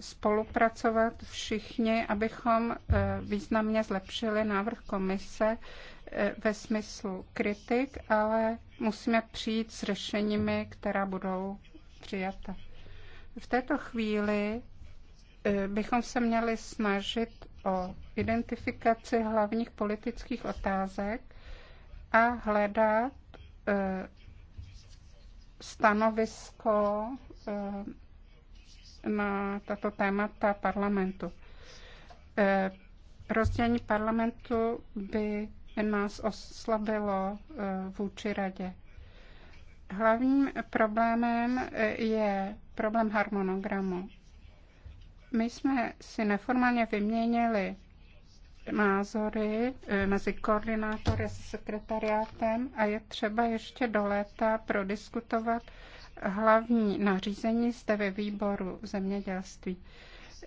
spolupracovat všichni, abychom eh, významně zlepšili návrh komise eh, ve smyslu kritik, ale musíme přijít s řešeními, která budou přijata. V této chvíli eh, bychom se měli snažit o identifikaci hlavních politických otázek a hledat stanovisko na tato témata parlamentu. Eh, rozdělení parlamentu by nás oslabilo eh, vůči radě. Hlavním problémem eh, je problém harmonogramu. My jsme si neformálně vyměnili názory mezi koordinátory s sekretariátem a je třeba ještě do léta prodiskutovat hlavní nařízení jste ve výboru zemědělství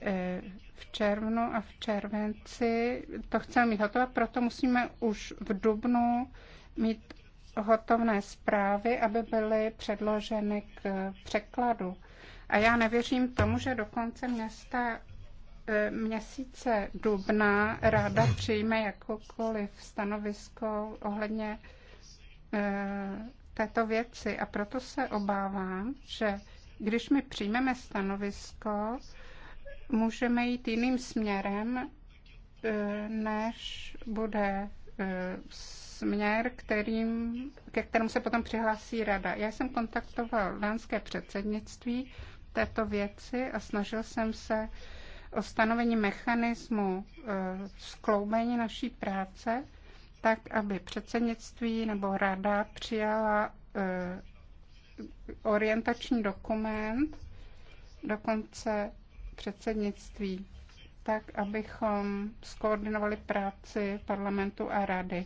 eh, v červnu a v červenci. To chceme mít hotové, proto musíme už v dubnu mít hotovné zprávy, aby byly předloženy k překladu. A já nevěřím tomu, že do konce města, eh, měsíce dubna ráda přijme jakoukoliv stanovisko ohledně eh, této věci a proto se obávám, že když my přijmeme stanovisko, můžeme jít jiným směrem, eh, než bude eh, směr, kterým, ke kterému se potom přihlásí rada. Já jsem kontaktoval dánské předsednictví této věci a snažil jsem se o stanovení mechanismu eh, skloubení naší práce tak aby předsednictví nebo rada přijala e, orientační dokument do konce předsednictví, tak abychom skoordinovali práci parlamentu a rady.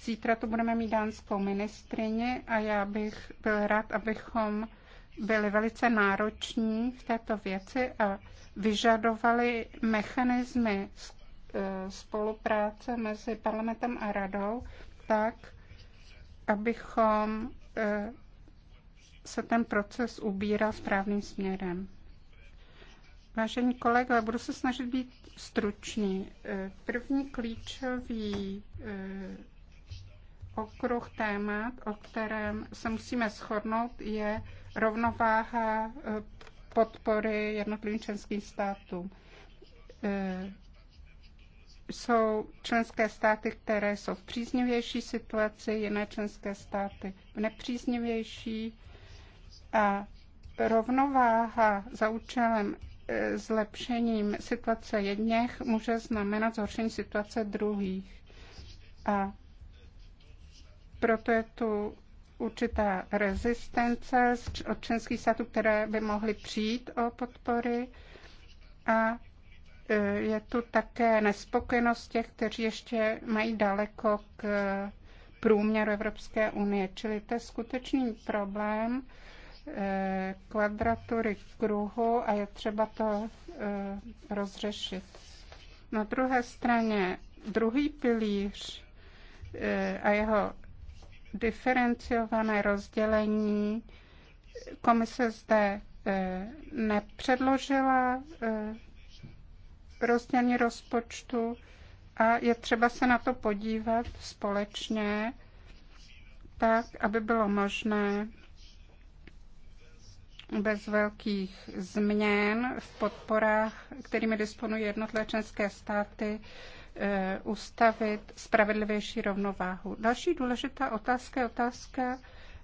Zítra tu budeme mít dánskou ministrině a já bych byl rád, abychom byli velice nároční v této věci a vyžadovali mechanismy E, spolupráce mezi parlamentem a radou tak, abychom e, se ten proces ubíral správným směrem. Vážení kolegové, budu se snažit být stručný. E, první klíčový okruh témat, o kterém se musíme shodnout, je rovnováha podpory jednotlivým členským státům jsou členské státy, které jsou v příznivější situaci, jiné členské státy v nepříznivější. A rovnováha za účelem e, zlepšením situace jedněch může znamenat zhoršení situace druhých. A proto je tu určitá rezistence od členských států, které by mohly přijít o podpory a Eh, je tu také nespokojenost těch, kteří ještě mají daleko k průměru Evropské unie. Čili to je skutečný problém eh, kvadratury kruhu a je třeba to eh, rozřešit. Na druhé straně druhý pilíř a jeho diferenciované rozdělení komise zde nepředložila změny rozpočtu a je třeba se na to podívat společně, tak, aby bylo možné bez velkých změn v podporách, kterými disponují jednotlivé členské státy, eh, ustavit spravedlivější rovnováhu. Další důležitá otázka je otázka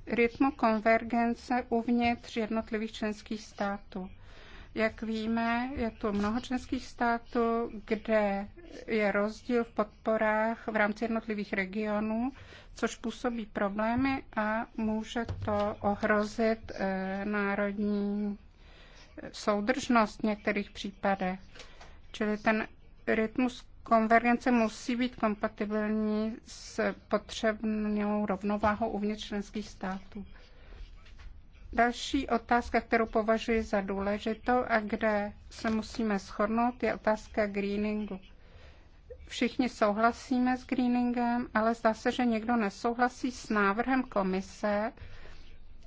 rytmu konvergence uvnitř jednotlivých členských států. Jak víme, je tu mnoho členských států, kde je rozdíl v podporách v rámci jednotlivých regionů, což působí problémy a může to ohrozit eh, národní soudržnost v některých případech. Čili ten rytmus konvergence musí být kompatibilní s potřebnou rovnováhou uvnitř členských států. Další otázka, kterou považuji za důležitou a kde se musíme shodnout, je otázka greeningu. Všichni souhlasíme s greeningem, ale zdá se, že někdo nesouhlasí s návrhem komise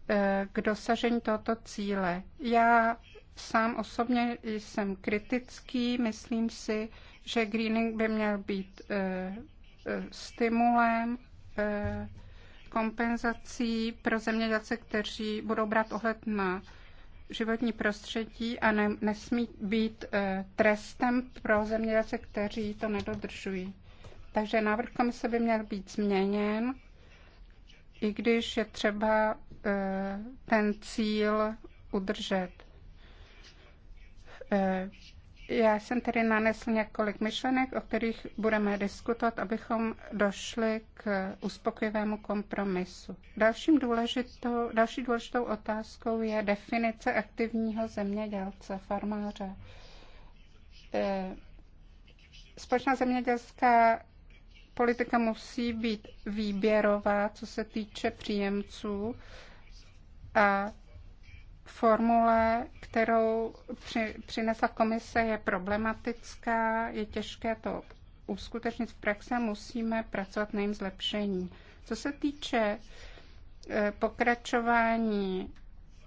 eh, k dosažení tohoto cíle. Já sám osobně jsem kritický, myslím si, že greening by měl být eh, eh, stimulem kompenzací pro zemědělce, kteří budou brát ohled na životní prostředí a ne, nesmí být e, trestem pro zemědělce, kteří to nedodržují. Takže návrh komise by měl být změněn, i když je třeba e, ten cíl udržet. E, já jsem tedy nanesl několik myšlenek, o kterých budeme diskutovat, abychom došli k uspokojivému kompromisu. Dalším důležitou, další důležitou otázkou je definice aktivního zemědělce, farmáře. E, společná zemědělská politika musí být výběrová, co se týče příjemců a formule, kterou při, přinesla komise, je problematická, je těžké to uskutečnit v praxi a musíme pracovat na jejím zlepšení. Co se týče eh, pokračování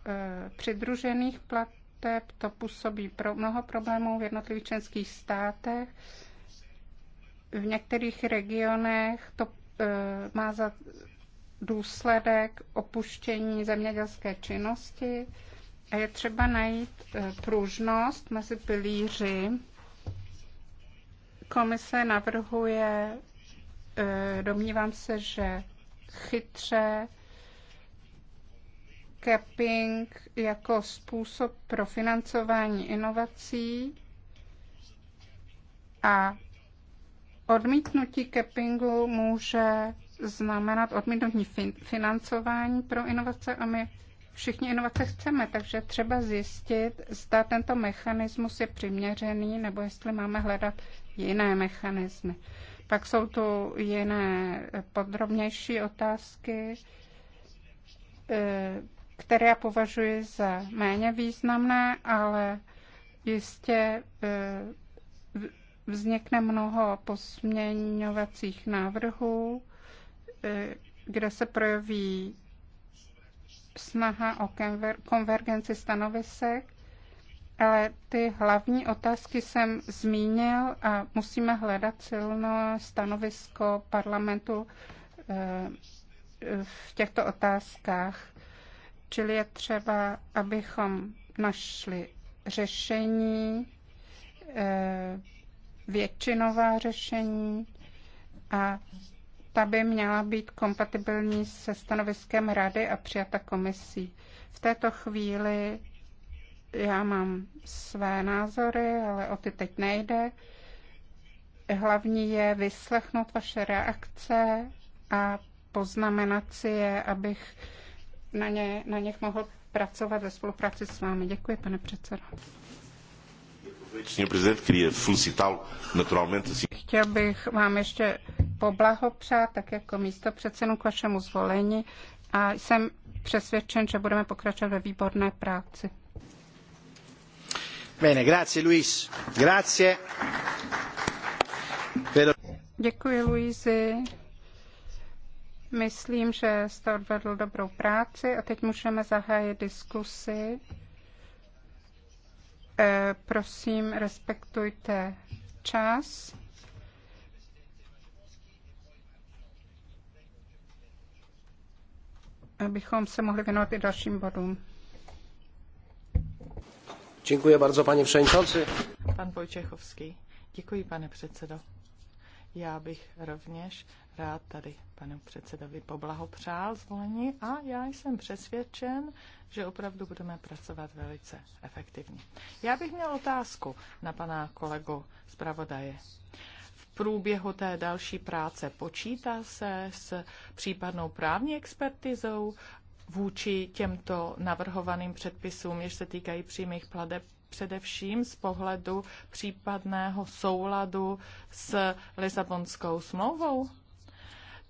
eh, přidružených plateb, to působí pro mnoho problémů v jednotlivých členských státech. V některých regionech to eh, má za důsledek opuštění zemědělské činnosti a je třeba najít eh, pružnost mezi pilíři. Komise navrhuje, eh, domnívám se, že chytře capping jako způsob pro financování inovací a odmítnutí cappingu může znamenat odmítnutí financování pro inovace a my všichni inovace chceme, takže třeba zjistit, zda tento mechanismus je přiměřený nebo jestli máme hledat jiné mechanismy. Pak jsou tu jiné podrobnější otázky, eh, které já považuji za méně významné, ale jistě eh, vznikne mnoho posměňovacích návrhů Eh, kde se projeví snaha o konvergenci stanovisek, ale ty hlavní otázky jsem zmínil a musíme hledat silné stanovisko parlamentu eh, v těchto otázkách. Čili je třeba, abychom našli řešení, eh, většinová řešení a ta by měla být kompatibilní se stanoviskem rady a přijata komisí. V této chvíli já mám své názory, ale o ty teď nejde. Hlavní je vyslechnout vaše reakce a poznamenat si je, abych na, ně, na nich mohl pracovat ve spolupráci s vámi. Děkuji, pane předsedo. Chtěl bych vám ještě poblahopřát tak jako místo předsedu k vašemu zvolení a jsem přesvědčen, že budeme pokračovat ve výborné práci. Bene, grazie Luis. Grazie. Děkuji, Luizi. Myslím, že jste odvedl dobrou práci a teď můžeme zahájit diskusy. E, eh, prosím, respektujte čas. abychom se mohli věnovat i dalším bodům. Děkuji bardzo, pane předsedající. Pan Vojčechovský. Děkuji, pane předsedo. Já bych rovněž rád tady panu předsedovi poblahopřál zvolení a já jsem přesvědčen, že opravdu budeme pracovat velice efektivně. Já bych měl otázku na pana kolegu zpravodaje průběhu té další práce počítá se s případnou právní expertizou vůči těmto navrhovaným předpisům, jež se týkají přímých pladeb především z pohledu případného souladu s Lisabonskou smlouvou?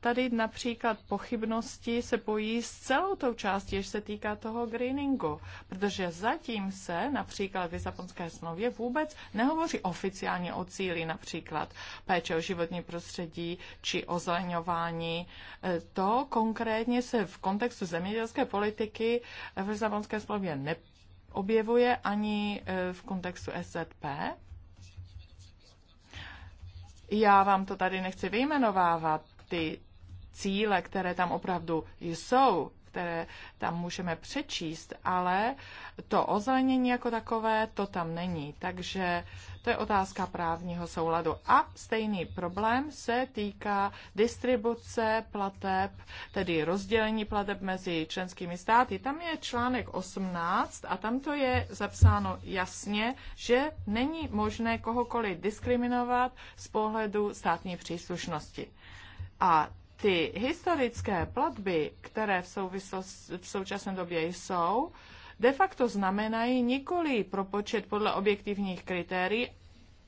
Tady například pochybnosti se pojí s celou tou částí, jež se týká toho greeningu, protože zatím se například v Japonské smlouvě vůbec nehovoří oficiálně o cíli například péče o životní prostředí či o zeleňování. E, to konkrétně se v kontextu zemědělské politiky v Japonské smlouvě neobjevuje ani e, v kontextu SZP. Já vám to tady nechci vyjmenovávat, ty cíle, které tam opravdu jsou, které tam můžeme přečíst, ale to ozelenění jako takové, to tam není. Takže to je otázka právního souladu. A stejný problém se týká distribuce plateb, tedy rozdělení plateb mezi členskými státy. Tam je článek 18 a tam to je zapsáno jasně, že není možné kohokoliv diskriminovat z pohledu státní příslušnosti. A ty historické platby, které v, v současné době jsou, de facto znamenají nikoli propočet podle objektivních kritérií,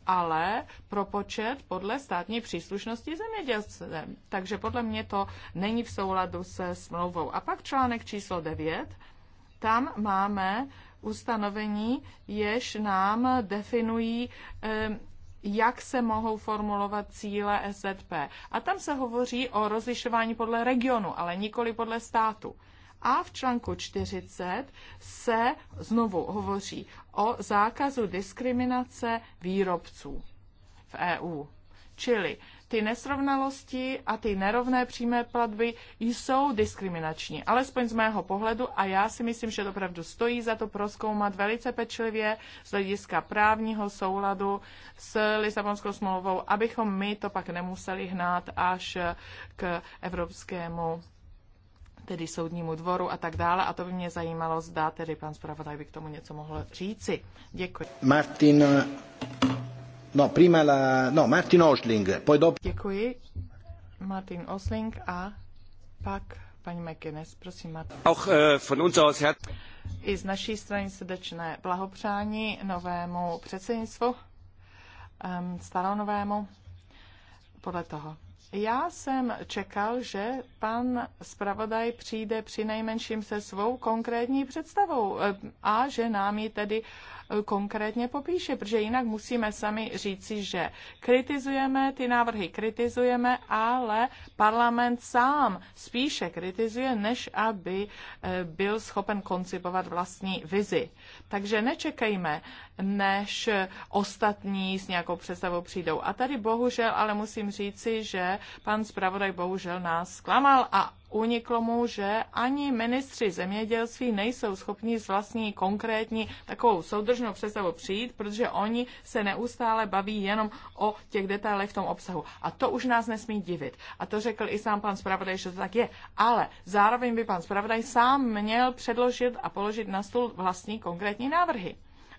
ale propočet podle státní příslušnosti zemědělce. Takže podle mě to není v souladu se smlouvou. A pak článek číslo 9, tam máme ustanovení, jež nám definují eh, jak se mohou formulovat cíle SZP. A tam se hovoří o rozlišování podle regionu, ale nikoli podle státu. A v článku 40 se znovu hovoří o zákazu diskriminace výrobců v EU. Čili ty nesrovnalosti a ty nerovné přímé platby jsou diskriminační, alespoň z mého pohledu a já si myslím, že opravdu stojí za to proskoumat velice pečlivě z hlediska právního souladu s Lisabonskou smlouvou, abychom my to pak nemuseli hnát až k Evropskému tedy soudnímu dvoru a tak dále. A to by mě zajímalo, zda tedy pan zpravodaj by k tomu něco mohl říci. Děkuji. Martin No, prima la... No, Martin Osling, poi dopo... Děkuji. Martin Osling a pak paní McGuinness. Prosím, Martin. Auch äh, von uns aus her... I z naší strany srdečné blahopřání novému předsednictvu, um, staronovému, podle toho. Já jsem čekal, že pan zpravodaj přijde při nejmenším se svou konkrétní představou a že nám ji tedy uh, konkrétně popíše, protože jinak musíme sami říci, že kritizujeme, ty návrhy kritizujeme, ale parlament sám spíše kritizuje, než aby eh, byl schopen koncipovat vlastní vizi. Takže nečekejme, než ostatní s nějakou představou přijdou. A tady bohužel ale musím říci, že pan zpravodaj bohužel nás zklamal a uniklo mu, že ani ministři zemědělství nejsou schopni s vlastní konkrétní takovou soudržnou představu přijít, protože oni se neustále baví jenom o těch detailech v tom obsahu. A to už nás nesmí divit. A to řekl i sám pan zpravodaj, že to tak je. Ale zároveň by pan zpravodaj sám měl předložit a položit na stůl vlastní konkrétní návrhy.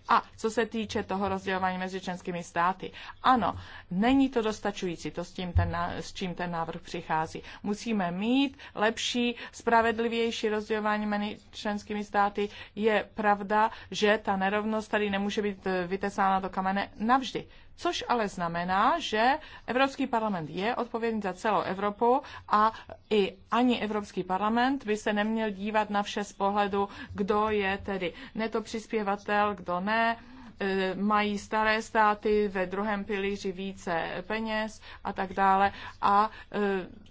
A co se týče toho rozdělování mezi členskými státy, ano, není to dostačující, to s, tím ten, s čím ten návrh přichází. Musíme mít lepší, spravedlivější rozdělování mezi členskými státy. Je pravda, že ta nerovnost tady nemůže být vytesána do kamene navždy. Což ale znamená, že Evropský parlament je odpovědný za celou Evropu a i ani Evropský parlament by se neměl dívat na vše z pohledu, kdo je tedy netopřispěvatel, kdo ne, E, mají staré státy ve druhém pilíři více peněz a tak dále a e,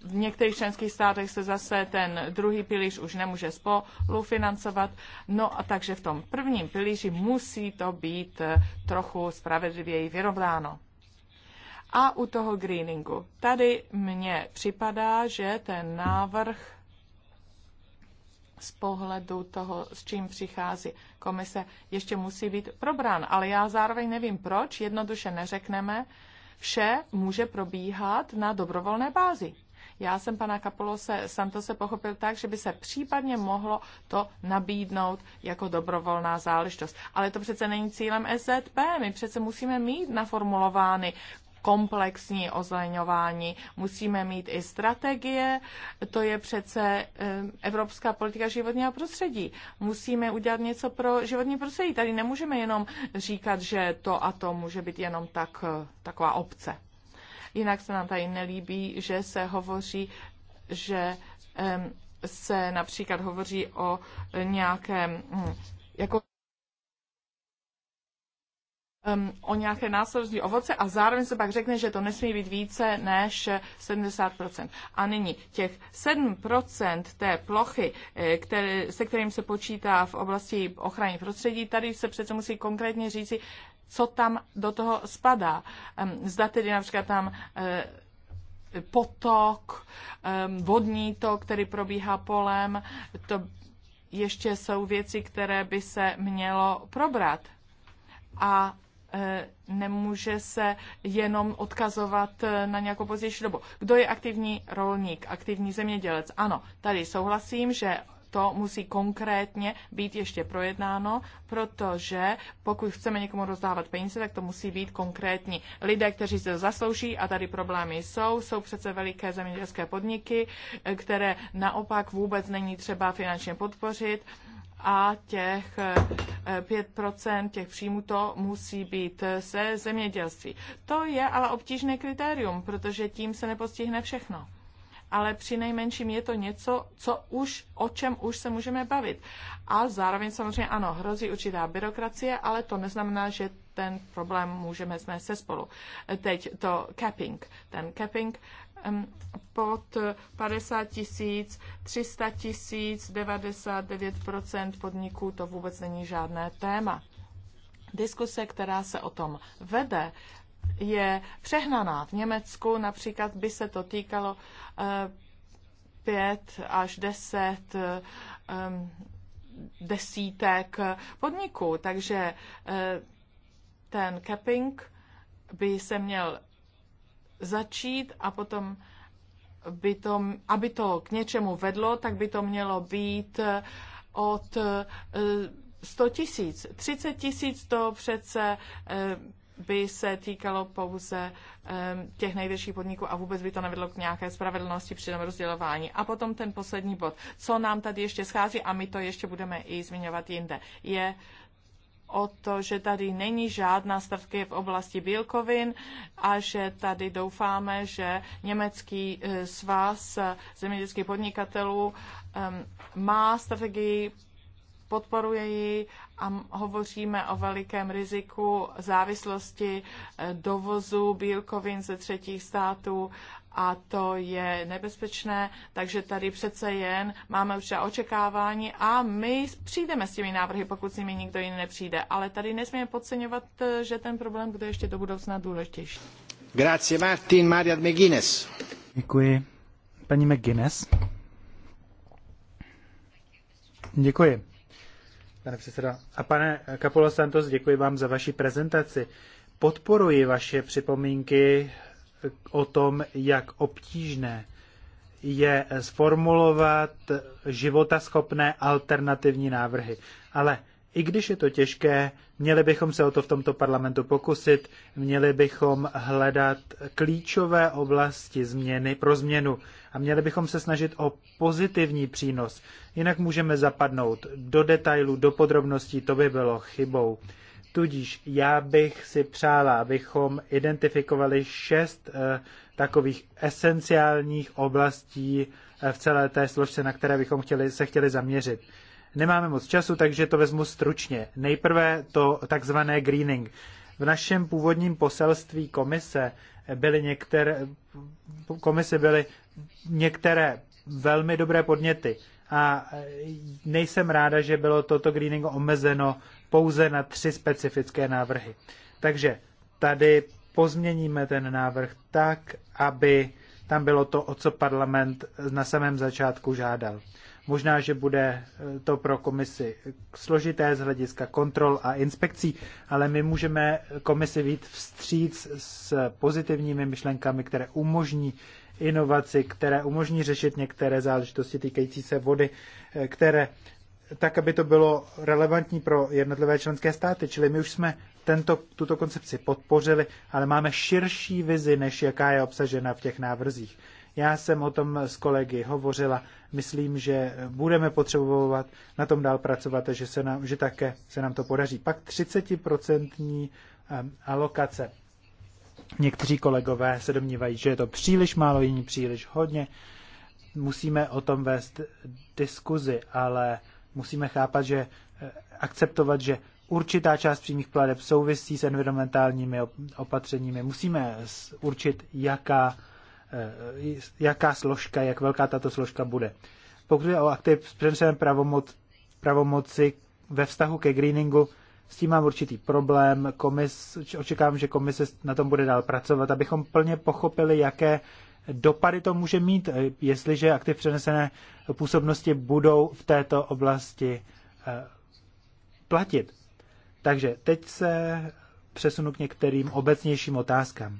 v některých členských státech se zase ten druhý pilíř už nemůže spolufinancovat. No a takže v tom prvním pilíři musí to být e, trochu spravedlivěji vyrovnáno. A u toho greeningu. Tady mně připadá, že ten návrh z pohledu toho, s čím přichází komise, ještě musí být probrán. Ale já zároveň nevím, proč, jednoduše neřekneme, vše může probíhat na dobrovolné bázi. Já jsem pana Kapolose Santose pochopil tak, že by se případně mohlo to nabídnout jako dobrovolná záležitost. Ale to přece není cílem SZP. My přece musíme mít naformulovány komplexní ozeleňování. Musíme mít i strategie, to je přece evropská politika životního prostředí. Musíme udělat něco pro životní prostředí. Tady nemůžeme jenom říkat, že to a to může být jenom tak, taková obce. Jinak se nám tady nelíbí, že se hovoří, že se například hovoří o nějakém jako um, o nějaké následní ovoce a zároveň se pak řekne, že to nesmí být více než 70%. A nyní těch 7% té plochy, eh, které, se kterým se počítá v oblasti ochrany prostředí, tady se přece musí konkrétně říci, co tam do toho spadá. Um, zda tedy například tam uh, potok, um, vodní tok, který probíhá polem, to ještě jsou věci, které by se mělo probrat. A Eh, nemůže se jenom odkazovat eh, na nějakou pozdější dobu. Kdo je aktivní rolník, aktivní zemědělec? Ano, tady souhlasím, že to musí konkrétně být ještě projednáno, protože pokud chceme někomu rozdávat peníze, tak to musí být konkrétní. Lidé, kteří se zaslouží a tady problémy jsou, jsou přece veliké zemědělské podniky, eh, které naopak vůbec není třeba finančně podpořit a těch 5% eh, těch příjmů to musí být se zemědělství. To je ale obtížné kritérium, protože tím se nepostihne všechno. Ale při nejmenším je to něco, co už, o čem už se můžeme bavit. A zároveň samozřejmě ano, hrozí určitá byrokracie, ale to neznamená, že ten problém můžeme snést se spolu. Teď to capping. Ten capping pod 50 tisíc, 300 tisíc, 99% podniků, to vůbec není žádné téma. Diskuse, která se o tom vede, je přehnaná. V Německu například by se to týkalo 5 eh, až 10 desítek podniků, takže eh, ten capping by se měl začít a potom by to, aby to k něčemu vedlo, tak by to mělo být eh, od 100 eh, tisíc. 30 tisíc to přece eh, by se týkalo pouze těch největších podniků a vůbec by to nevedlo k nějaké spravedlnosti při tom rozdělování. A potom ten poslední bod, co nám tady ještě schází a my to ještě budeme i zmiňovat jinde, je o to, že tady není žádná strategie v oblasti bílkovin a že tady doufáme, že německý eh, svaz zemědělských podnikatelů ehm, má strategii, podporuje ji a hovoříme o velikém riziku závislosti eh, dovozu bílkovin ze třetích států a to je nebezpečné, takže tady přece jen máme určitá očekávání a my přijdeme s těmi návrhy, pokud s nimi nikdo jiný nepřijde. Ale tady nesmíme podceňovat, že ten problém bude ještě do budoucna důležitější. Grazie Martin, Maria McGuinness. Děkuji. Paní McGuinness. Děkuji. Pane předseda. A pane Capolo Santos, děkuji vám za vaši prezentaci. Podporuji vaše připomínky o tom, jak obtížné je sformulovat životaschopné alternativní návrhy. Ale i když je to těžké, měli bychom se o to v tomto parlamentu pokusit, měli bychom hledat klíčové oblasti změny pro změnu a měli bychom se snažit o pozitivní přínos. Jinak můžeme zapadnout do detailů, do podrobností, to by bylo chybou. Tudíž já bych si přála, abychom identifikovali šest eh, takových esenciálních oblastí eh, v celé té složce, na které bychom chtěli, se chtěli zaměřit. Nemáme moc času, takže to vezmu stručně. Nejprve to takzvané greening. V našem původním poselství komise byly některé, komise byly některé velmi dobré podněty a eh, nejsem ráda, že bylo toto greening omezeno pouze na tři specifické návrhy. Takže tady pozměníme ten návrh tak, aby tam bylo to, o co parlament na samém začátku žádal. Možná, že bude eh, to pro komisi složité z hlediska kontrol a inspekcí, ale my můžeme komisi vít vstříc s pozitivními myšlenkami, které umožní inovaci, které umožní řešit některé záležitosti týkající se vody, eh, které tak, aby to bylo relevantní pro jednotlivé členské státy. Čili my už jsme tento, tuto koncepci podpořili, ale máme širší vizi, než jaká je obsažena v těch návrzích. Já jsem o tom s kolegy hovořila. Myslím, že budeme potřebovat na tom dál pracovat a že, se nám, že také se nám to podaří. Pak 30% ehm, alokace. Někteří kolegové se domnívají, že je to příliš málo, jiní příliš hodně. Musíme o tom vést diskuzi, ale musíme chápat, že eh, akceptovat, že určitá část přímých pladeb souvisí s environmentálními opatřeními. Musíme určit, jaká, eh, jaká složka, jak velká tato složka bude. Pokud je o aktiv přenesené pravomoc, pravomoci ve vztahu ke greeningu, s tím mám určitý problém. Komis, očekávám, že komise na tom bude dál pracovat, abychom plně pochopili, jaké dopady to může mít, eh, jestliže aktiv přenesené působnosti budou v této oblasti eh, platit. Takže teď se přesunu k některým obecnějším otázkám.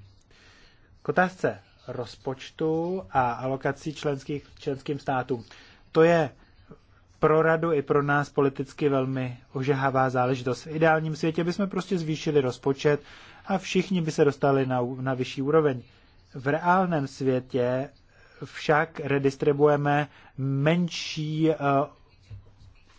K otázce rozpočtu a alokací členských, členským státům. To je pro radu i pro nás politicky velmi ožehavá záležitost. V ideálním světě bychom prostě zvýšili rozpočet a všichni by se dostali na, na vyšší úroveň. V reálném světě však redistribuujeme menší eh,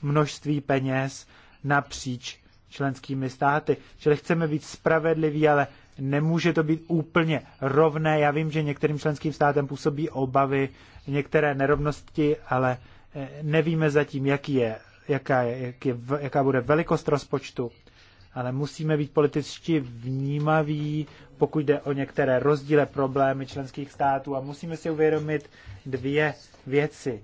množství peněz napříč členskými státy. Čili chceme být spravedliví, ale nemůže to být úplně rovné. Já vím, že některým členským státem působí obavy, některé nerovnosti, ale eh, nevíme zatím, jaký je, jaká, je, jaký je, jaká bude velikost rozpočtu ale musíme být političtí vnímaví, pokud jde o některé rozdíle problémy členských států a musíme si uvědomit dvě věci.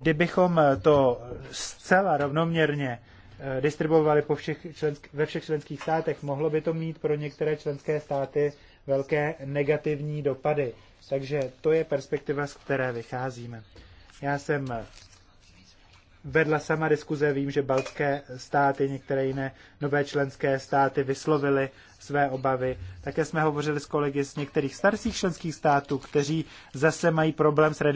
Kdybychom to zcela rovnoměrně eh, distribuovali po všech člensk- ve všech členských státech, mohlo by to mít pro některé členské státy velké negativní dopady. Takže to je perspektiva, z které vycházíme. Já jsem vedla sama diskuze. Vím, že baltské státy, některé jiné nové členské státy vyslovily své obavy. Také jsme hovořili s kolegy z některých starších členských států, kteří zase mají problém s,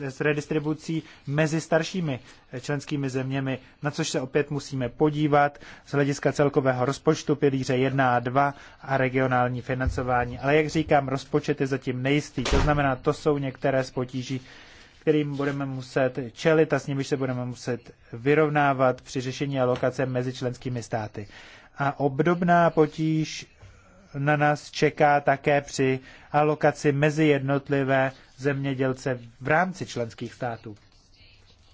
s redistribucí mezi staršími členskými zeměmi, na což se opět musíme podívat z hlediska celkového rozpočtu pilíře 1 a 2 a regionální financování. Ale jak říkám, rozpočet je zatím nejistý. To znamená, to jsou některé z potíží, kterým budeme muset čelit a s nimiž se budeme muset vyrovnávat při řešení alokace mezi členskými státy. A obdobná potíž na nás čeká také při alokaci mezi jednotlivé zemědělce v rámci členských států.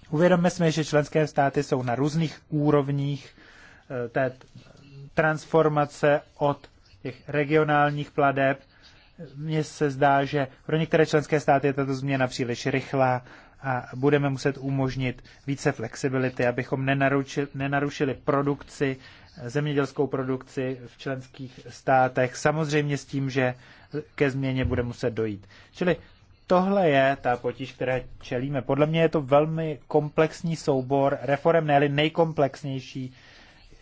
Uvědomme jsme, že členské státy jsou na různých úrovních eh, té transformace od těch regionálních pladeb mně se zdá, že pro některé členské státy je tato změna příliš rychlá a budeme muset umožnit více flexibility, abychom nenaručili, nenarušili produkci, zemědělskou produkci v členských státech, samozřejmě s tím, že ke změně bude muset dojít. Čili tohle je ta potíž, které čelíme. Podle mě je to velmi komplexní soubor reforem, ne nejkomplexnější,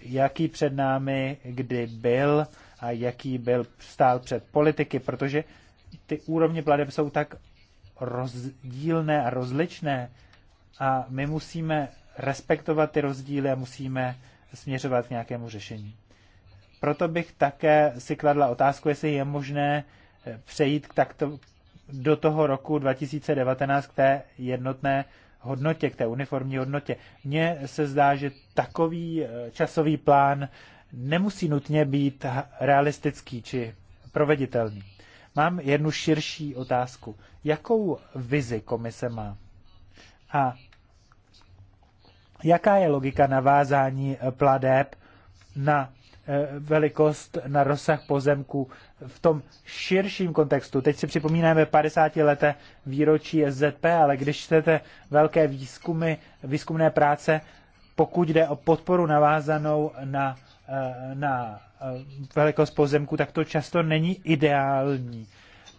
jaký před námi kdy byl a jaký byl stál před politiky, protože ty úrovně pladeb jsou tak rozdílné a rozličné a my musíme respektovat ty rozdíly a musíme směřovat k nějakému řešení. Proto bych také si kladla otázku, jestli je možné eh, přejít k takto, do toho roku 2019 k té jednotné hodnotě, k té uniformní hodnotě. Mně se zdá, že takový eh, časový plán nemusí nutně být realistický či proveditelný. Mám jednu širší otázku. Jakou vizi komise má? A jaká je logika navázání pladeb na eh, velikost, na rozsah pozemku v tom širším kontextu. Teď si připomínáme 50 leté výročí SZP, ale když čtete velké výzkumy, výzkumné práce, pokud jde o podporu navázanou na Eh, na eh, velikost pozemku, tak to často není ideální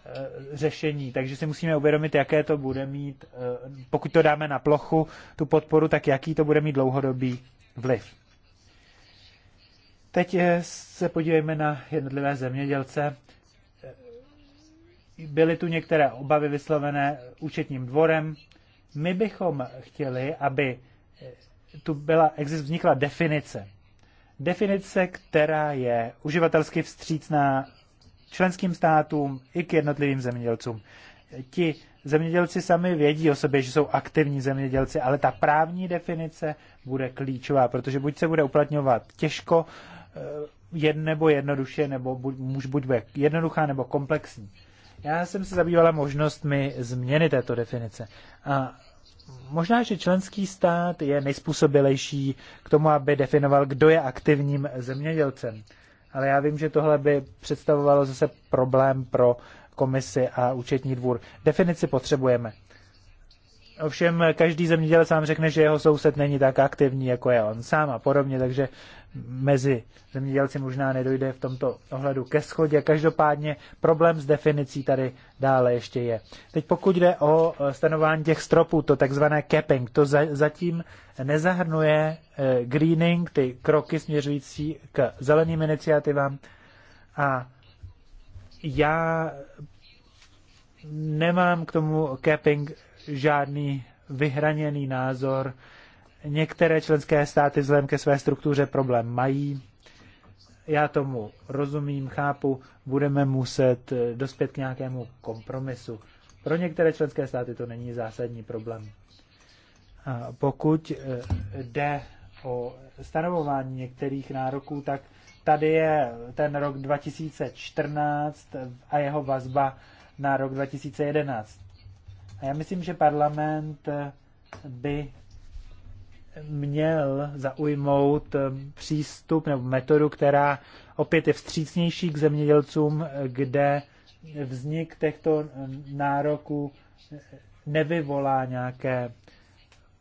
eh, řešení, takže si musíme uvědomit, jaké to bude mít, pokud to dáme na plochu, tu podporu, tak jaký to bude mít dlouhodobý vliv. Teď se podívejme na jednotlivé zemědělce. Byly tu některé obavy vyslovené účetním dvorem. My bychom chtěli, aby tu byla, vznikla definice definice, která je uživatelsky vstřícná členským státům i k jednotlivým zemědělcům. Ti zemědělci sami vědí o sobě, že jsou aktivní zemědělci, ale ta právní definice bude klíčová, protože buď se bude uplatňovat těžko, eh, jed nebo jednoduše, nebo buď, muž buď bude jednoduchá nebo komplexní. Já jsem se zabývala možnostmi změny této definice. A Možná, že členský stát je nejspůsobilejší k tomu, aby definoval, kdo je aktivním zemědělcem. Ale já vím, že tohle by představovalo zase problém pro komisi a účetní dvůr. Definici potřebujeme. Ovšem každý zemědělec vám řekne, že jeho soused není tak aktivní, jako je on sám a podobně, takže mezi zemědělci možná nedojde v tomto ohledu ke schodě. Každopádně problém s definicí tady dále ještě je. Teď pokud jde o e, stanování těch stropů, to takzvané capping, to za, zatím nezahrnuje e, greening, ty kroky směřující k zeleným iniciativám a já nemám k tomu capping žádný vyhraněný názor. Některé členské státy vzhledem ke své struktuře problém mají. Já tomu rozumím, chápu, budeme muset eh, dospět k nějakému kompromisu. Pro některé členské státy to není zásadní problém. A pokud eh, jde o stanovování některých nároků, tak tady je ten rok 2014 a jeho vazba na rok 2011. A já myslím, že parlament eh, by měl zaujmout eh, přístup nebo metodu, která opět je vstřícnější k zemědělcům, kde vznik těchto eh, nároků nevyvolá nějaké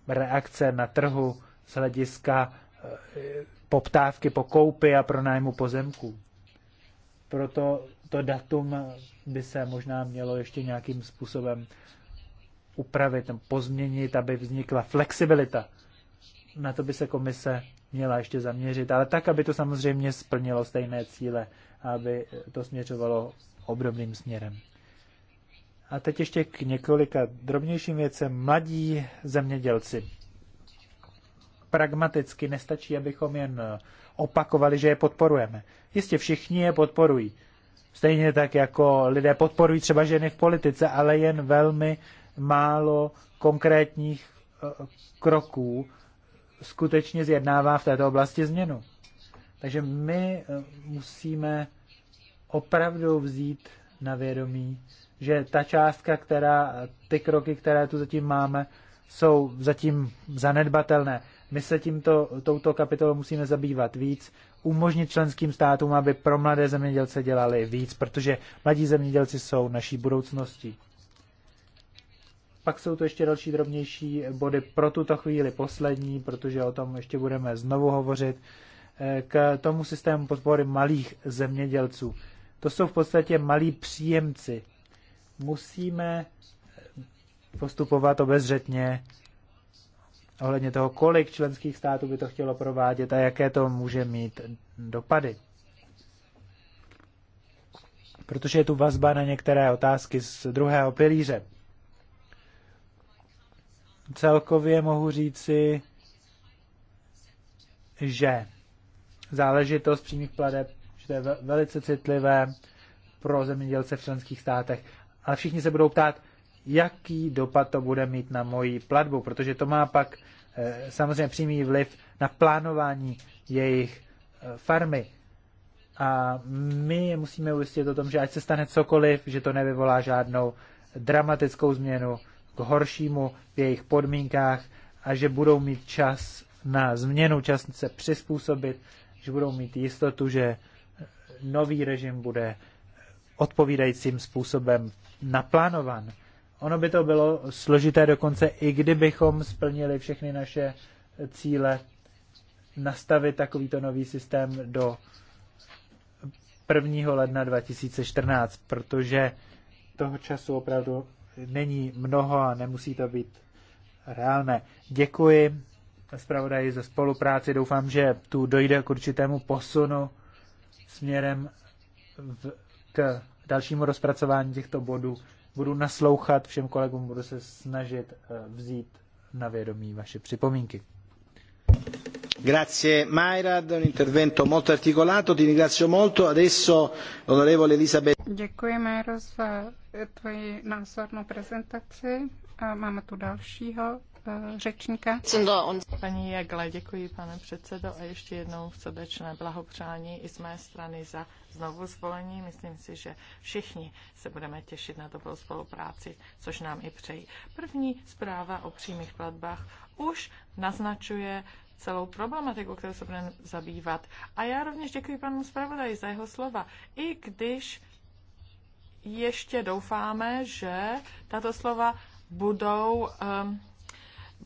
reakce na trhu z hlediska poptávky po koupi a pronájmu pozemků. Proto to datum by se možná mělo ještě nějakým způsobem upravit, pozměnit, aby vznikla flexibilita. Na to by se komise měla ještě zaměřit, ale tak, aby to samozřejmě splnilo stejné cíle, aby to směřovalo obdobným směrem. A teď ještě k několika drobnějším věcem. Mladí zemědělci. Pragmaticky nestačí, abychom jen opakovali, že je podporujeme. Jistě všichni je podporují. Stejně tak jako lidé podporují třeba ženy v politice, ale jen velmi málo konkrétních eh, kroků skutečně zjednává v této oblasti změnu. Takže my eh, musíme opravdu vzít na vědomí, že ta částka, která, ty kroky, které tu zatím máme, jsou zatím zanedbatelné. My se tímto, touto kapitolou musíme zabývat víc, umožnit členským státům, aby pro mladé zemědělce dělali víc, protože mladí zemědělci jsou naší budoucností. Pak jsou to ještě další drobnější body pro tuto chvíli poslední, protože o tom ještě budeme znovu hovořit, eh, k tomu systému podpory malých zemědělců. To jsou v podstatě malí příjemci. Musíme eh, postupovat obezřetně ohledně toho, kolik členských států by to chtělo provádět a jaké to může mít dopady. Protože je tu vazba na některé otázky z druhého pilíře celkově mohu říci, že záležitost přímých pladeb, že to je velice citlivé pro zemědělce v členských státech. Ale všichni se budou ptát, jaký dopad to bude mít na moji platbu, protože to má pak eh, samozřejmě přímý vliv na plánování jejich eh, farmy. A my je musíme ujistit o tom, že ať se stane cokoliv, že to nevyvolá žádnou dramatickou změnu k horšímu v jejich podmínkách a že budou mít čas na změnu, čas se přizpůsobit, že budou mít jistotu, že nový režim bude odpovídajícím způsobem naplánovan. Ono by to bylo složité dokonce, i kdybychom splnili všechny naše cíle, nastavit takovýto nový systém do 1. ledna 2014, protože toho času opravdu není mnoho a nemusí to být reálné. Děkuji zpravodaji za spolupráci. Doufám, že tu dojde k určitému posunu směrem v, k dalšímu rozpracování těchto bodů. Budu naslouchat všem kolegům, budu se snažit eh, vzít na vědomí vaše připomínky. Grazie Mayrad, un intervento molto articolato, ti ringrazio molto. Adesso l'onorevole Elisabeth. Děkuji Mayro za tvoji názornou prezentaci. A máme tu dalšího eh, řečníka. Paní Jagle, děkuji pane předsedo a ještě jednou srdečné blahopřání i z mé strany za znovu zvolení. Myslím si, že všichni se budeme těšit na dobrou spolupráci, což nám i přejí. První zpráva o přímých platbách už naznačuje celou problematiku, kterou se budeme zabývat. A já rovněž děkuji panu zpravodaji za jeho slova. I když ještě doufáme, že tato slova budou um,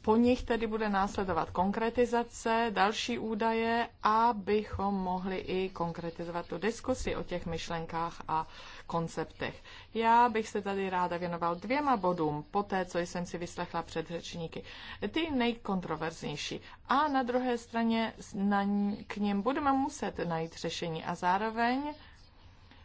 po nich tedy bude následovat konkretizace, další údaje, abychom mohli i konkretizovat tu diskusi o těch myšlenkách a konceptech. Já bych se tady ráda věnoval dvěma bodům po té, co jsem si vyslechla před řečníky. Ty nejkontroverznější. A na druhé straně na, k něm budeme muset najít řešení a zároveň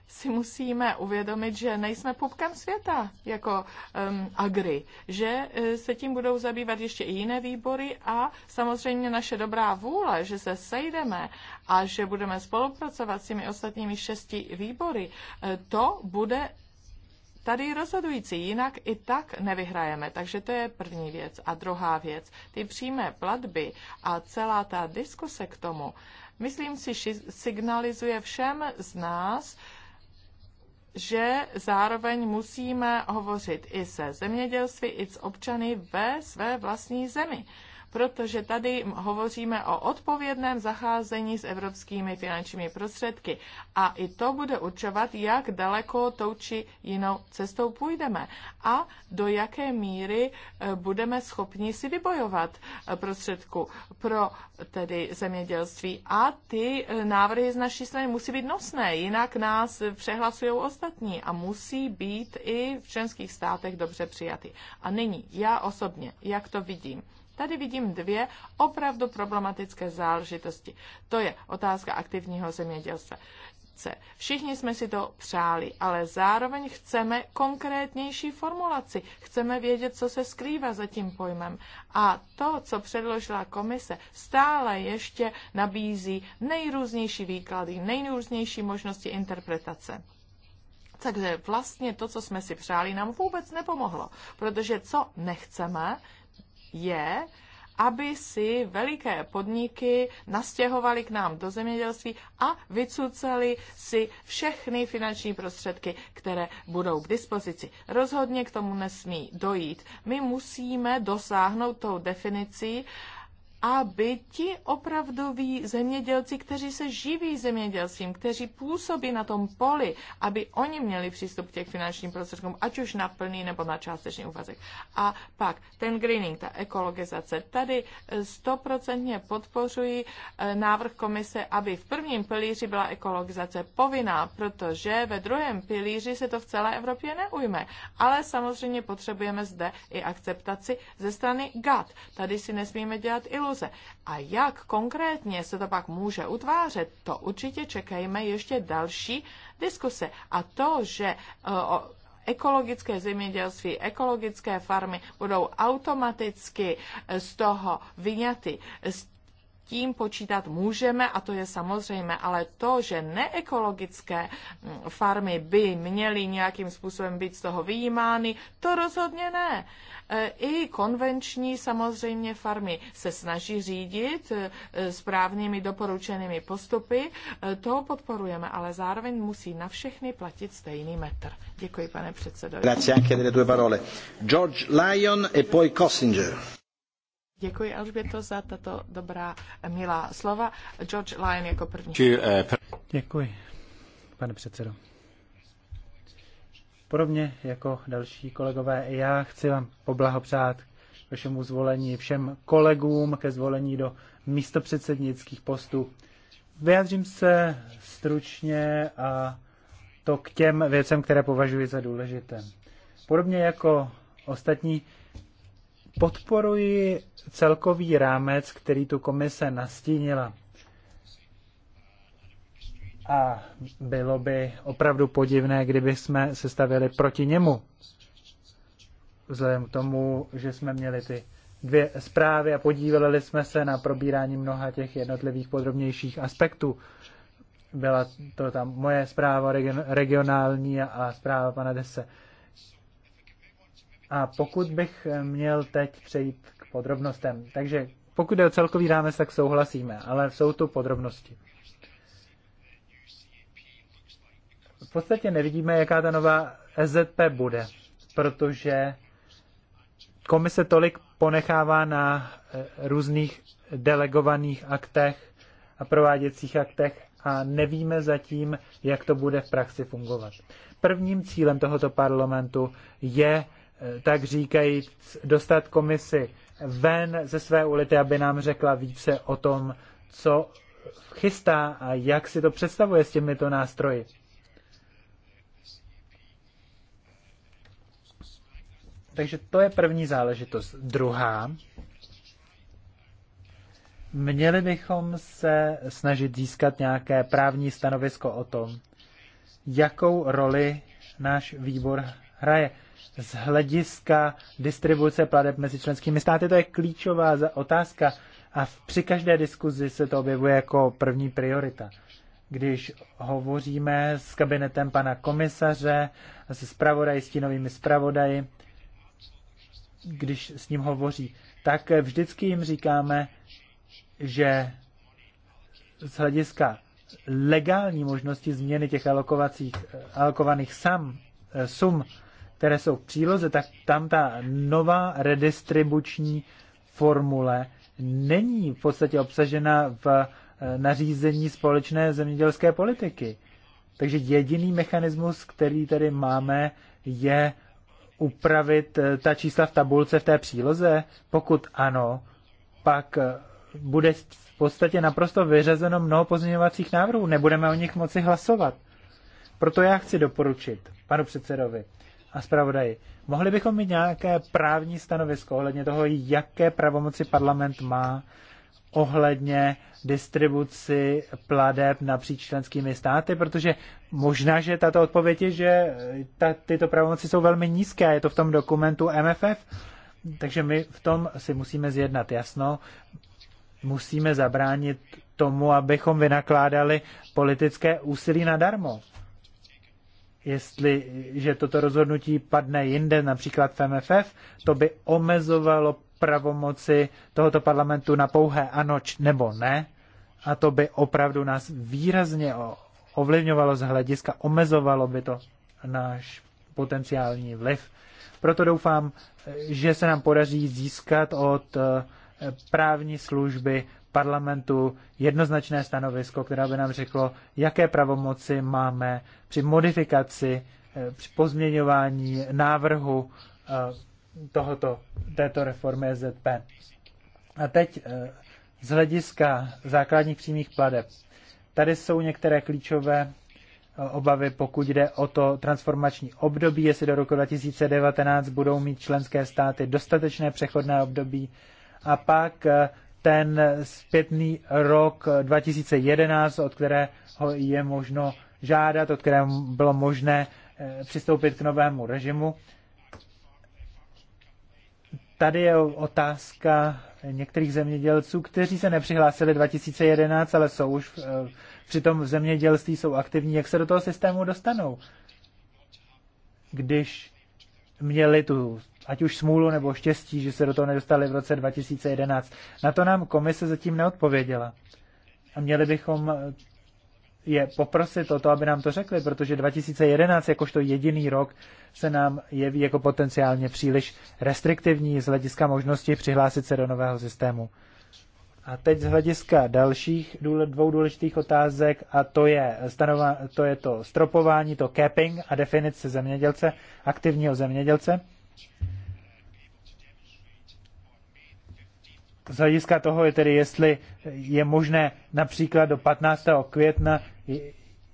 si musíme uvědomit, že nejsme pupkem světa jako um, agri, že e, se tím budou zabývat ještě i jiné výbory a samozřejmě naše dobrá vůle, že se sejdeme a že budeme spolupracovat s těmi ostatními šesti výbory, e, to bude tady rozhodující, jinak i tak nevyhrajeme. Takže to je první věc. A druhá věc, ty přímé platby a celá ta diskuse k tomu, myslím si, signalizuje všem z nás, že zároveň musíme hovořit i se zemědělství, i s občany ve své vlastní zemi protože tady hovoříme o odpovědném zacházení s evropskými finančními prostředky. A i to bude určovat, jak daleko tou či jinou cestou půjdeme a do jaké míry e, budeme schopni si vybojovat e, prostředku pro tedy zemědělství. A ty e, návrhy z naší strany musí být nosné, jinak nás přehlasují ostatní a musí být i v členských státech dobře přijaty. A nyní já osobně, jak to vidím? Tady vidím dvě opravdu problematické záležitosti. To je otázka aktivního zemědělce. Všichni jsme si to přáli, ale zároveň chceme konkrétnější formulaci. Chceme vědět, co se skrývá za tím pojmem. A to, co předložila komise, stále ještě nabízí nejrůznější výklady, nejrůznější možnosti interpretace. Takže vlastně to, co jsme si přáli, nám vůbec nepomohlo, protože co nechceme, je, aby si veliké podniky nastěhovaly k nám do zemědělství a vycucali si všechny finanční prostředky, které budou k dispozici. Rozhodně k tomu nesmí dojít. My musíme dosáhnout tou definicí uh, aby ti opravdoví zemědělci, kteří se živí zemědělstvím, kteří působí na tom poli, aby oni měli přístup k těch finančním prostředkům, ať už na plný nebo na částečný úvazek. A pak ten greening, ta ekologizace. Tady eh, stoprocentně podpořuji eh, návrh komise, aby v prvním pilíři byla ekologizace povinná, protože ve druhém pilíři se to v celé Evropě neujme. Ale samozřejmě potřebujeme zde i akceptaci ze strany GAT. Tady si nesmíme dělat iluze iluze. A jak konkrétně se to pak může utvářet, to určitě čekajme ještě další diskuse. A to, že e, ekologické zemědělství, ekologické farmy budou automaticky z toho vyňaty. z tím počítat můžeme a to je samozřejmé, ale to, že neekologické mm, farmy by měly nějakým způsobem být z toho vyjímány, to rozhodně ne. E, I konvenční samozřejmě farmy se snaží řídit e, správnými doporučenými postupy, e, to podporujeme, ale zároveň musí na všechny platit stejný metr. Děkuji, pane předsedo. Grazie anche delle tue parole. George Lyon e poi Kossinger. Děkuji Alžběto za tato dobrá, milá slova. George Lyon jako první. Eh, Děkuji, pane předsedo. Podobně jako další kolegové, já chci vám poblahopřát k vašemu zvolení, všem kolegům ke zvolení do místopředsednických postů. Vyjádřím se stručně a to k těm věcem, které považuji za důležité. Podobně jako ostatní Podporuji celkový rámec, který tu komise nastínila. A bylo by opravdu podivné, kdyby jsme se stavili proti němu. Vzhledem k tomu, že jsme měli ty dvě zprávy a podívali jsme se na probírání mnoha těch jednotlivých podrobnějších aspektů. Byla to tam moje zpráva regionální a zpráva pana Dese. A pokud bych měl teď přejít k podrobnostem, takže pokud je o celkový rámec, tak souhlasíme, ale jsou tu podrobnosti. V podstatě nevidíme, jaká ta nová SZP bude, protože komise tolik ponechává na eh, různých delegovaných aktech a prováděcích aktech a nevíme zatím, jak to bude v praxi fungovat. Prvním cílem tohoto parlamentu je Eh, tak říkají, dostat komisi ven ze své ulity, aby nám řekla více o tom, co chystá a jak si to představuje s těmito nástroji. Takže to je první záležitost. Druhá, měli bychom se snažit získat nějaké právní stanovisko o tom, jakou roli náš výbor hraje z hlediska distribuce plateb mezi členskými státy. To je klíčová otázka a při každé diskuzi se to objevuje jako první priorita. Když hovoříme s kabinetem pana komisaře, se zpravodaji, s novými zpravodaji, když s ním hovoří, tak vždycky jim říkáme, že z hlediska legální možnosti změny těch alokovacích, alokovaných sam, sum které jsou v příloze, tak tam ta nová redistribuční formule není v podstatě obsažena v eh, nařízení společné zemědělské politiky. Takže jediný mechanismus, který tady máme, je upravit eh, ta čísla v tabulce v té příloze? Pokud ano, pak eh, bude v podstatě naprosto vyřazeno mnoho pozměňovacích návrhů. Nebudeme o nich moci hlasovat. Proto já chci doporučit panu předsedovi, a zpravodaji. Mohli bychom mít nějaké právní stanovisko ohledně toho, jaké pravomoci parlament má ohledně distribuci pladeb napříč členskými státy, protože možná, že tato odpověď je, že ta, tyto pravomoci jsou velmi nízké je to v tom dokumentu MFF, takže my v tom si musíme zjednat jasno, musíme zabránit tomu, abychom vynakládali politické úsilí nadarmo jestli, že toto rozhodnutí padne jinde, například v MFF, to by omezovalo pravomoci tohoto parlamentu na pouhé ano nebo ne. A to by opravdu nás výrazně ovlivňovalo z hlediska, omezovalo by to náš potenciální vliv. Proto doufám, že se nám podaří získat od eh, právní služby parlamentu jednoznačné stanovisko, které by nám řeklo, jaké pravomoci máme při modifikaci, eh, při pozměňování návrhu eh, tohoto, této reformy e ZP. A teď eh, z hlediska základních přímých pladeb. Tady jsou některé klíčové obavy, pokud jde o to transformační období, jestli do roku 2019 budou mít členské státy dostatečné přechodné období a pak ten zpětný rok 2011, od kterého je možno žádat, od kterého bylo možné eh, přistoupit k novému režimu. Tady je otázka některých zemědělců, kteří se nepřihlásili 2011, ale jsou už eh, tom v zemědělství, jsou aktivní. Jak se do toho systému dostanou? Když měli tu ať už smůlu nebo štěstí, že se do toho nedostali v roce 2011. Na to nám komise zatím neodpověděla. A měli bychom je poprosit o to, aby nám to řekli, protože 2011 jakožto jediný rok se nám jeví jako potenciálně příliš restriktivní z hlediska možnosti přihlásit se do nového systému. A teď z hlediska dalších dvou důležitých otázek, a to je, stanova, to je to stropování, to capping a definice zemědělce, aktivního zemědělce. z hlediska toho je tedy, jestli je možné například do 15. května,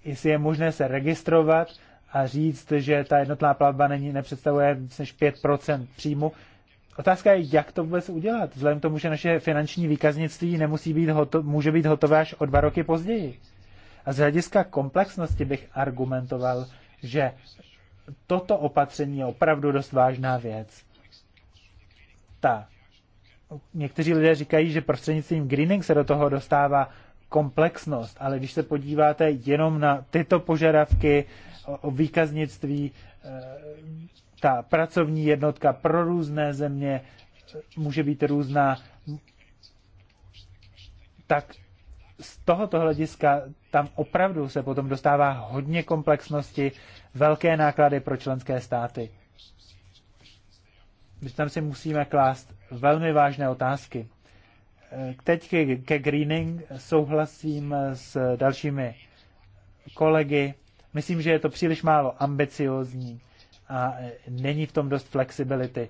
jestli je možné se registrovat a říct, že ta jednotná platba není, nepředstavuje více než 5% příjmu. Otázka je, jak to vůbec udělat, vzhledem k tomu, že naše finanční výkaznictví nemusí být hoto, může být hotové až o dva roky později. A z hlediska komplexnosti bych argumentoval, že toto opatření je opravdu dost vážná věc. Ta někteří lidé říkají, že prostřednictvím greening se do toho dostává komplexnost, ale když se podíváte jenom na tyto požadavky o výkaznictví, eh, ta pracovní jednotka pro různé země eh, může být různá, tak z tohoto hlediska tam opravdu se potom dostává hodně komplexnosti, velké náklady pro členské státy že tam si musíme klást velmi vážné otázky. E, teď ke, ke greening souhlasím s dalšími kolegy. Myslím, že je to příliš málo ambiciozní a není v tom dost flexibility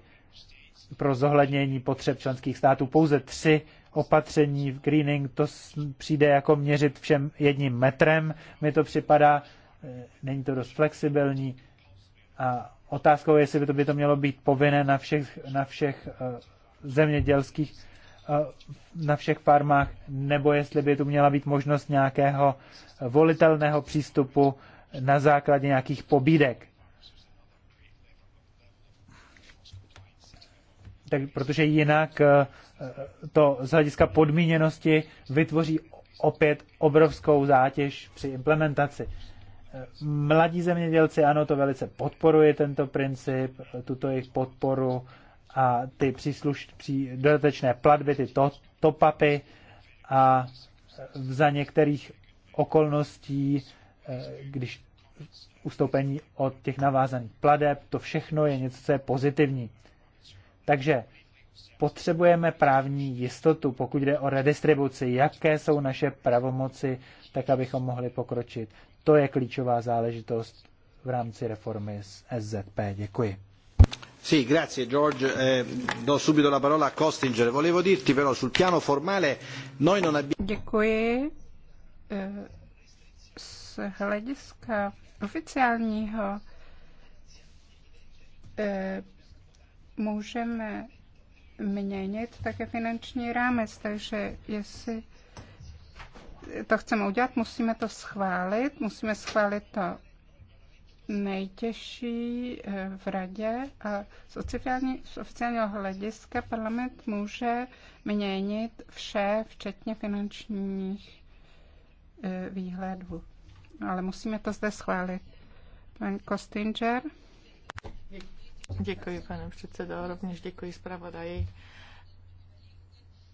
pro zohlednění potřeb členských států. Pouze tři opatření v greening, to přijde jako měřit všem jedním metrem, mi to připadá, e, není to dost flexibilní a Otázkou je, jestli by to, by to mělo být povinné na všech, na všech eh, zemědělských, eh, na všech farmách, nebo jestli by tu měla být možnost nějakého eh, volitelného přístupu na základě nějakých pobídek. Tak, protože jinak to z hlediska podmíněnosti vytvoří opět obrovskou zátěž při implementaci. Mladí zemědělci, ano, to velice podporuje tento princip, tuto jejich podporu a ty přísluš, pří, dodatečné platby, ty to, topapy a za některých okolností, eh, když ustoupení od těch navázaných pladeb, to všechno je něco, co je pozitivní. Takže potřebujeme právní jistotu, pokud jde o redistribuci, jaké jsou naše pravomoci, tak abychom mohli pokročit. To je klíčová záležitost v rámci reformy z SZP. Děkuji. Sì, grazie George. Eh, do subito la parola a Costinger. Volevo dirti però sul piano formale noi non abbiamo... Děkuji. Eh, z hlediska oficiálního eh, můžeme měnit také finanční rámec, takže jestli to chceme udělat, musíme to schválit, musíme schválit to nejtěžší eh, v radě a z, oficiální, z oficiálního hlediska parlament může měnit vše, včetně finančních eh, výhledů. Ale musíme to zde schválit. Pan Kostinger. Děkuji, pane předsedo, rovněž děkuji zpravodaji.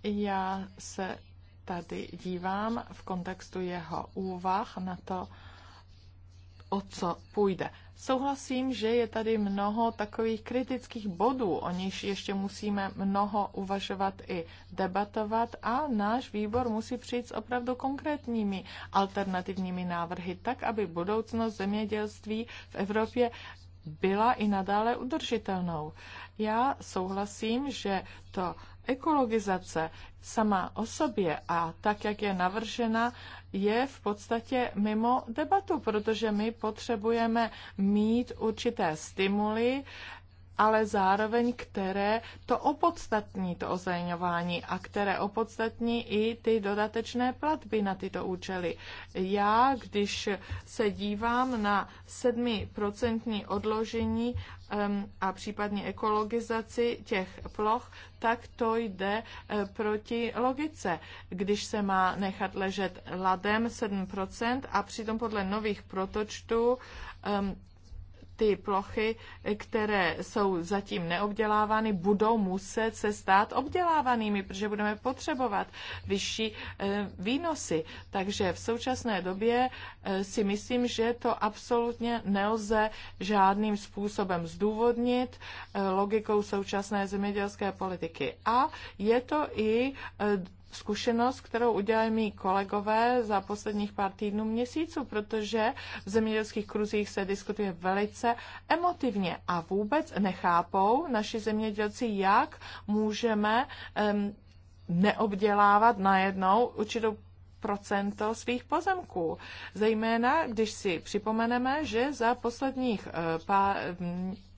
Já se tady dívám v kontextu jeho úvah na to, o co půjde. Souhlasím, že je tady mnoho takových kritických bodů, o nich ještě musíme mnoho uvažovat i debatovat a náš výbor musí přijít s opravdu konkrétními alternativními návrhy, tak aby budoucnost zemědělství v Evropě byla i nadále udržitelnou. Já souhlasím, že to ekologizace sama o sobě a tak, jak je navržena, je v podstatě mimo debatu, protože my potřebujeme mít určité stimuly, ale zároveň které to opodstatní to ozajňování a které opodstatní i ty dodatečné platby na tyto účely. Já, když se dívám na 7% odložení a případně ekologizaci těch ploch, tak to jde e, proti logice. Když se má nechat ležet ladem 7% a přitom podle nových protočtů ty plochy, které jsou zatím neobdělávány, budou muset se stát obdělávanými, protože budeme potřebovat vyšší eh, výnosy. Takže v současné době eh, si myslím, že to absolutně nelze žádným způsobem zdůvodnit eh, logikou současné zemědělské politiky. A je to i zkušenost, kterou udělali mý kolegové za posledních pár týdnů, měsíců, protože v zemědělských kruzích se diskutuje velice emotivně a vůbec nechápou naši zemědělci, jak můžeme um, neobdělávat najednou určitou procento svých pozemků. Zejména, když si připomeneme, že za posledních eh, pár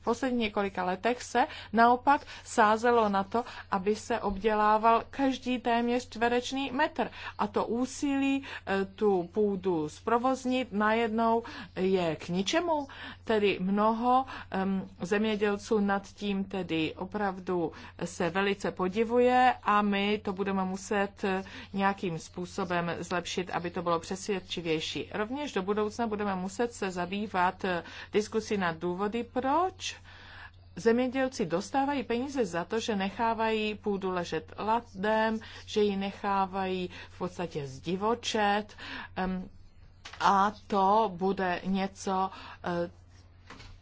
v posledních několika letech se naopak sázelo na to, aby se obdělával každý téměř čtverečný metr. A to úsilí e, tu půdu zprovoznit najednou je k ničemu. Tedy mnoho um, zemědělců nad tím tedy opravdu se velice podivuje a my to budeme muset e, nějakým způsobem zlepšit, aby to bylo přesvědčivější. Rovněž do budoucna budeme muset se zabývat e, diskusí na důvody, proč zemědělci dostávají peníze za to, že nechávají půdu ležet ladem, že ji nechávají v podstatě zdivočet a to bude něco, eh,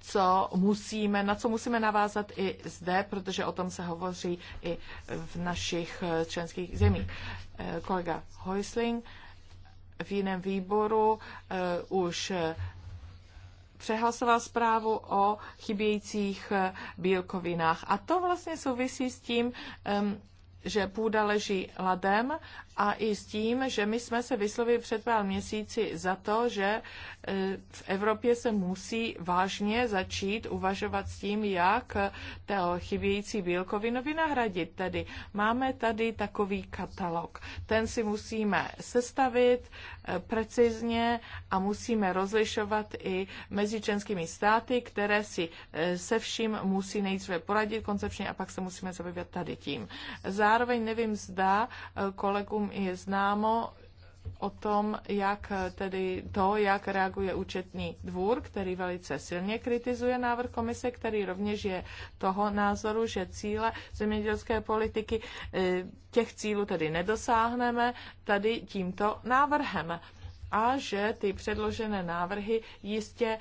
co musíme, na co musíme navázat i zde, protože o tom se hovoří i v našich eh, členských zemích. Eh, kolega Heusling v jiném výboru už přehlasoval zprávu o chybějících eh, bílkovinách. A to vlastně souvisí s tím, že půda leží ladem a i s tím, že my jsme se vyslovili před pár měsíci za to, že Eh, v Evropě se musí vážně začít uvažovat s tím, jak té chybějící bílkoviny nahradit. Tedy máme tady takový katalog. Ten si musíme sestavit eh, precizně a musíme rozlišovat i mezi členskými státy, které si eh, se vším musí nejdříve poradit koncepčně a pak se musíme zabývat tady tím. Zároveň nevím, zda kolegům je známo, o tom, jak tedy to, jak reaguje účetní dvůr, který velice silně kritizuje návrh komise, který rovněž je toho názoru, že cíle zemědělské politiky, eh, těch cílů tedy nedosáhneme tady tímto návrhem a že ty předložené návrhy jistě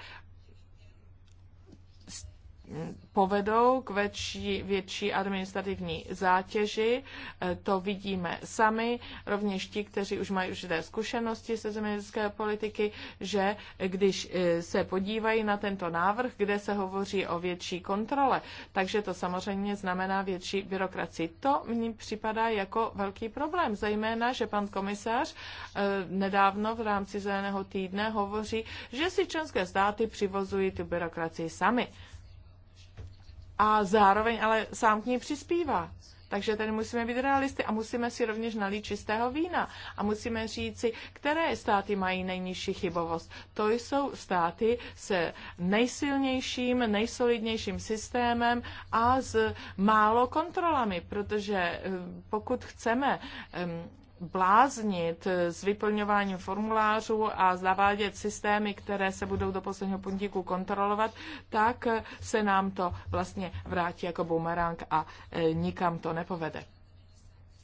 povedou k větší, větší administrativní zátěži. E, to vidíme sami, rovněž ti, kteří už mají určité zkušenosti se zemědělské politiky, že když e, se podívají na tento návrh, kde se hovoří o větší kontrole, takže to samozřejmě znamená větší byrokraci. To mi připadá jako velký problém, zejména, že pan komisař e, nedávno v rámci zeleného týdne hovoří, že si členské státy přivozují tu byrokracii sami a zároveň ale sám k ní přispívá. Takže tady musíme být realisty a musíme si rovněž nalít čistého vína a musíme říci, které státy mají nejnižší chybovost. To jsou státy se nejsilnějším, nejsolidnějším systémem a s málo kontrolami, protože eh, pokud chceme bláznit s vyplňováním formulářů a zavádět systémy, které se budou do posledního puntíku kontrolovat, tak se nám to vlastně vrátí jako bumerang a e, nikam to nepovede.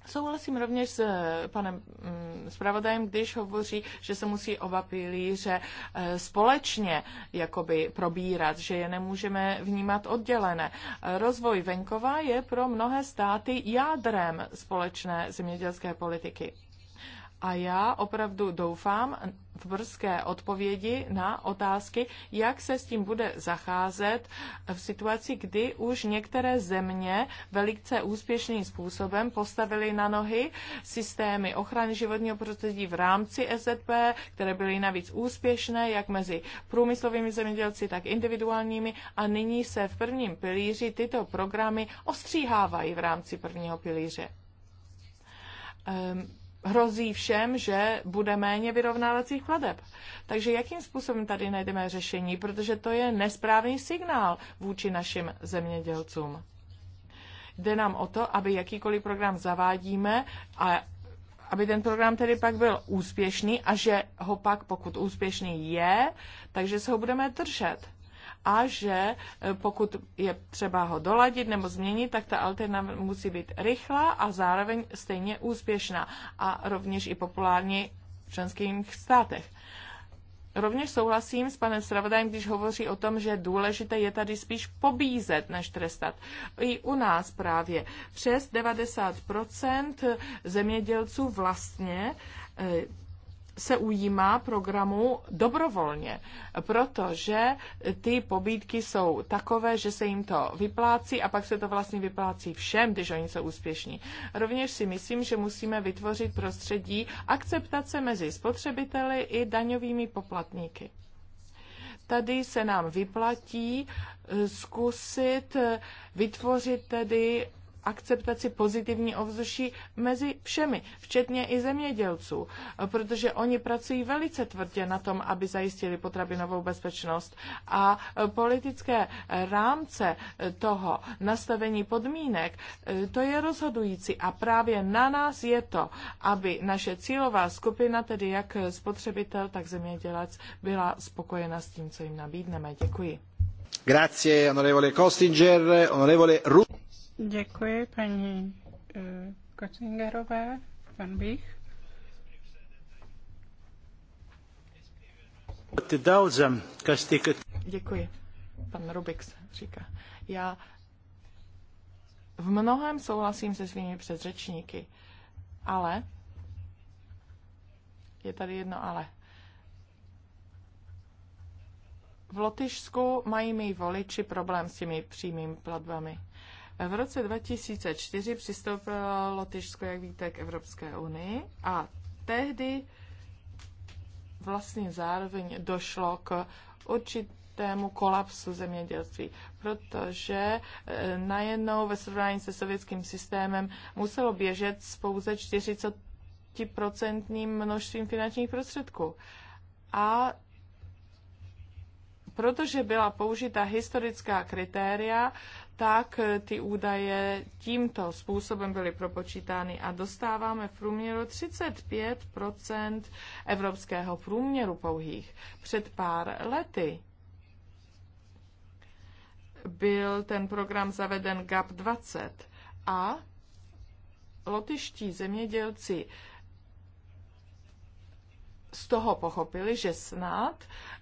Souhlasím rovněž s eh, panem mm, zpravodajem, když hovoří, že se musí oba pilíře eh, společně jakoby probírat, že je nemůžeme vnímat oddělené. Eh, rozvoj venkova je pro mnohé státy jádrem společné zemědělské politiky. A já opravdu doufám v brzké odpovědi na otázky, jak se s tím bude zacházet v situaci, kdy už některé země velice úspěšným způsobem postavily na nohy systémy ochrany životního prostředí v rámci SZP, které byly navíc úspěšné, jak mezi průmyslovými zemědělci, tak individuálními. A nyní se v prvním pilíři tyto programy ostříhávají v rámci prvního pilíře. Um, hrozí všem, že bude méně vyrovnávacích plateb. Takže jakým způsobem tady najdeme řešení? Protože to je nesprávný signál vůči našim zemědělcům. Jde nám o to, aby jakýkoliv program zavádíme a aby ten program tedy pak byl úspěšný a že ho pak, pokud úspěšný je, takže se ho budeme držet a že e, pokud je třeba ho doladit nebo změnit, tak ta alterna musí být rychlá a zároveň stejně úspěšná a rovněž i populární v členských státech. Rovněž souhlasím s panem Sravodajem, když hovoří o tom, že důležité je tady spíš pobízet než trestat. I u nás právě přes 90 zemědělců vlastně e, se ujímá programu dobrovolně, protože ty pobídky jsou takové, že se jim to vyplácí a pak se to vlastně vyplácí všem, když oni jsou úspěšní. Rovněž si myslím, že musíme vytvořit prostředí akceptace mezi spotřebiteli i daňovými poplatníky. Tady se nám vyplatí zkusit vytvořit tedy akceptaci pozitivní ovzduší mezi všemi, včetně i zemědělců, protože oni pracují velice tvrdě na tom, aby zajistili potravinovou bezpečnost a politické rámce toho nastavení podmínek, to je rozhodující a právě na nás je to, aby naše cílová skupina, tedy jak spotřebitel, tak zemědělec, byla spokojena s tím, co jim nabídneme. Děkuji. Grazie, onorevole Kostinger, onorevole Ru- Děkuji paní eh, Kocingerové, pan Bích. Děkuji. Pan Rubix říká. Já v mnohem souhlasím se svými předřečníky, ale je tady jedno ale. V Lotyšsku mají mý voliči problém s těmi přímými platbami. V roce 2004 přistoupilo Lotyšsko, jak víte, k Evropské unii a tehdy vlastně zároveň došlo k určitému kolapsu zemědělství, protože eh, najednou ve srovnání se sovětským systémem muselo běžet s pouze 40% množstvím finančních prostředků. A protože byla použita historická kritéria, tak eh, ty údaje tímto způsobem byly propočítány a dostáváme v průměru 35 evropského průměru pouhých. Před pár lety byl ten program zaveden GAP 20 a lotiští, zemědělci z toho pochopili, že snad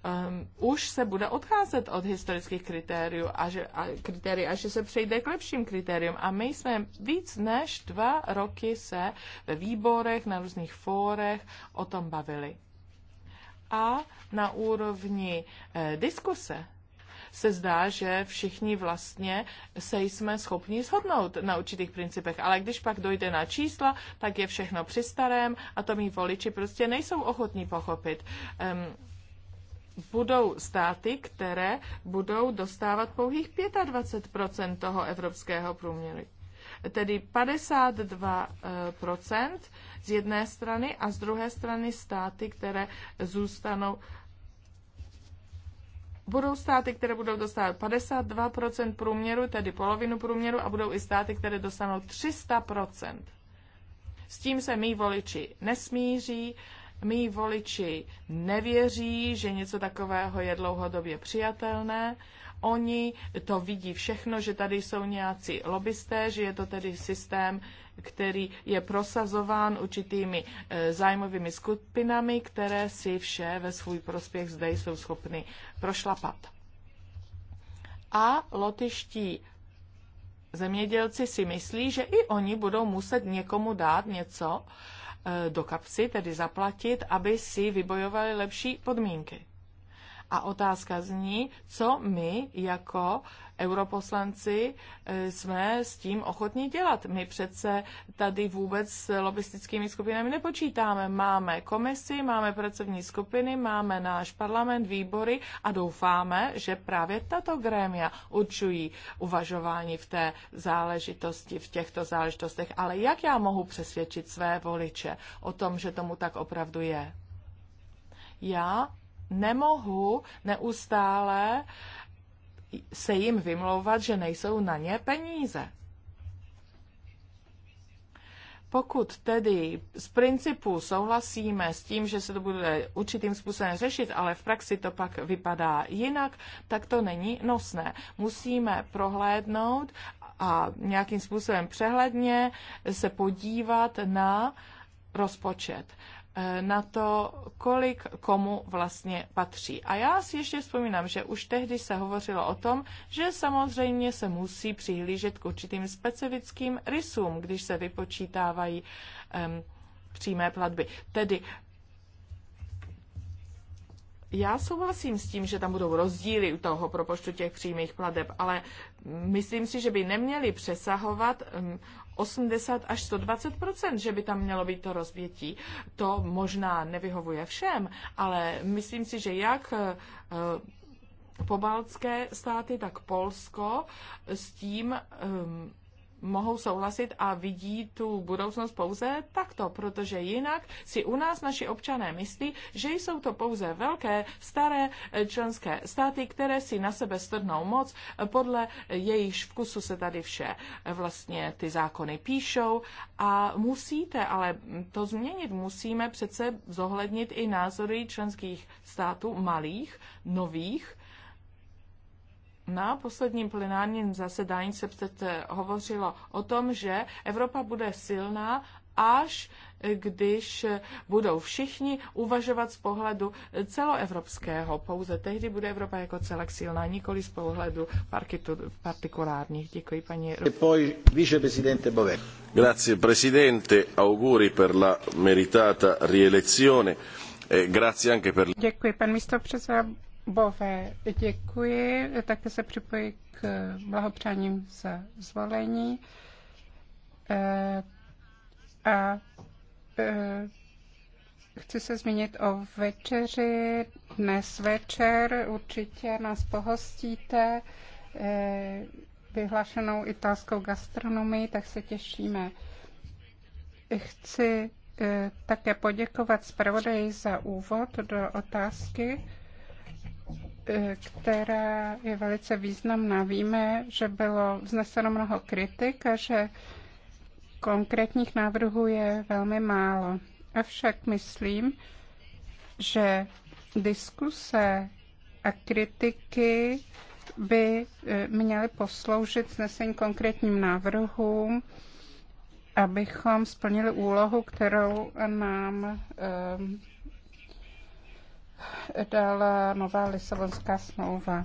um, už se bude odcházet od historických kritérií a že, a, kritéri, a že se přejde k lepším kritériům. A my jsme víc než dva roky se ve výborech, na různých fórech o tom bavili. A na úrovni eh, diskuse se zdá, že všichni vlastně se jsme schopni shodnout na určitých principech, ale když pak dojde na čísla, tak je všechno při starém a to mý voliči prostě nejsou ochotní pochopit. Um, budou státy, které budou dostávat pouhých 25 toho evropského průměru. Tedy 52 z jedné strany a z druhé strany státy, které zůstanou Budou státy, které budou dostávat 52% průměru, tedy polovinu průměru, a budou i státy, které dostanou 300%. S tím se mý voliči nesmíří, mý voliči nevěří, že něco takového je dlouhodobě přijatelné. Oni to vidí všechno, že tady jsou nějací lobbysté, že je to tedy systém, který je prosazován určitými eh, zájmovými skupinami, které si vše ve svůj prospěch zde jsou schopny prošlapat. A lotiští zemědělci si myslí, že i oni budou muset někomu dát něco eh, do kapsy, tedy zaplatit, aby si vybojovali lepší podmínky. A otázka zní, co my jako europoslanci e, jsme s tím ochotní dělat. My přece tady vůbec s lobistickými skupinami nepočítáme. Máme komisi, máme pracovní skupiny, máme náš parlament, výbory a doufáme, že právě tato grémia určují uvažování v té záležitosti, v těchto záležitostech. Ale jak já mohu přesvědčit své voliče o tom, že tomu tak opravdu je? Já nemohu neustále uh, se jim vymlouvat, že nejsou na ně peníze. Pokud tedy z principu souhlasíme s tím, že se to bude určitým způsobem řešit, ale v praxi to pak vypadá jinak, tak to není nosné. Musíme prohlédnout a nějakým způsobem přehledně se podívat na rozpočet. Eh, na to, kolik komu vlastně patří. A já si ještě vzpomínám, že už tehdy se hovořilo o tom, že samozřejmě se musí přihlížet k určitým specifickým rysům, když se vypočítávají um, přímé platby. Tedy já souhlasím s tím, že tam budou rozdíly u toho propočtu těch přímých pladeb, ale myslím si, že by neměly přesahovat 80 um, až 120 že by tam mělo být to rozpětí. To možná nevyhovuje všem, ale myslím si, že jak uh, pobaltské státy, tak Polsko s tím um, mohou souhlasit a vidí tu budoucnost pouze takto, protože jinak si u nás naši občané myslí, že jsou to pouze velké, staré eh, členské státy, které si na sebe strhnou moc, eh, podle jejich vkusu se tady vše eh, vlastně ty zákony píšou a musíte ale to změnit, musíme přece zohlednit i názory členských států malých, nových, na posledním plenárním zasedání se přece hovořilo o tom, že Evropa bude silná, až když budou všichni uvažovat z pohledu celoevropského. Pouze tehdy bude Evropa jako celek silná, nikoli z pohledu parkitu, partikulárních. Děkuji, paní. E poi viceprezidente Bové. Grazie, presidente. Auguri per la meritata rielezione. E grazie anche per... Děkuji, pan místo předseda Bové, děkuji. Také se připojí k blahopřáním za zvolení. Eh, a eh, chci se zmínit o večeři. Dnes večer určitě nás pohostíte eh, vyhlášenou italskou gastronomii, tak se těšíme. Chci také poděkovat zpravodaji za úvod do otázky. E, která je velice významná. Víme, že bylo vzneseno mnoho kritik a že konkrétních návrhů je velmi málo. Avšak myslím, že diskuse a kritiky by e, měly posloužit znesení konkrétním návrhům, abychom splnili úlohu, kterou nám um, dále nová Lisabonská smlouva.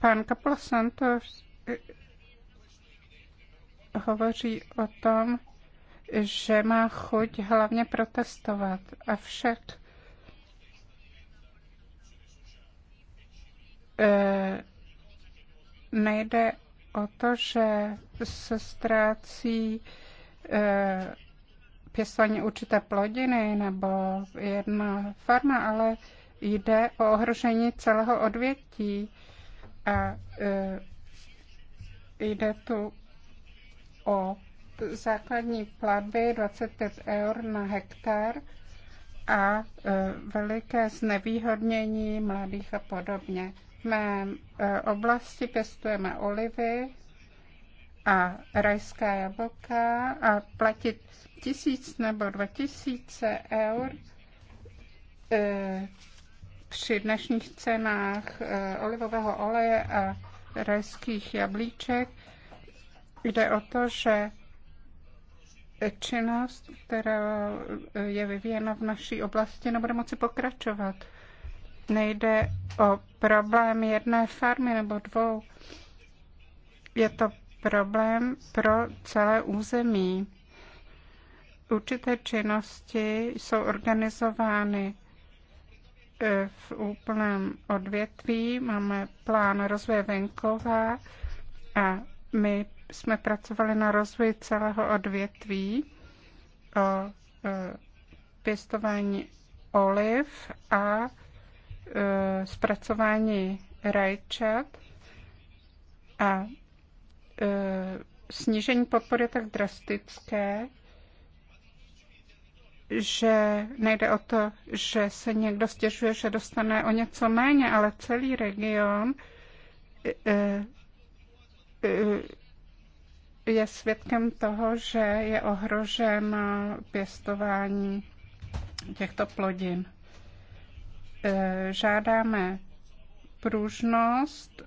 Pan Kapl Santos hovoří o tom, že má chuť hlavně protestovat. Avšak e, nejde o to, že se ztrácí e, pěstování určité plodiny nebo jedna farma, ale jde o ohrožení celého odvětí a e, jde tu o základní platby 25 eur na hektar a e, veliké znevýhodnění mladých a podobně. V mé e, oblasti pěstujeme olivy, a rajská jablka a platit tisíc nebo dva tisíce eur e, při dnešních cenách e, olivového oleje a rajských jablíček. Jde o to, že činnost, která eh, je vyvíjena v naší oblasti, nebude moci pokračovat. Nejde o problém jedné farmy nebo dvou. Je to problém pro celé území. Určité činnosti jsou organizovány eh, v úplném odvětví. Máme plán rozvoje venkova a my jsme pracovali na rozvoji celého odvětví o eh, pěstování oliv a eh, zpracování rajčat a E, snížení podpory je tak drastické, že nejde o to, že se někdo stěžuje, že dostane o něco méně, ale celý region e, e, je svědkem toho, že je ohrožen pěstování těchto plodin. Žádáme pružnost,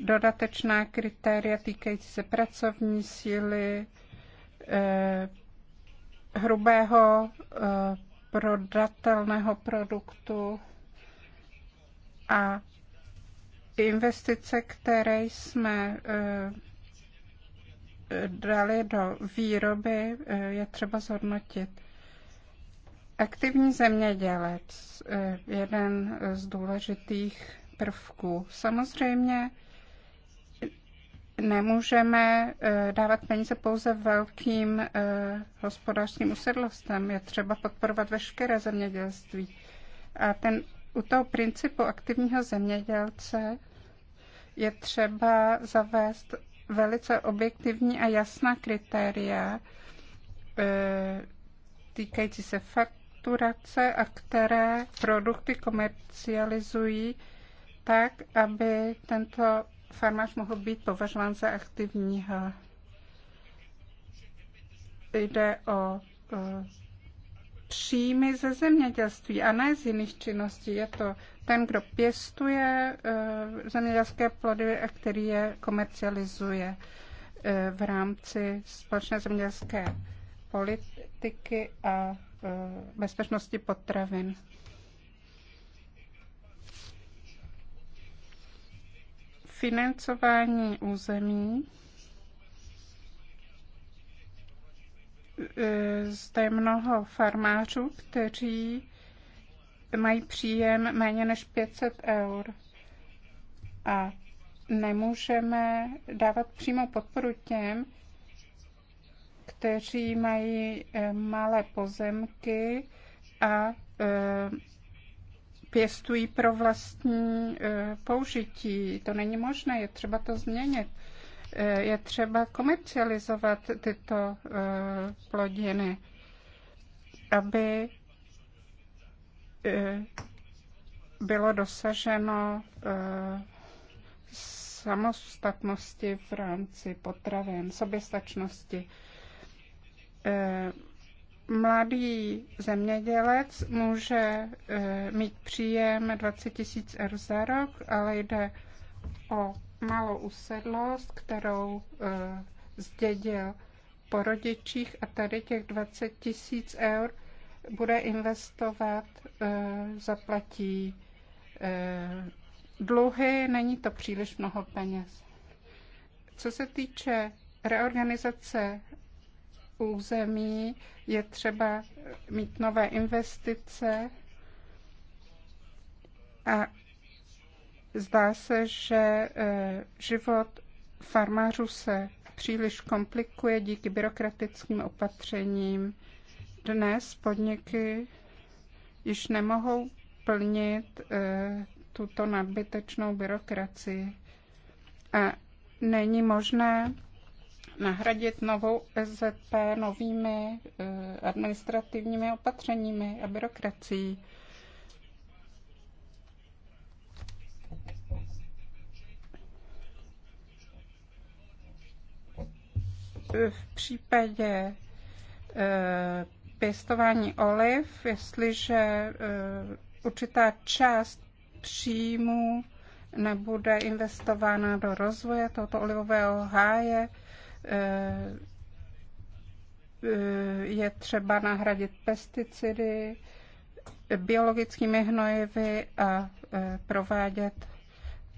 dodatečná kritéria týkající se pracovní síly, eh, hrubého eh, prodatelného produktu a investice, které jsme eh, dali do výroby, je třeba zhodnotit. Aktivní zemědělec, jeden z důležitých prvků. Samozřejmě nemůžeme eh, dávat peníze pouze velkým eh, hospodářským usedlostem. Je třeba podporovat veškeré zemědělství. A ten, u toho principu aktivního zemědělce je třeba zavést velice objektivní a jasná kritéria eh, týkající se fakturace a které produkty komercializují tak, aby tento farmář mohl být považován za aktivního. Eh, jde o eh, příjmy ze zemědělství a ne z jiných činností. Je to ten, kdo pěstuje eh, zemědělské plody a který je komercializuje v rámci společné zemědělské politiky a bezpečnosti potravin. financování území e, zde mnoho farmářů, kteří mají příjem méně než 500 eur. A nemůžeme dávat přímo podporu těm, kteří mají e, malé pozemky a e, pěstují pro vlastní e, použití. To není možné, je třeba to změnit. E, je třeba komercializovat tyto e, plodiny, aby bylo dosaženo samostatnosti v rámci potravin, soběstačnosti mladý zemědělec může eh, mít příjem 20 tisíc eur za rok, ale jde o malou usedlost, kterou eh, zdědil po rodičích a tady těch 20 tisíc eur bude investovat, eh, zaplatí dluhy, není to příliš mnoho peněz. Co se týče reorganizace území, je třeba mít nové investice a zdá se, že eh, život farmářů se příliš komplikuje díky byrokratickým opatřením. Dnes podniky již nemohou plnit eh, tuto nadbytečnou byrokracii. A není možné nahradit novou SZP e novými eh, administrativními opatřeními a byrokracií. V případě eh, pěstování oliv, jestliže eh, určitá část příjmů nebude investována do rozvoje tohoto olivového háje, Eh, eh, je třeba nahradit pesticidy biologickými hnojivy a eh, provádět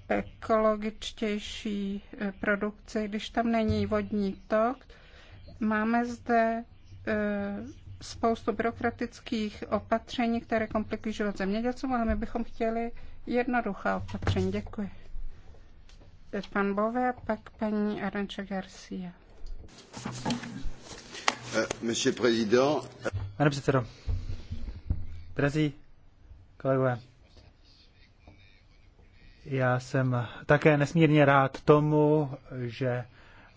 ekologičtější produkci, když tam není vodní tok. Máme zde spoustu byrokratických opatření, které komplikují život zemědělcům, ale my bychom chtěli jednoduchá opatření. Děkuji pan Bové, pak paní Aranča Garcia. Eh, eh, Pane předsedo, drazí kolegové, já jsem také nesmírně rád tomu, že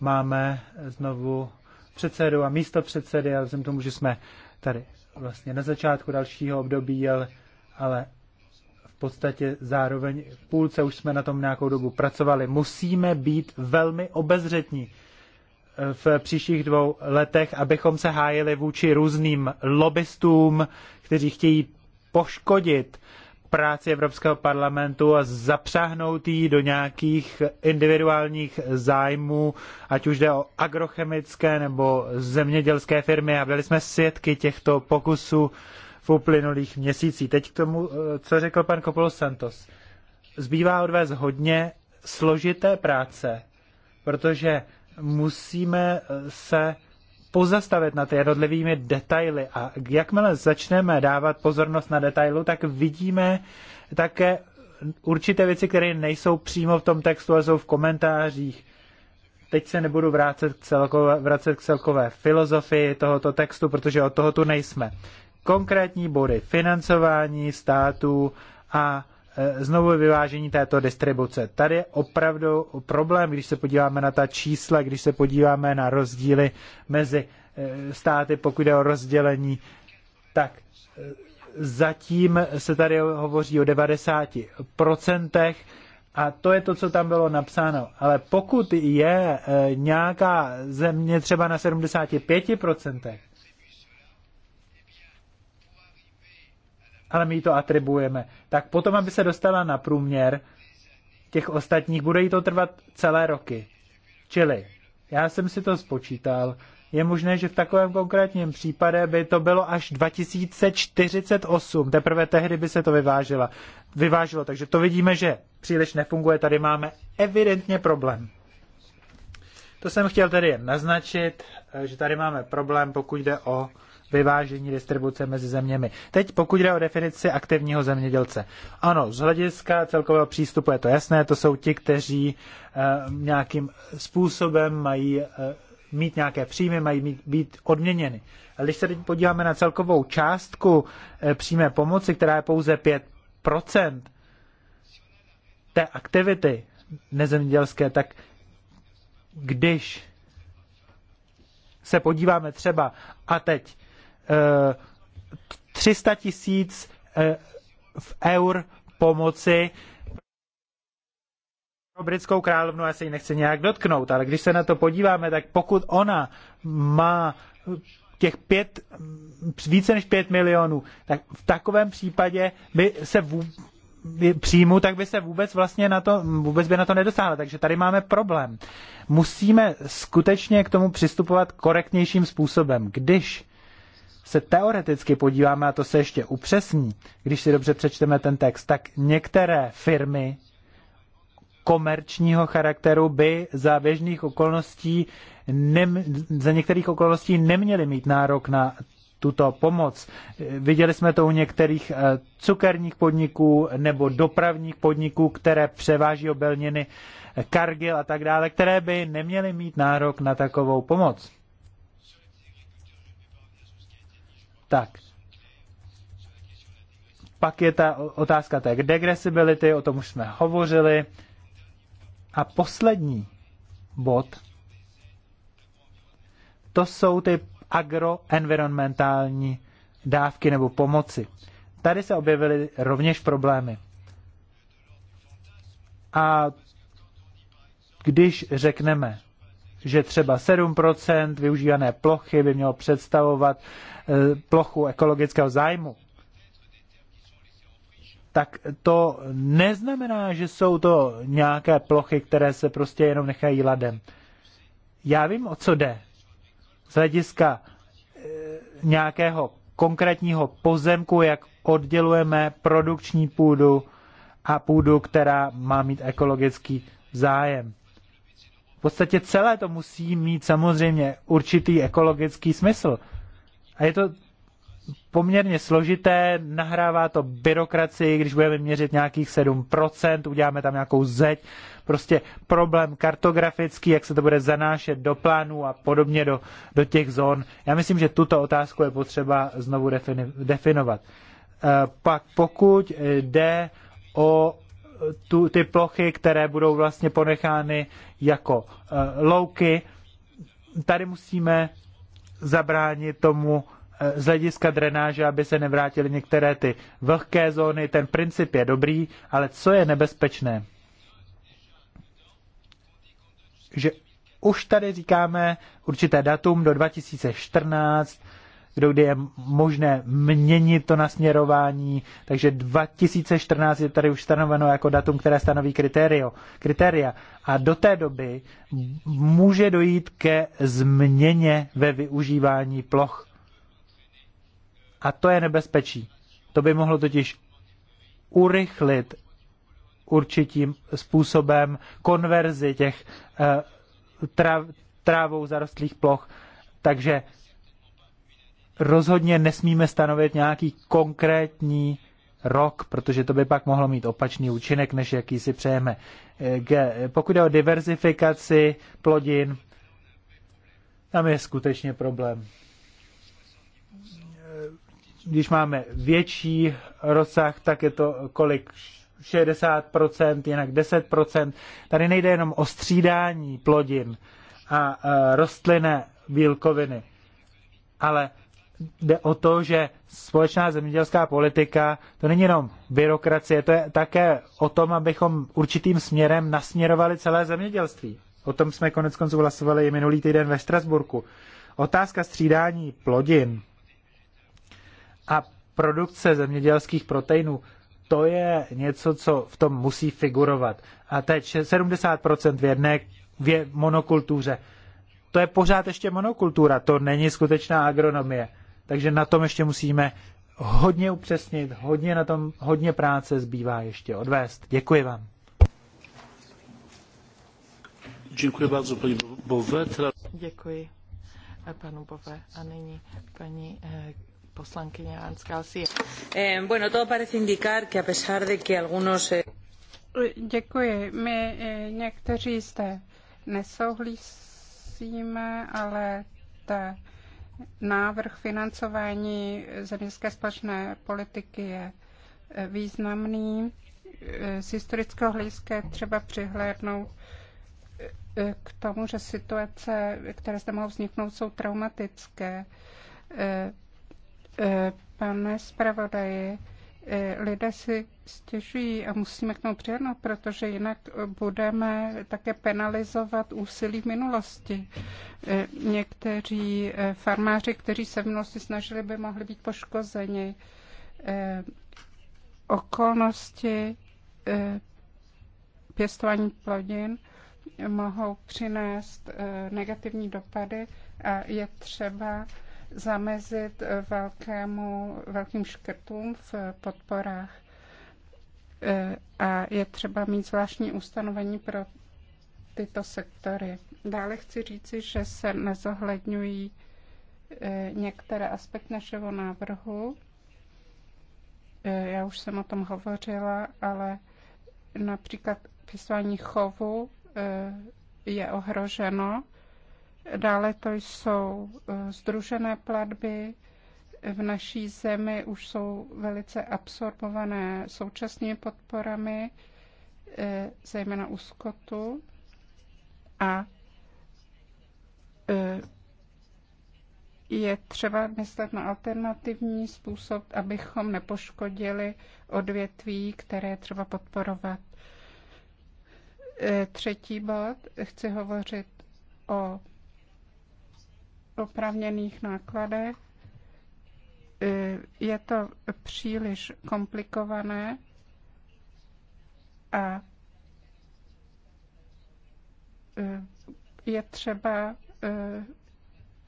máme znovu předsedu a místo předsedy, ale vzhledem tomu, že jsme tady vlastně na začátku dalšího období, ale, ale podstatě zároveň v půlce už jsme na tom nějakou dobu pracovali. Musíme být velmi obezřetní eh, v příštích dvou letech, abychom se hájili vůči různým lobbystům, kteří chtějí poškodit práci Evropského parlamentu a zapřáhnout ji do nějakých individuálních zájmů, ať už jde o agrochemické nebo zemědělské firmy. A byli jsme svědky těchto pokusů v uplynulých měsících. Teď k tomu, eh, co řekl pan Kopolo Santos. Zbývá odvést hodně složité práce, protože musíme eh, se pozastavit nad jednotlivými detaily a jakmile začneme dávat pozornost na detailu, tak vidíme také určité věci, které nejsou přímo v tom textu, ale jsou v komentářích. Teď se nebudu vrátit k celkové, vracet k celkové filozofii tohoto textu, protože od toho tu nejsme konkrétní body financování států a e, znovu vyvážení této distribuce. Tady je opravdu problém, když se podíváme na ta čísla, když se podíváme na rozdíly mezi e, státy, pokud je o rozdělení, tak e, zatím se tady hovoří o 90%, a to je to, co tam bylo napsáno. Ale pokud je nějaká země třeba na 75%, ale my jí to atribuujeme, tak potom, aby se dostala na průměr těch ostatních, bude jí to trvat celé roky. Čili, já jsem si to spočítal, je možné, že v takovém konkrétním případě by to bylo až 2048. Teprve tehdy by se to vyvážilo. vyvážilo. Takže to vidíme, že příliš nefunguje. Tady máme evidentně problém. To jsem chtěl tedy jen naznačit, že tady máme problém, pokud jde o vyvážení distribuce mezi zeměmi. Teď pokud jde o definici aktivního zemědělce. Ano, z hlediska celkového přístupu je to jasné, to jsou ti, kteří eh, nějakým způsobem mají eh, mít nějaké příjmy, mají mít, být odměněny. Ale když se teď podíváme na celkovou částku eh, přímé pomoci, která je pouze 5% té aktivity nezemědělské, tak když se podíváme třeba, a teď 300 tisíc eh, eur pomoci pro britskou královnu, já se jí nechci nějak dotknout, ale když se na to podíváme, tak pokud ona má těch pět, více než pět milionů, tak v takovém případě by se vů, příjmu, tak by se vůbec vlastně na to, vůbec by na to nedosáhla. Takže tady máme problém. Musíme skutečně k tomu přistupovat korektnějším způsobem. Když se teoreticky podíváme, a to se ještě upřesní, když si dobře přečteme ten text, tak některé firmy komerčního charakteru by za běžných okolností, nem, za některých okolností neměly mít nárok na tuto pomoc. Viděli jsme to u některých eh, cukerních podniků nebo dopravních podniků, které převáží obelněny kargil eh, a tak dále, které by neměly mít nárok na takovou pomoc. tak pak je ta otázka té degresibility, o tom už jsme hovořili. A poslední bod, to jsou ty agroenvironmentální dávky nebo pomoci. Tady se objevily rovněž problémy. A když řekneme, že třeba 7% využívané plochy by mělo představovat eh, plochu ekologického zájmu. Tak to neznamená, že jsou to nějaké plochy, které se prostě jenom nechají ladem. Já vím, o co jde. Z hlediska eh, nějakého konkrétního pozemku, jak oddělujeme produkční půdu a půdu, která má mít ekologický zájem. V podstatě celé to musí mít samozřejmě určitý ekologický smysl. A je to poměrně složité, nahrává to byrokracii, když budeme měřit nějakých 7%, uděláme tam nějakou zeď, prostě problém kartografický, jak se to bude zanášet do plánů a podobně do, do těch zón. Já myslím, že tuto otázku je potřeba znovu defini- definovat. E, pak pokud jde o tu, ty plochy, které budou vlastně ponechány jako eh, louky. Tady musíme zabránit tomu eh, z hlediska drenáže, aby se nevrátily některé ty vlhké zóny. Ten princip je dobrý, ale co je nebezpečné? Že už tady říkáme určité datum do 2014, kdo kdy je možné měnit to nasměrování, takže 2014 je tady už stanoveno jako datum, které stanoví kritério, kritéria. A do té doby může dojít ke změně ve využívání ploch. A to je nebezpečí. To by mohlo totiž urychlit určitým způsobem konverzi těch eh, trav, trávou zarostlých ploch. Takže rozhodně nesmíme stanovit nějaký konkrétní rok, protože to by pak mohlo mít opačný účinek, než jaký si přejeme. Eh, pokud je o diverzifikaci plodin, tam je skutečně problém. Eh, když máme větší rozsah, tak je to kolik 60%, jinak 10%. Tady nejde jenom o střídání plodin a eh, rostlinné bílkoviny, ale jde o to, že společná zemědělská politika to není jenom byrokracie, to je také o tom, abychom určitým směrem nasměrovali celé zemědělství. O tom jsme konec konců hlasovali i minulý týden ve Štrasburku. Otázka střídání plodin a produkce zemědělských proteinů, to je něco, co v tom musí figurovat. A teď 70% v jedné v monokultuře. To je pořád ještě monokultura, to není skutečná agronomie. Takže na tom ještě musíme hodně upřesnit, hodně na tom, hodně práce zbývá ještě odvést. Děkuji vám. Děkuji bardzo, paní Bové. Děkuji panu Bové a nyní paní eh, poslankyně Hanská eh, Bueno, todo parece indicar que a pesar de que algunos... Eh... Děkuji. My eh, někteří zde nesouhlasíme, ale ta návrh financování zemědělské společné politiky je eh, významný. Eh, z historického hlediska třeba přihlédnout eh, k tomu, že situace, které zde mohou vzniknout, jsou traumatické. Pane zpravodaji, E, lidé si stěžují a musíme k tomu přijednout, protože jinak budeme také penalizovat úsilí v minulosti. E, někteří e, farmáři, kteří se v minulosti snažili, by mohli být poškozeni. Okolnosti pěstování plodin mohou přinést negativní dopady a je třeba zamezit velkému, velkým škrtům v podporách. E, a je třeba mít zvláštní ustanovení pro tyto sektory. Dále chci říci, že se nezohledňují e, některé aspekty našeho návrhu. E, já už jsem o tom hovořila, ale například pěstování chovu je ohroženo Dále to jsou e, združené platby. V naší zemi už jsou velice absorbované současnými podporami, e, zejména u skotu. A e, je třeba myslet na alternativní způsob, abychom nepoškodili odvětví, které třeba podporovat. Třetí bod, chci hovořit o opravněných nákladech. Je to příliš komplikované a je třeba eh,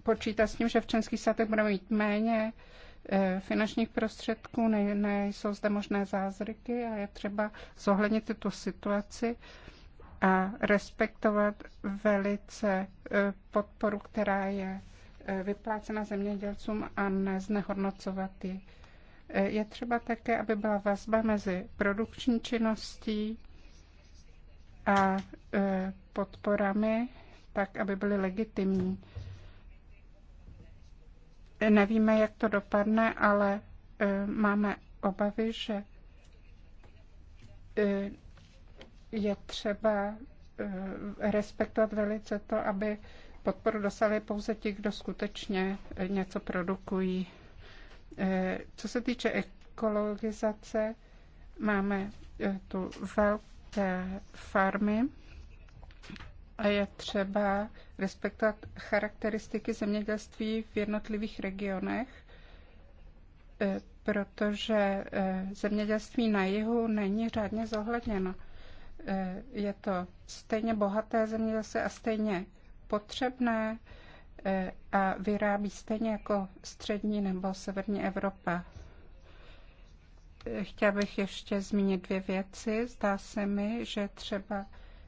počítat s tím, že v členských státech budeme mít méně eh, finančních prostředků, nejsou ne, zde možné zázryky a je třeba zohlednit tuto situaci a respektovat velice eh, podporu, která je Eh, vyplácena zemědělcům a neznehodnocovat ji. Eh, je třeba také, aby byla vazba mezi produkční činností a eh, podporami, tak aby byly legitimní. Nevíme, jak to dopadne, ale máme obavy, že je třeba respektovat velice to, aby Podporu dostali pouze ti, kdo skutečně eh, něco produkují. Eh, co se týče ekologizace, máme eh, tu velké farmy a je třeba respektovat charakteristiky zemědělství v jednotlivých regionech, protože zemědělství na jihu není řádně zohledněno. Je to stejně bohaté zemědělství a stejně potřebné eh, a vyrábí stejně jako střední nebo severní Evropa. Eh, chtěla bych ještě zmínit dvě věci. Zdá se mi, že třeba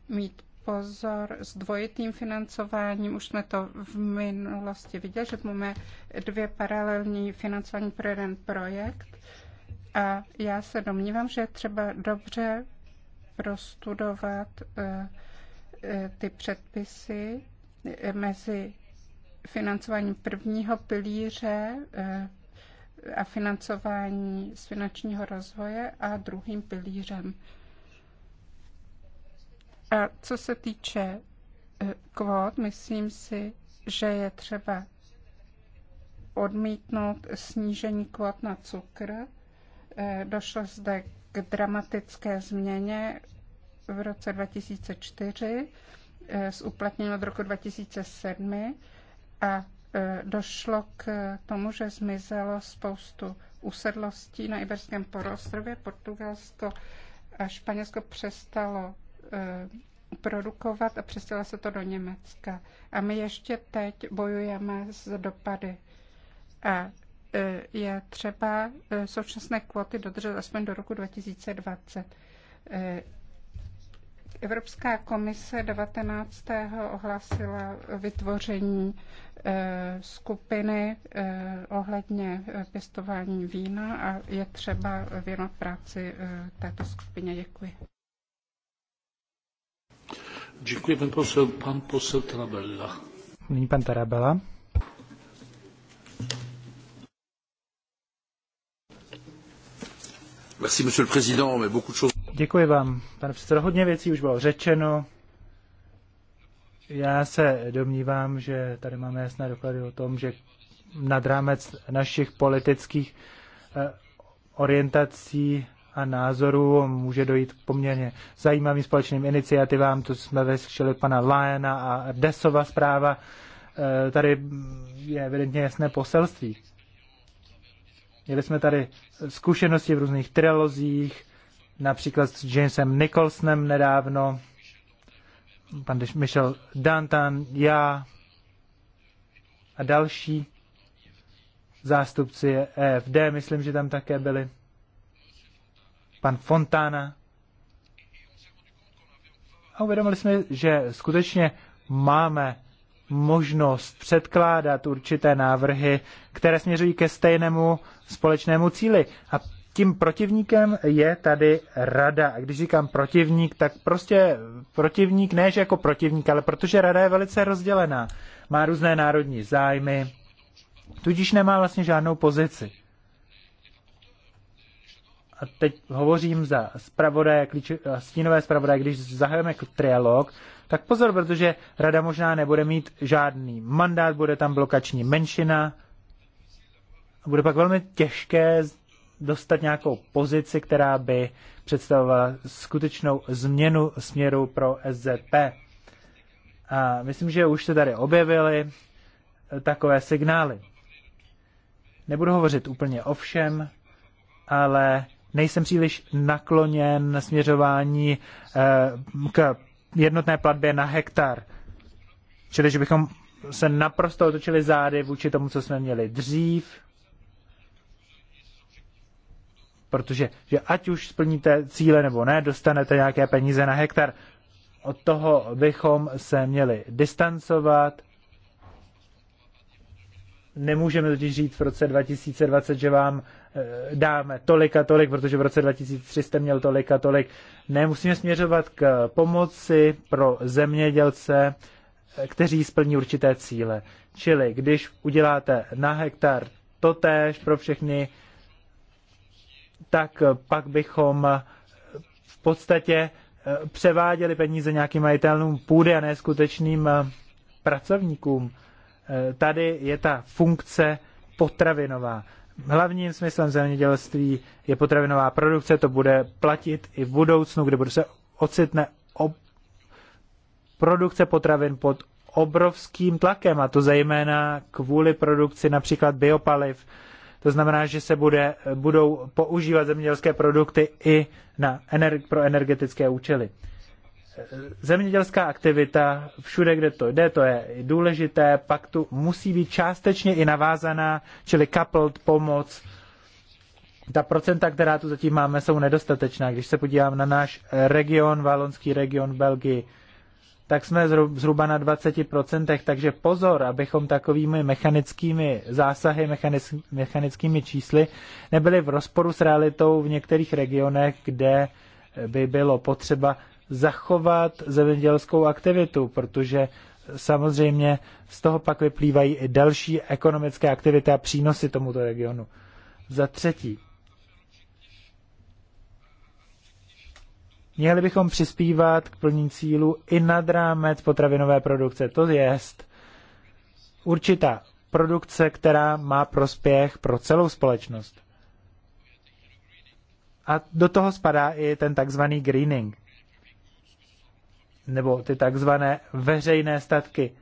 mít pozor s dvojitým financováním. Už jsme to v minulosti viděli, že máme dvě paralelní financování pro jeden projekt. A já se domnívám, že je třeba dobře prostudovat eh, ty předpisy Eh, mezi financováním prvního pilíře eh, a financování z finančního rozvoje a druhým pilířem. A co se týče eh, kvót, myslím si, že je třeba odmítnout snížení kvót na cukr. Došlo zde k dramatické změně v roce 2004 Eh, uplatněním od roku 2007 a eh, došlo k eh, tomu, že zmizelo spoustu usedlostí na Iberském poloostrově. Portugalsko a Španělsko přestalo produkovat a přestalo se to do Německa. A my ještě teď bojujeme s dopady. A je třeba současné kvoty dodržet aspoň do roku 2020. Evropská komise 19. ohlásila vytvoření eh, skupiny eh, ohledně eh, pěstování vína a je třeba věnovat práci této skupině. Děkuji. Děkuji, pan posel, pan posel Tarabella. Nyní pan Tarabella. Merci, monsieur le président, mais beaucoup de choses... Děkuji vám, pane předsedo. Hodně věcí už bylo řečeno. Já se domnívám, že tady máme jasné doklady o tom, že nad rámec našich politických eh, orientací a názorů může dojít k poměrně zajímavým společným iniciativám. To jsme vyslyšeli pana Lajena a Desova zpráva. Eh, tady je evidentně jasné poselství. Měli jsme tady zkušenosti v různých trilozích, například s Jamesem Nicholsonem nedávno, pan Michel Dantan, já a další zástupci EFD, myslím, že tam také byli, pan Fontana. A uvědomili jsme, že skutečně máme možnost předkládat určité návrhy, které směřují ke stejnému společnému cíli. A tím protivníkem je tady rada. A když říkám protivník, tak prostě protivník ne, že jako protivník, ale protože rada je velice rozdělená. Má různé národní zájmy, tudíž nemá vlastně žádnou pozici. A teď hovořím za zpravodaje, klíč, stínové zpravodaje, když zahajeme trialog, tak pozor, protože rada možná nebude mít žádný mandát, bude tam blokační menšina, bude pak velmi těžké dostat nějakou pozici, která by představovala skutečnou změnu směru pro SZP. A myslím, že už se tady objevily takové signály. Nebudu hovořit úplně o všem, ale nejsem příliš nakloněn na směřování eh, k jednotné platbě na hektar. Čili, že bychom se naprosto otočili zády vůči tomu, co jsme měli dřív, protože že ať už splníte cíle nebo ne, dostanete nějaké peníze na hektar. Od toho bychom se měli distancovat. Nemůžeme totiž říct v roce 2020, že vám eh, dáme tolik a tolik, protože v roce 2003 jste měl tolik a tolik. Ne, musíme směřovat k pomoci pro zemědělce, eh, kteří splní určité cíle. Čili když uděláte na hektar totéž pro všechny, tak pak bychom v podstatě eh, převáděli peníze nějakým majitelům půdy a ne skutečným eh, pracovníkům. Eh, tady je ta funkce potravinová. Hlavním smyslem zemědělství je potravinová produkce, to bude platit i v budoucnu, kde bude se ocitne ob... produkce potravin pod obrovským tlakem, a to zejména kvůli produkci například biopaliv, to znamená, že se bude, budou používat zemědělské produkty i na, pro energetické účely. Zemědělská aktivita všude, kde to jde, to je důležité, pak tu musí být částečně i navázaná, čili coupled pomoc. Ta procenta, která tu zatím máme, jsou nedostatečná. Když se podívám na náš region, valonský region Belgii, tak jsme zhruba na 20%, takže pozor, abychom takovými mechanickými zásahy, mechanickými čísly nebyli v rozporu s realitou v některých regionech, kde by bylo potřeba zachovat zemědělskou aktivitu, protože samozřejmě z toho pak vyplývají i další ekonomické aktivity a přínosy tomuto regionu. Za třetí, Měli bychom přispívat k plnění cílu i nad rámec potravinové produkce, to je určitá produkce, která má prospěch pro celou společnost. A do toho spadá i ten takzvaný greening, nebo ty takzvané veřejné statky.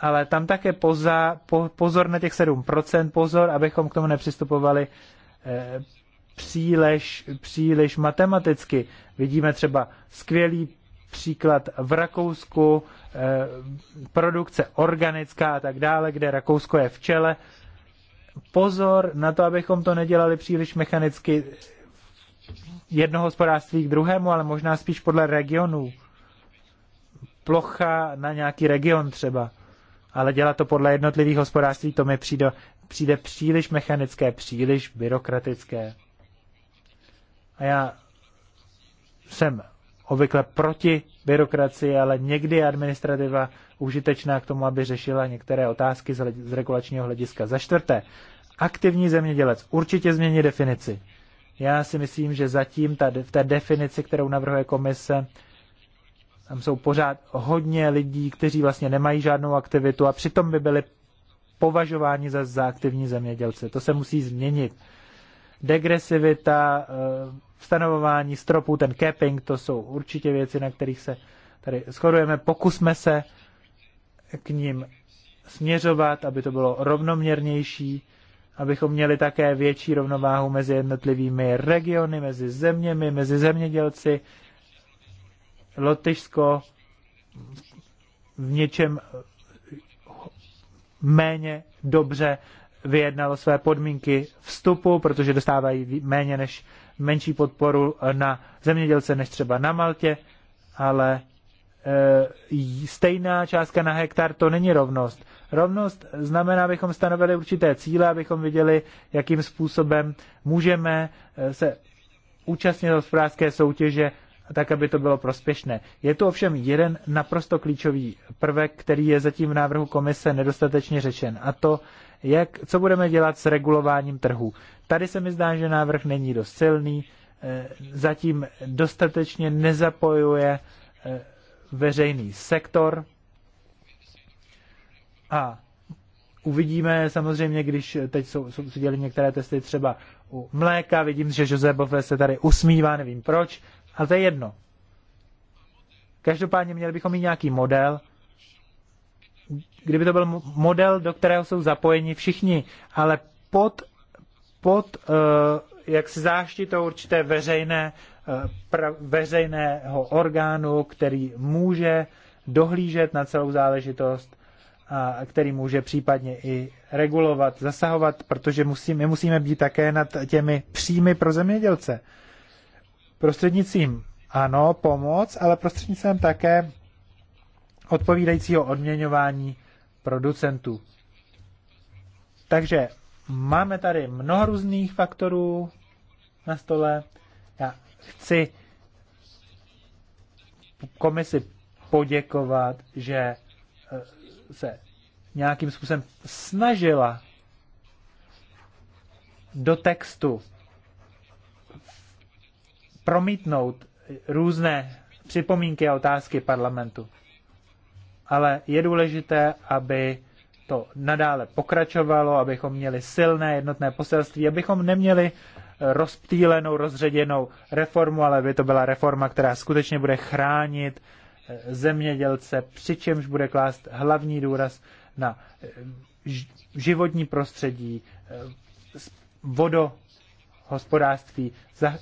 Ale tam také poza, po, pozor na těch 7%, pozor, abychom k tomu nepřistupovali eh, příliš, příliš matematicky. Vidíme třeba skvělý příklad v Rakousku, eh, produkce organická a tak dále, kde Rakousko je v čele. Pozor na to, abychom to nedělali příliš mechanicky jedno hospodářství k druhému, ale možná spíš podle regionů. Plocha na nějaký region třeba. Ale dělat to podle jednotlivých hospodářství, to mi přijde, přijde příliš mechanické, příliš byrokratické. A já jsem obvykle proti byrokracii, ale někdy je administrativa užitečná k tomu, aby řešila některé otázky z regulačního hlediska. Za čtvrté, aktivní zemědělec určitě změní definici. Já si myslím, že zatím ta, v té definici, kterou navrhuje komise, tam jsou pořád hodně lidí, kteří vlastně nemají žádnou aktivitu a přitom by byli považováni za, za aktivní zemědělce. To se musí změnit. Degresivita, eh, stanovování stropů, ten capping, to jsou určitě věci, na kterých se tady shodujeme. Pokusme se k ním směřovat, aby to bylo rovnoměrnější, abychom měli také větší rovnováhu mezi jednotlivými regiony, mezi zeměmi, mezi zemědělci. Lotyšsko v něčem méně dobře vyjednalo své podmínky vstupu, protože dostávají méně než menší podporu na zemědělce než třeba na Maltě, ale eh, stejná částka na hektar, to není rovnost. Rovnost znamená, abychom stanovili určité cíle, abychom viděli, jakým způsobem můžeme eh, se účastnit hospodářské soutěže, tak, aby to bylo prospěšné. Je tu ovšem jeden naprosto klíčový prvek, který je zatím v návrhu komise nedostatečně řečen, a to, jak, co budeme dělat s regulováním trhu. Tady se mi zdá, že návrh není dost silný, eh, zatím dostatečně nezapojuje eh, veřejný sektor a uvidíme samozřejmě, když teď jsou, jsou se dělí některé testy třeba u mléka, vidím, že Jose Bofe se tady usmívá, nevím proč, ale to je jedno. Každopádně měli bychom mít nějaký model, kdyby to byl model, do kterého jsou zapojeni všichni, ale pod pod eh, jak si záštitou určité veřejné, eh, pra, veřejného orgánu, který může dohlížet na celou záležitost a který může případně i regulovat, zasahovat, protože musí, my musíme být také nad těmi příjmy pro zemědělce. Prostřednicím, ano, pomoc, ale prostřednicím také odpovídajícího odměňování producentů. Takže Máme tady mnoho různých faktorů na stole. Já chci komisi poděkovat, že eh, se nějakým způsobem snažila do textu promítnout různé připomínky a otázky parlamentu. Ale je důležité, aby to nadále pokračovalo, abychom měli silné jednotné poselství, abychom neměli eh, rozptýlenou, rozředěnou reformu, ale by to byla reforma, která skutečně bude chránit eh, zemědělce, přičemž bude klást hlavní důraz na eh, životní prostředí, vodohospodářství,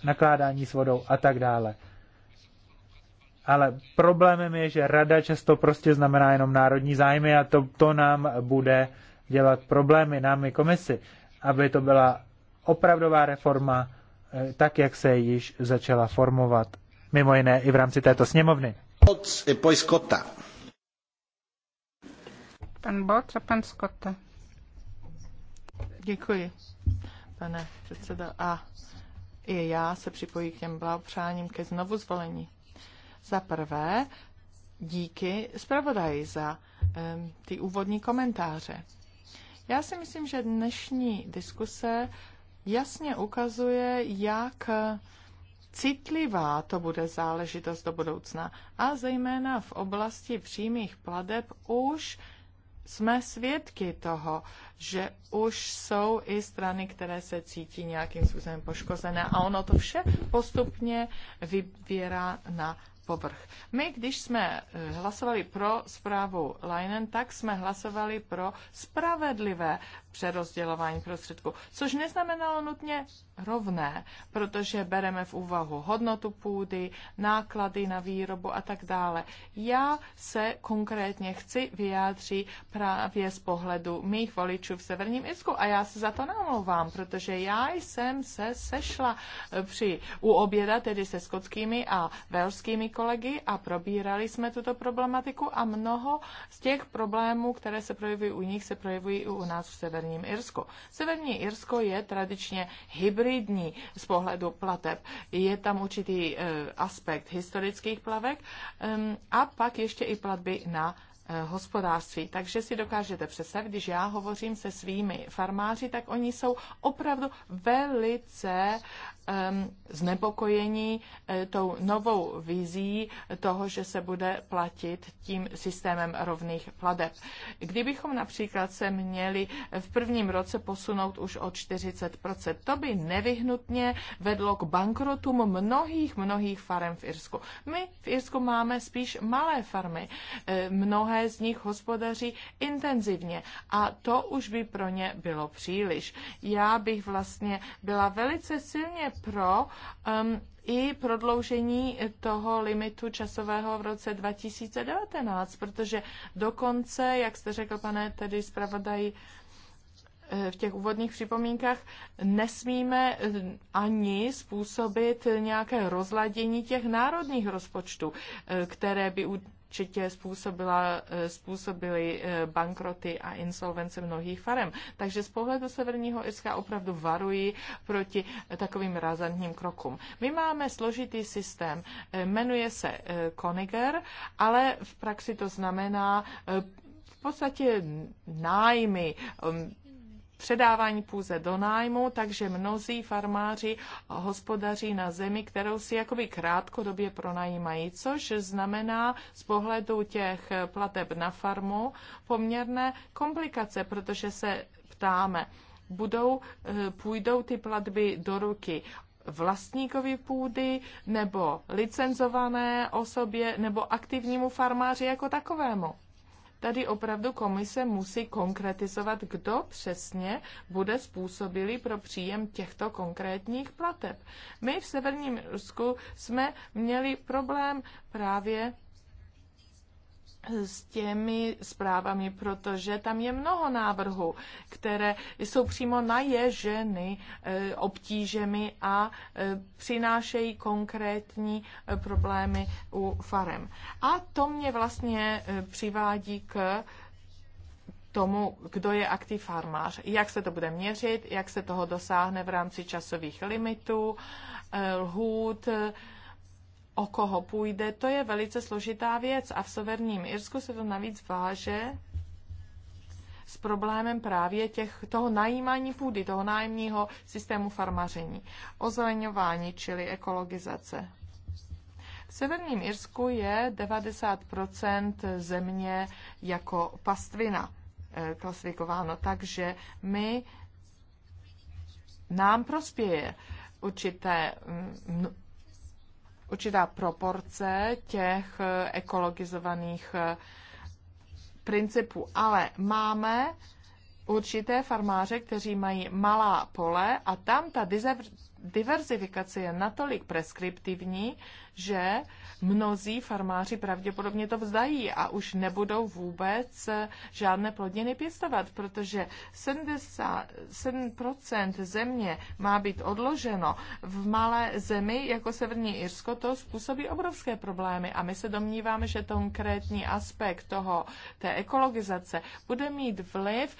nakládání s vodou a tak dále ale problémem je, že rada často prostě znamená jenom národní zájmy a to, to nám bude dělat problémy, nám i komisi, aby to byla opravdová reforma, eh, tak jak se již začala formovat, mimo jiné i v rámci této sněmovny. Pan Boc a pan Skota. Děkuji, pane předsedo. A i já se připojím k těm blahopřáním ke znovu zvolení. Za prvé, díky zpravodaji za um, ty úvodní komentáře. Já si myslím, že dnešní diskuse jasně ukazuje, jak citlivá to bude záležitost do budoucna. A zejména v oblasti přímých pladeb už jsme svědky toho, že už jsou i strany, které se cítí nějakým způsobem poškozené a ono to vše postupně vybírá na povrch. My, když jsme eh, hlasovali pro zprávu Leinen, tak jsme hlasovali pro spravedlivé přerozdělování prostředků, což neznamenalo nutně rovné, protože bereme v úvahu hodnotu půdy, náklady na výrobu a tak dále. Já se konkrétně chci vyjádřit právě z pohledu mých voličů v Severním Isku a já se za to namlouvám, protože já jsem se sešla při u oběda tedy se skotskými a velskými kolegy a probírali jsme tuto problematiku a mnoho z těch problémů, které se projevují u nich, se projevují i u nás v Severním Severním Irsku. Severní Irsko je tradičně hybridní z pohledu plateb. Je tam určitý eh, aspekt historických plavek ehm, a pak ještě i platby na Eh, hospodářství. Takže si dokážete představit, když já hovořím se svými farmáři, tak oni jsou opravdu velice um, znepokojení uh, tou novou vizí toho, že se bude platit tím systémem rovných pladeb. Kdybychom například se měli v prvním roce posunout už o 40%, to by nevyhnutně vedlo k bankrotům mnohých, mnohých farem v Irsku. My v Irsku máme spíš malé farmy. Uh, mnohé mnohé z nich hospodaří intenzivně a to už by pro ně bylo příliš. Já bych vlastně byla velice silně pro um, i prodloužení toho limitu časového v roce 2019, protože dokonce, jak jste řekl, pane, tedy zpravodají, eh, v těch úvodních připomínkách nesmíme eh, ani způsobit nějaké rozladění těch národních rozpočtů, eh, které by určitě způsobila, eh, způsobily eh, bankroty a insolvence mnohých farem. Takže z pohledu Severního Irska opravdu varuji proti takovým razantním krokům. My máme složitý systém, eh, jmenuje se Koniger, ale v praxi to znamená v podstatě nájmy, um, předávání půze do nájmu, takže mnozí farmáři hospodaří na zemi, kterou si jakoby krátkodobě pronajímají, což znamená z pohledu těch plateb na farmu poměrné komplikace, protože se ptáme, budou, eh, půjdou ty platby do ruky vlastníkovi půdy nebo licenzované osobě nebo aktivnímu farmáři jako takovému. Tady opravdu komise musí konkretizovat, kdo přesně bude způsobilý pro příjem těchto konkrétních plateb. My v Severním Rusku jsme měli problém právě s těmi zprávami, protože tam je mnoho návrhů, které jsou přímo na ženy eh, obtížemi a eh, přinášejí konkrétní eh, problémy u farem. A to mě vlastně přivádí k tomu, kdo je aktiv farmář, jak se to bude měřit, jak se toho dosáhne v rámci časových limitů, lhůt, o koho půjde, to je velice složitá věc a v Severním Irsku se to navíc váže s problémem právě těch, toho najímání půdy, toho nájemního systému farmaření, ozeleňování, čili ekologizace. V severním Irsku je 90 země jako pastvina eh, klasifikováno, takže my nám prospěje určité mm, určitá proporce těch eh, ekologizovaných eh, principů. Ale máme určité farmáře, kteří mají malá pole a tam ta diverzifikace je natolik preskriptivní, že mnozí farmáři pravděpodobně to vzdají a už nebudou vůbec žádné plodiny pěstovat, protože 77% země má být odloženo. V malé zemi, jako Severní Irsko, to způsobí obrovské problémy a my se domníváme, že konkrétní aspekt toho, té ekologizace bude mít vliv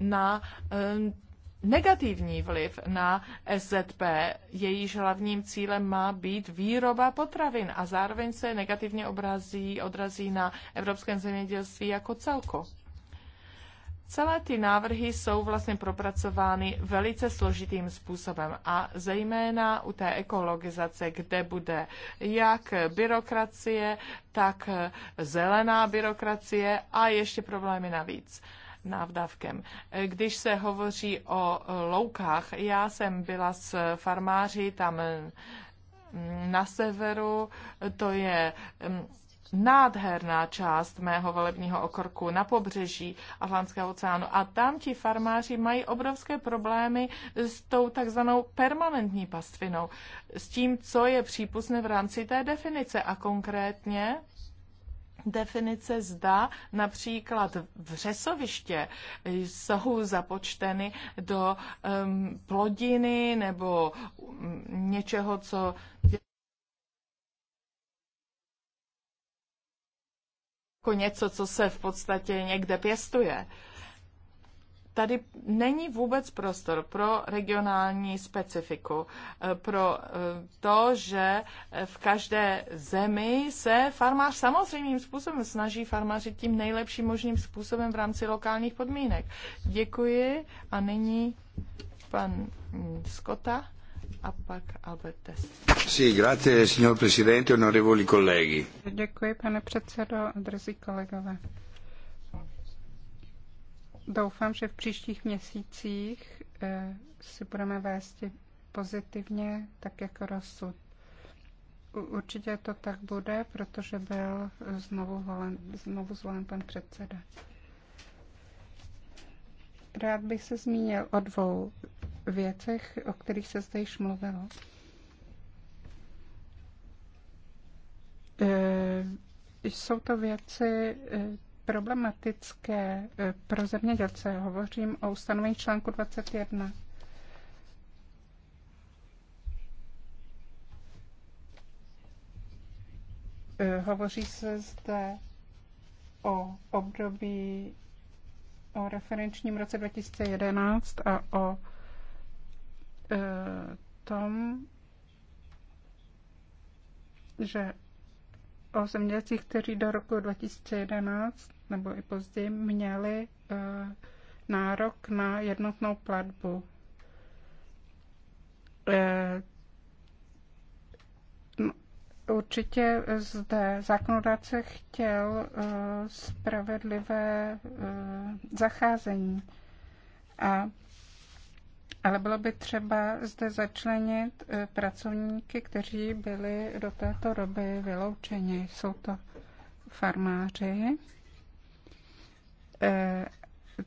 na um, negativní vliv na SZP. Jejíž hlavním cílem má být výroba potravin a zároveň se negativně obrazí, odrazí na evropském zemědělství jako celko. Celé ty návrhy jsou vlastně propracovány velice složitým způsobem a zejména u té ekologizace, kde bude jak byrokracie, tak zelená byrokracie a ještě problémy navíc návdavkem. Když se hovoří o loukách, já jsem byla s farmáři tam mm, na severu, to je mm, nádherná část mého volebního okorku na pobřeží Atlantského oceánu. A tam ti farmáři mají obrovské problémy s tou takzvanou permanentní pastvinou, s tím, co je přípustné v rámci té definice. A konkrétně definice, zda například vřesoviště jsou započteny do um, plodiny nebo um, něčeho, co. Jako něco, co se v podstatě někde pěstuje tady není vůbec prostor pro regionální specifiku, eh, pro eh, to, že eh, v každé zemi se farmář samozřejmým způsobem snaží farmářit tím nejlepším možným způsobem v rámci lokálních podmínek. Děkuji a nyní pan Skota a pak Albert Sí, grazie, signor Presidente, onorevoli colleghi. Děkuji, pane předsedo, drzí kolegové. Doufám, že v příštích měsících eh, si budeme vést pozitivně, tak jako rozsud. Určitě to tak bude, protože byl znovu, volen, znovu zvolen pan předseda. Rád bych se zmínil o dvou věcech, o kterých se zde již mluvilo. Eh, jsou to věci, eh, problematické e, pro zemědělce. Hovořím o ustanovení článku 21. E, hovoří se zde o období o referenčním roce 2011 a o e, tom, že o zemědělcích, kteří do roku 2011 nebo i později měli eh, nárok na jednotnou platbu. Eh, určitě zde zákonodáce chtěl eh, spravedlivé zacházení, a, ale bylo by třeba zde začlenit pracovníky, kteří byli do této doby vyloučeni. Jsou to farmáři, Eh,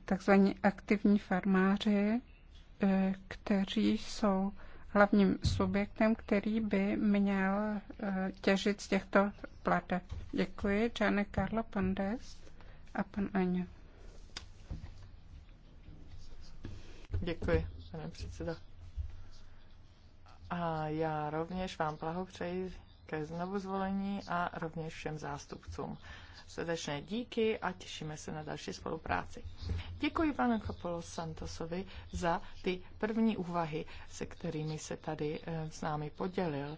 takzvaní aktivní farmáři, eh, kteří jsou hlavním subjektem, který by měl eh, těžit z těchto plateb. Děkuji. Gianni Carlo Pandes a pan Aňo. Děkuji, pane předsedo. A já rovněž vám blahopřeji ke znovu zvolení a rovněž všem zástupcům. Srdečné díky a těšíme se na další spolupráci. Děkuji panu Kapolo Santosovi za ty první úvahy, se kterými se tady eh, s námi podělil.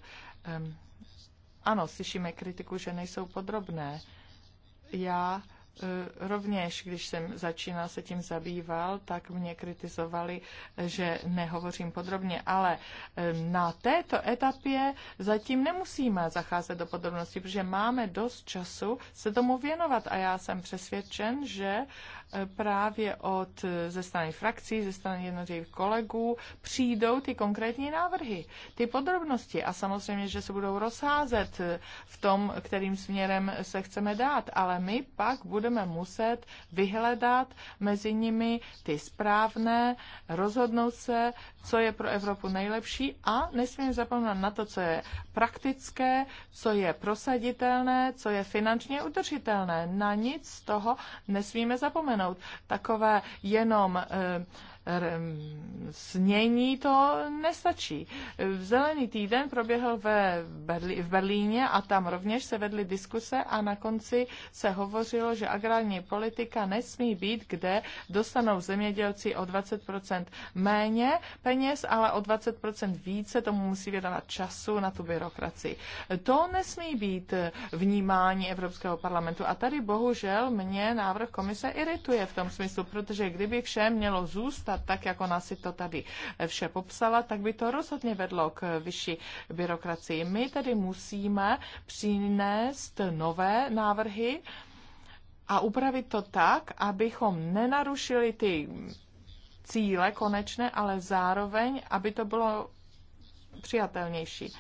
Ano, slyšíme kritiku, že nejsou podrobné. Já E, rovněž, když jsem začínal se tím zabýval, tak mě kritizovali, že nehovořím podrobně, ale e, na této etapě zatím nemusíme zacházet do podrobností, protože máme dost času se tomu věnovat a já jsem přesvědčen, že právě od, ze strany frakcí, ze strany jednotlivých kolegů, přijdou ty konkrétní návrhy, ty podrobnosti a samozřejmě, že se budou rozházet v tom, kterým směrem se chceme dát, ale my pak budeme muset vyhledat mezi nimi ty správné, rozhodnout se, co je pro Evropu nejlepší a nesmím zapomenout na to, co je praktické, co je prosaditelné, co je finančně udržitelné. Na nic z toho nesmíme zapomenout připomenout. Takové jenom eh, snění to nestačí. Zelený týden proběhl ve Berlí, v Berlíně a tam rovněž se vedly diskuse a na konci se hovořilo, že agrární politika nesmí být, kde dostanou zemědělci o 20% méně peněz, ale o 20% více tomu musí věnovat času na tu byrokracii. To nesmí být vnímání Evropského parlamentu a tady bohužel mě návrh komise irituje v tom smyslu, protože kdyby všem mělo zůstat dělat. Tak, jak ona si to tady eh, vše popsala, tak by to rozhodně vedlo k eh, vyšší byrokracii. My tedy musíme přinést nové návrhy a upravit to tak, abychom nenarušili ty cíle konečné, ale zároveň, aby to bylo přijatelnější.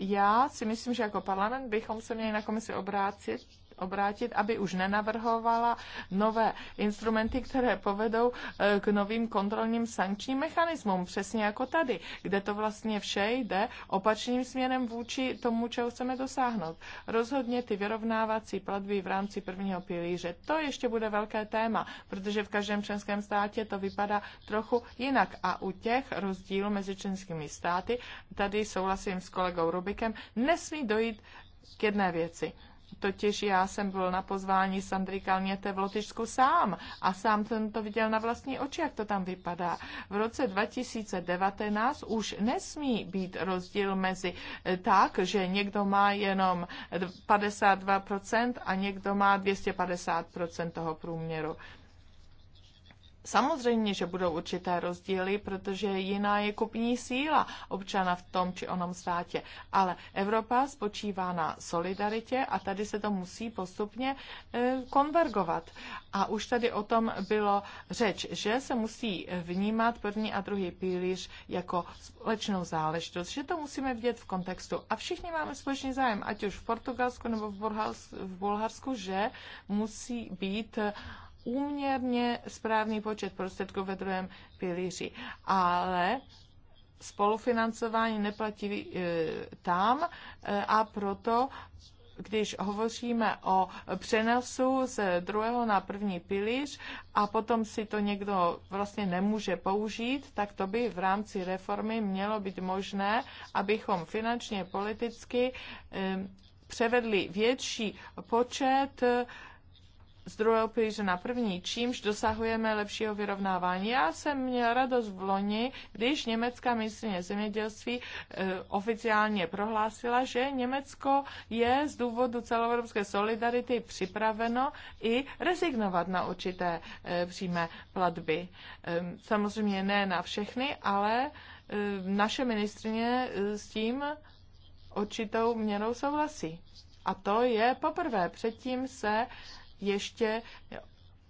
Já si myslím, že jako parlament bychom se měli na komisi obrátit obrátit, aby už nenavrhovala nové instrumenty, které povedou e, k novým kontrolním sankčním mechanismům, přesně jako tady, kde to vlastně vše jde opačným směrem vůči tomu, čeho chceme dosáhnout. Rozhodně ty vyrovnávací platby v rámci prvního pilíře, to ještě bude velké téma, protože v každém členském státě to vypadá trochu jinak a u těch rozdílů mezi členskými státy, tady souhlasím s kolegou Rubikem, nesmí dojít k jedné věci. Totiž já jsem byl na pozvání Sandry Kalněte v Lotyšsku sám a sám jsem to viděl na vlastní oči, jak to tam vypadá. V roce 2019 už nesmí být rozdíl mezi eh, tak, že někdo má jenom 52% a někdo má 250% toho průměru. Samozřejmě, že budou určité rozdíly, protože jiná je kupní síla občana v tom či onom státě. Ale Evropa spočívá na solidaritě a tady se to musí postupně eh, konvergovat. A už tady o tom bylo řeč, že se musí vnímat první a druhý pilíř jako společnou záležitost, že to musíme vidět v kontextu. A všichni máme společný zájem, ať už v Portugalsku nebo v Bulharsku, že musí být eh, úměrně správný počet prostředků ve druhém pilíři. Ale spolufinancování neplatí e, tam e, a proto když hovoříme o přenosu z druhého na první pilíř a potom si to někdo vlastně nemůže použít, tak to by v rámci reformy mělo být možné, abychom finančně politicky e, převedli větší počet z druhého pilíře na první, čímž dosahujeme lepšího vyrovnávání. Já jsem měl radost v loni, když německá ministrině zemědělství eh, oficiálně prohlásila, že Německo je z důvodu celoevropské solidarity připraveno i rezignovat na určité eh, přímé platby. Ehm, samozřejmě ne na všechny, ale ehm, naše ministrině eh, s tím určitou měrou souhlasí. A to je poprvé. Předtím se ještě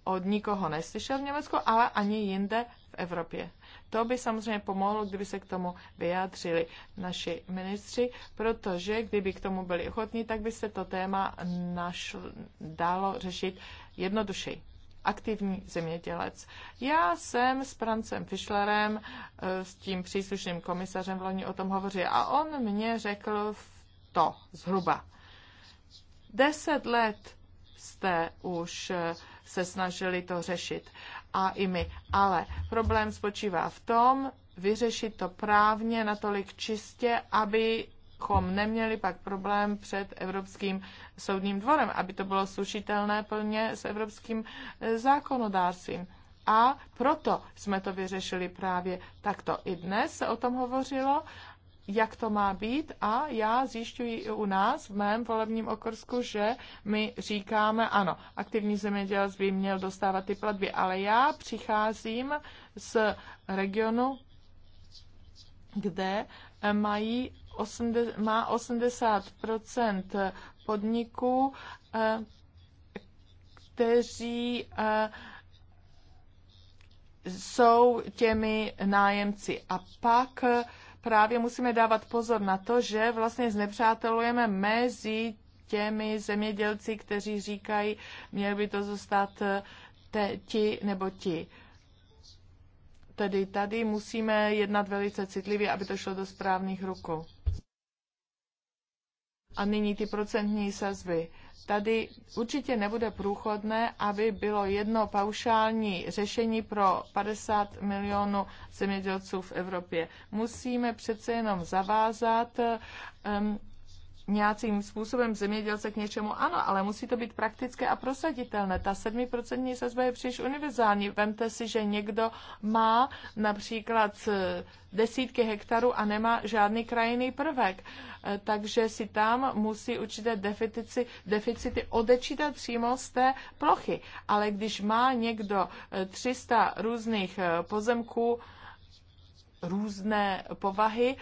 od nikoho neslyšel v Německu, ale ani jinde v Evropě. To by samozřejmě pomohlo, kdyby se k tomu vyjádřili naši ministři, protože kdyby k tomu byli ochotní, tak by se to téma našlo, dalo řešit jednodušeji. Aktivní zemědělec. Já jsem s Francem Fischlerem, eh, s tím příslušným komisařem v Loni o tom hovořil a on mě řekl to zhruba. Deset let jste už eh, se snažili to řešit a i my. Ale problém spočívá v tom, vyřešit to právně natolik čistě, abychom neměli pak problém před Evropským soudním dvorem, aby to bylo slušitelné plně s evropským eh, zákonodárstvím. A proto jsme to vyřešili právě takto. I dnes se o tom hovořilo jak to má být a já zjišťuji i u nás v mém volebním okrsku, že my říkáme, ano, aktivní zemědělec by měl dostávat ty platby, ale já přicházím z regionu, kde mají 80, má 80% podniků, eh, kteří eh, jsou těmi nájemci. A pak právě musíme dávat pozor na to, že vlastně znepřátelujeme mezi těmi zemědělci, kteří říkají, měl by to zůstat eh, te, ti nebo ti. Tedy tady musíme jednat velice citlivě, aby to šlo do správných rukou. A nyní ty procentní sazby tady určitě nebude průchodné, aby bylo jedno paušální řešení pro 50 milionů zemědělců v Evropě. Musíme přece jenom zavázat um, nějakým způsobem zemědělce k něčemu ano, ale musí to být praktické a prosaditelné. Ta 7% sazba je příliš univerzální. Vemte si, že někdo má například desítky hektarů a nemá žádný krajinný prvek. Eh, takže si tam musí určité deficity, deficity odečítat přímo z té plochy. Ale když má někdo 300 eh, různých eh, pozemků, různé povahy,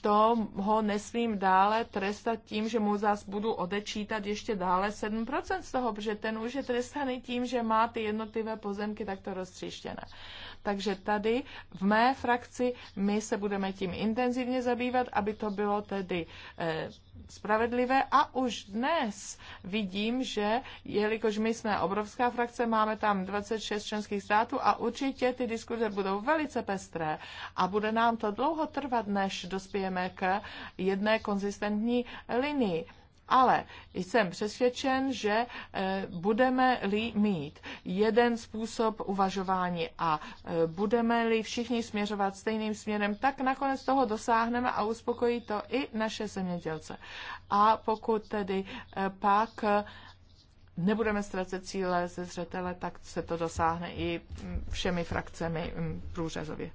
to ho nesmím dále trestat tím, že mu zás budu odečítat ještě dále 7% z toho, protože ten už je trestaný tím, že má ty jednotlivé pozemky takto roztříštěné. Takže tady v mé frakci my se budeme tím intenzivně zabývat, aby to bylo tedy eh, spravedlivé a už dnes vidím, že jelikož my jsme obrovská frakce, máme tam 26 členských států a určitě ty diskuze budou velice pestré a bude nám to dlouho trvat, než dospějeme k jedné konzistentní linii ale jsem přesvědčen, že eh, budeme-li mít jeden způsob uvažování a eh, budeme-li všichni směřovat stejným směrem, tak nakonec toho dosáhneme a uspokojí to i naše zemědělce. A pokud tedy eh, pak nebudeme ztracet cíle ze zřetele, tak se to dosáhne i mm, všemi frakcemi mm, průřezově.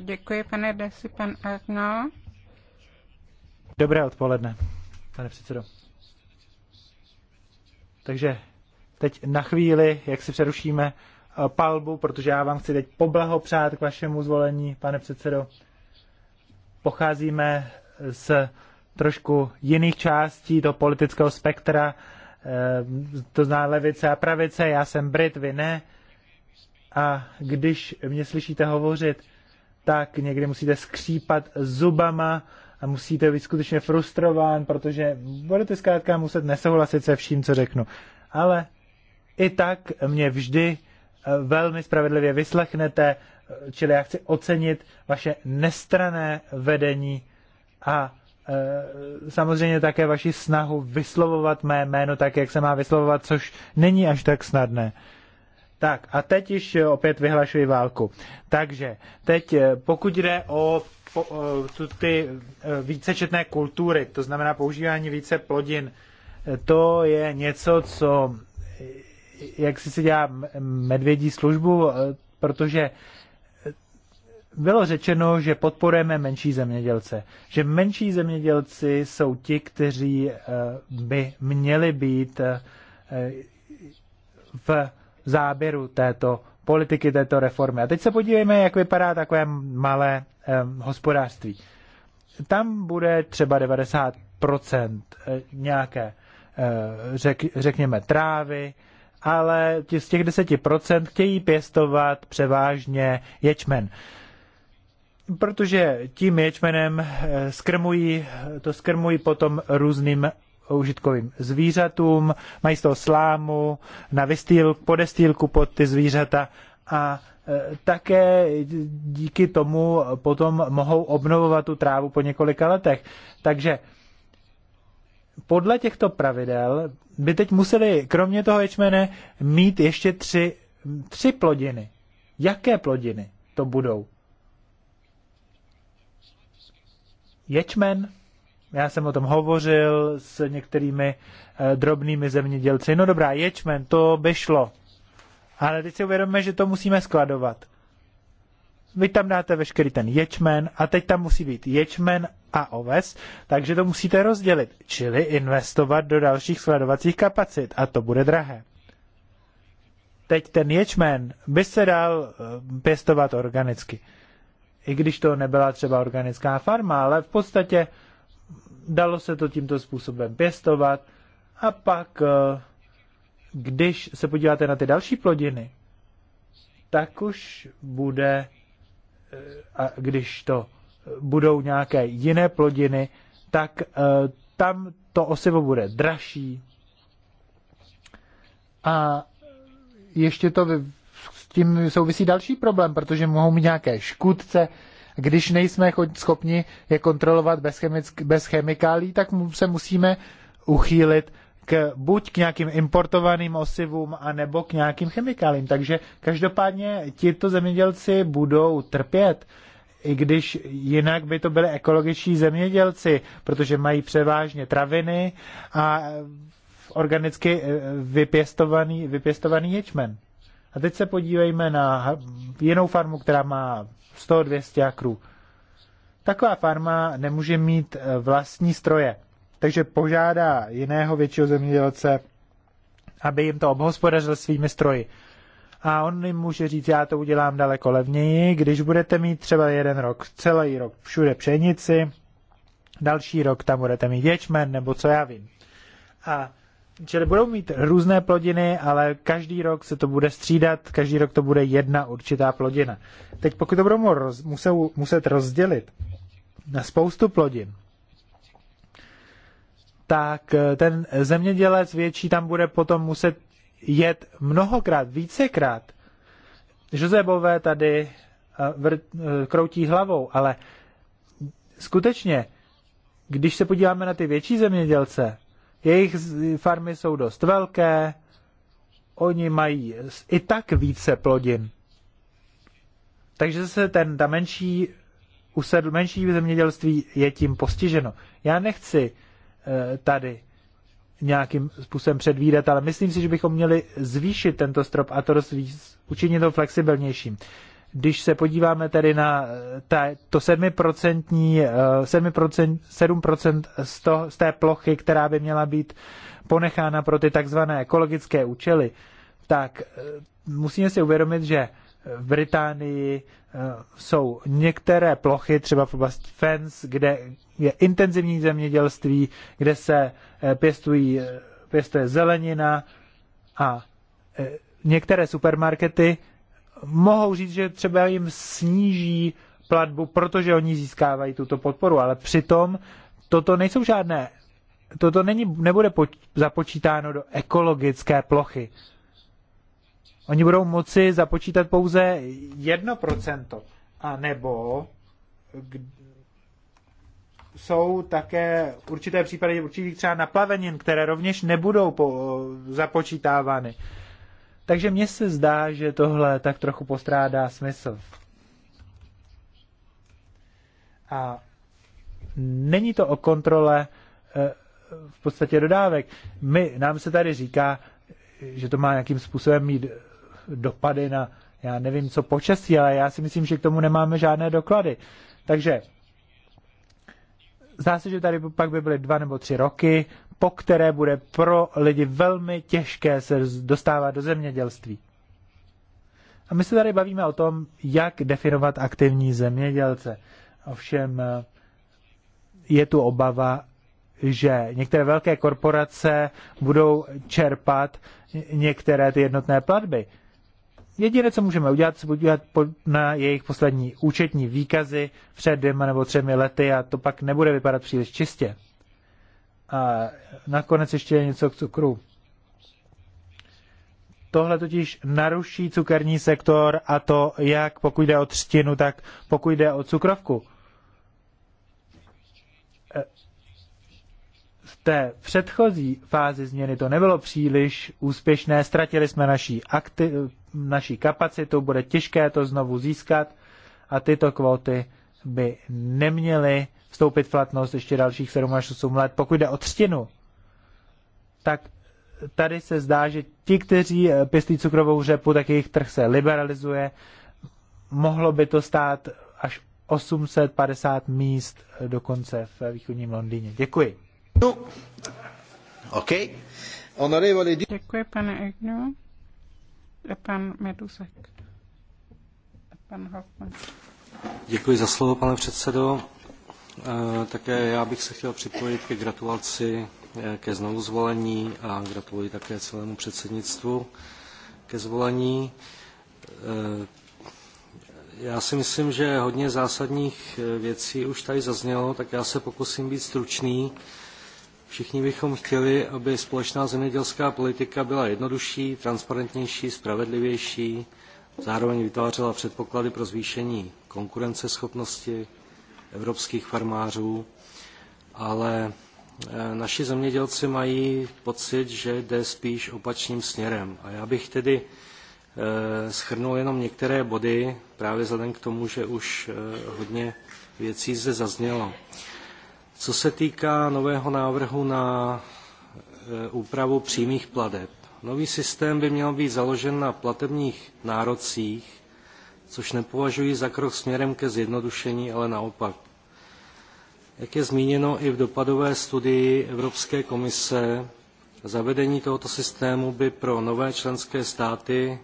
Děkuji, pane Desi, pan Agno. Dobré odpoledne pane předsedo. Takže teď na chvíli, jak si přerušíme eh, palbu, protože já vám chci teď poblahopřát k vašemu zvolení, pane předsedo. Pocházíme z trošku jiných částí do politického spektra, eh, to zná levice a pravice, já jsem Brit, vy ne. A když mě slyšíte hovořit, tak někdy musíte skřípat zubama, a musíte být skutečně frustrován, protože budete zkrátka muset nesouhlasit se vším, co řeknu. Ale i tak mě vždy eh, velmi spravedlivě vyslechnete, eh, čili já chci ocenit vaše nestrané vedení a eh, samozřejmě také vaši snahu vyslovovat mé jméno tak, jak se má vyslovovat, což není až tak snadné. Tak a teď již eh, opět vyhlašuji válku. Takže teď eh, pokud jde o po, eh, tu, ty vícečetné kultury, to znamená používání více plodin, to je něco, co jak si se dělá medvědí službu, protože bylo řečeno, že podporujeme menší zemědělce. Že menší zemědělci jsou ti, kteří by měli být v záběru této politiky, této reformy. A teď se podívejme, jak vypadá takové malé eh, hospodářství. Tam bude třeba 90% e, nějaké, eh, řek, řekněme, trávy, ale z těch 10% chtějí pěstovat převážně ječmen. Protože tím ječmenem e, skrmují, to skrmují potom různým užitkovým zvířatům, mají z toho slámu na vystýl, podestýlku pod ty zvířata a e, také díky tomu potom mohou obnovovat tu trávu po několika letech. Takže podle těchto pravidel by teď museli, kromě toho ječmene, mít ještě tři, tři plodiny. Jaké plodiny to budou? Ječmen, já jsem o tom hovořil s některými eh, drobnými zemědělci. No dobrá, ječmen, to by šlo. Ale teď si uvědomíme, že to musíme skladovat. Vy tam dáte veškerý ten ječmen a teď tam musí být ječmen a oves, takže to musíte rozdělit, čili investovat do dalších skladovacích kapacit a to bude drahé. Teď ten ječmen by se dal eh, pěstovat organicky. I když to nebyla třeba organická farma, ale v podstatě dalo se to tímto způsobem pěstovat a pak, eh, když se podíváte na ty další plodiny, tak už bude, eh, a když to eh, budou nějaké jiné plodiny, tak tam to osivo bude dražší. A ještě to s tím souvisí další problém, protože mohou mít nějaké škůdce, když nejsme schopni je kontrolovat bez, chemick- bez chemikálí, tak se musíme uchýlit k, buď k nějakým importovaným osivům, anebo k nějakým chemikáliím. Takže každopádně tito zemědělci budou trpět, i když jinak by to byly ekologičtí zemědělci, protože mají převážně traviny a organicky eh, vypěstovaný, vypěstovaný ječmen. A teď se podívejme na jinou farmu, která má 100-200 akrů. Taková farma nemůže mít eh, vlastní stroje, takže požádá jiného většího zemědělce, aby jim to obhospodařil svými stroji. A on jim může říct, já to udělám daleko levněji, když budete mít třeba jeden rok, celý rok všude pšenici, další rok tam budete mít ječmen, nebo co já vím. A Čili budou mít různé plodiny, ale každý rok se to bude střídat, každý rok to bude jedna určitá plodina. Teď pokud to budou roz, musel, muset rozdělit na spoustu plodin, tak eh, ten zemědělec větší tam bude potom muset jet mnohokrát, vícekrát. Josebové tady eh, eh, kroutí hlavou, ale skutečně, když se podíváme na ty větší zemědělce, jejich farmy jsou dost velké, oni mají i tak více plodin. Takže se ten, ta menší, usedl, menší zemědělství je tím postiženo. Já nechci eh, tady nějakým způsobem předvídat, ale myslím si, že bychom měli zvýšit tento strop a to dost učinit to flexibilnějším. Když se podíváme tedy na ta, to 7%, 7%, eh, z, to, z té plochy, která by měla být ponechána pro ty takzvané ekologické účely, tak eh, musíme si uvědomit, že v Británii eh, jsou některé plochy, třeba v oblasti Fence, kde je intenzivní zemědělství, kde se pěstují, pěstuje zelenina a některé supermarkety mohou říct, že třeba jim sníží platbu, protože oni získávají tuto podporu, ale přitom toto nejsou žádné, toto není, nebude poč, započítáno do ekologické plochy. Oni budou moci započítat pouze 1%, a nebo jsou také určité případy určitých třeba naplavenin, které rovněž nebudou po, započítávány. Takže mně se zdá, že tohle tak trochu postrádá smysl. A není to o kontrole eh, v podstatě dodávek. My, nám se tady říká, že to má nějakým způsobem mít dopady na, já nevím, co počasí, ale já si myslím, že k tomu nemáme žádné doklady. Takže zdá se, že tady pak by byly dva nebo tři roky po které bude pro lidi velmi těžké se dostávat do zemědělství. A my se tady bavíme o tom, jak definovat aktivní zemědělce. Ovšem eh, je tu obava, že některé velké korporace budou čerpat některé ty jednotné platby. Jediné, co můžeme udělat, se podívat na jejich poslední účetní výkazy před dvěma nebo třemi lety a to pak nebude vypadat příliš čistě. A nakonec ještě něco k cukru. Tohle totiž naruší cukerní sektor a to jak pokud jde o třtinu, tak pokud jde o cukrovku. E, v té předchozí fázi změny to nebylo příliš úspěšné, ztratili jsme naší, akti- naší kapacitu, bude těžké to znovu získat a tyto kvóty by neměly vstoupit v platnost ještě dalších 7 až 8 let. Pokud jde o třtinu, tak tady se zdá, že ti, kteří eh, pěstí cukrovou řepu, tak jejich trh se liberalizuje. Mohlo by to stát až 850 míst eh, dokonce v východním Londýně. Děkuji. No, OK. Honorable. Děkuji, pane Egnu. Pan Medusek. Pan Hoffman. Děkuji za slovo, pane předsedo. Eh, také já bych se chtěl připojit ke gratulaci eh, ke znovuzvolení a gratuluji také celému předsednictvu ke zvolení. Eh, já si myslím, že hodně zásadních věcí už tady zaznělo, tak já se pokusím být stručný. Všichni bychom chtěli, aby společná zemědělská politika byla jednodušší, transparentnější, spravedlivější, zároveň vytvářela předpoklady pro zvýšení konkurenceschopnosti, evropských farmářů, ale e, naši zemědělci mají pocit, že jde spíš opačným směrem. A já bych tedy e, schrnul jenom některé body, právě vzhledem k tomu, že už e, hodně věcí zde zaznělo. Co se týká nového návrhu na úpravu přímých plateb, nový systém by měl být založen na platebních nárocích což nepovažuji za krok směrem ke zjednodušení, ale naopak. Jak je zmíněno i v dopadové studii Evropské komise, zavedení tohoto systému by pro nové členské státy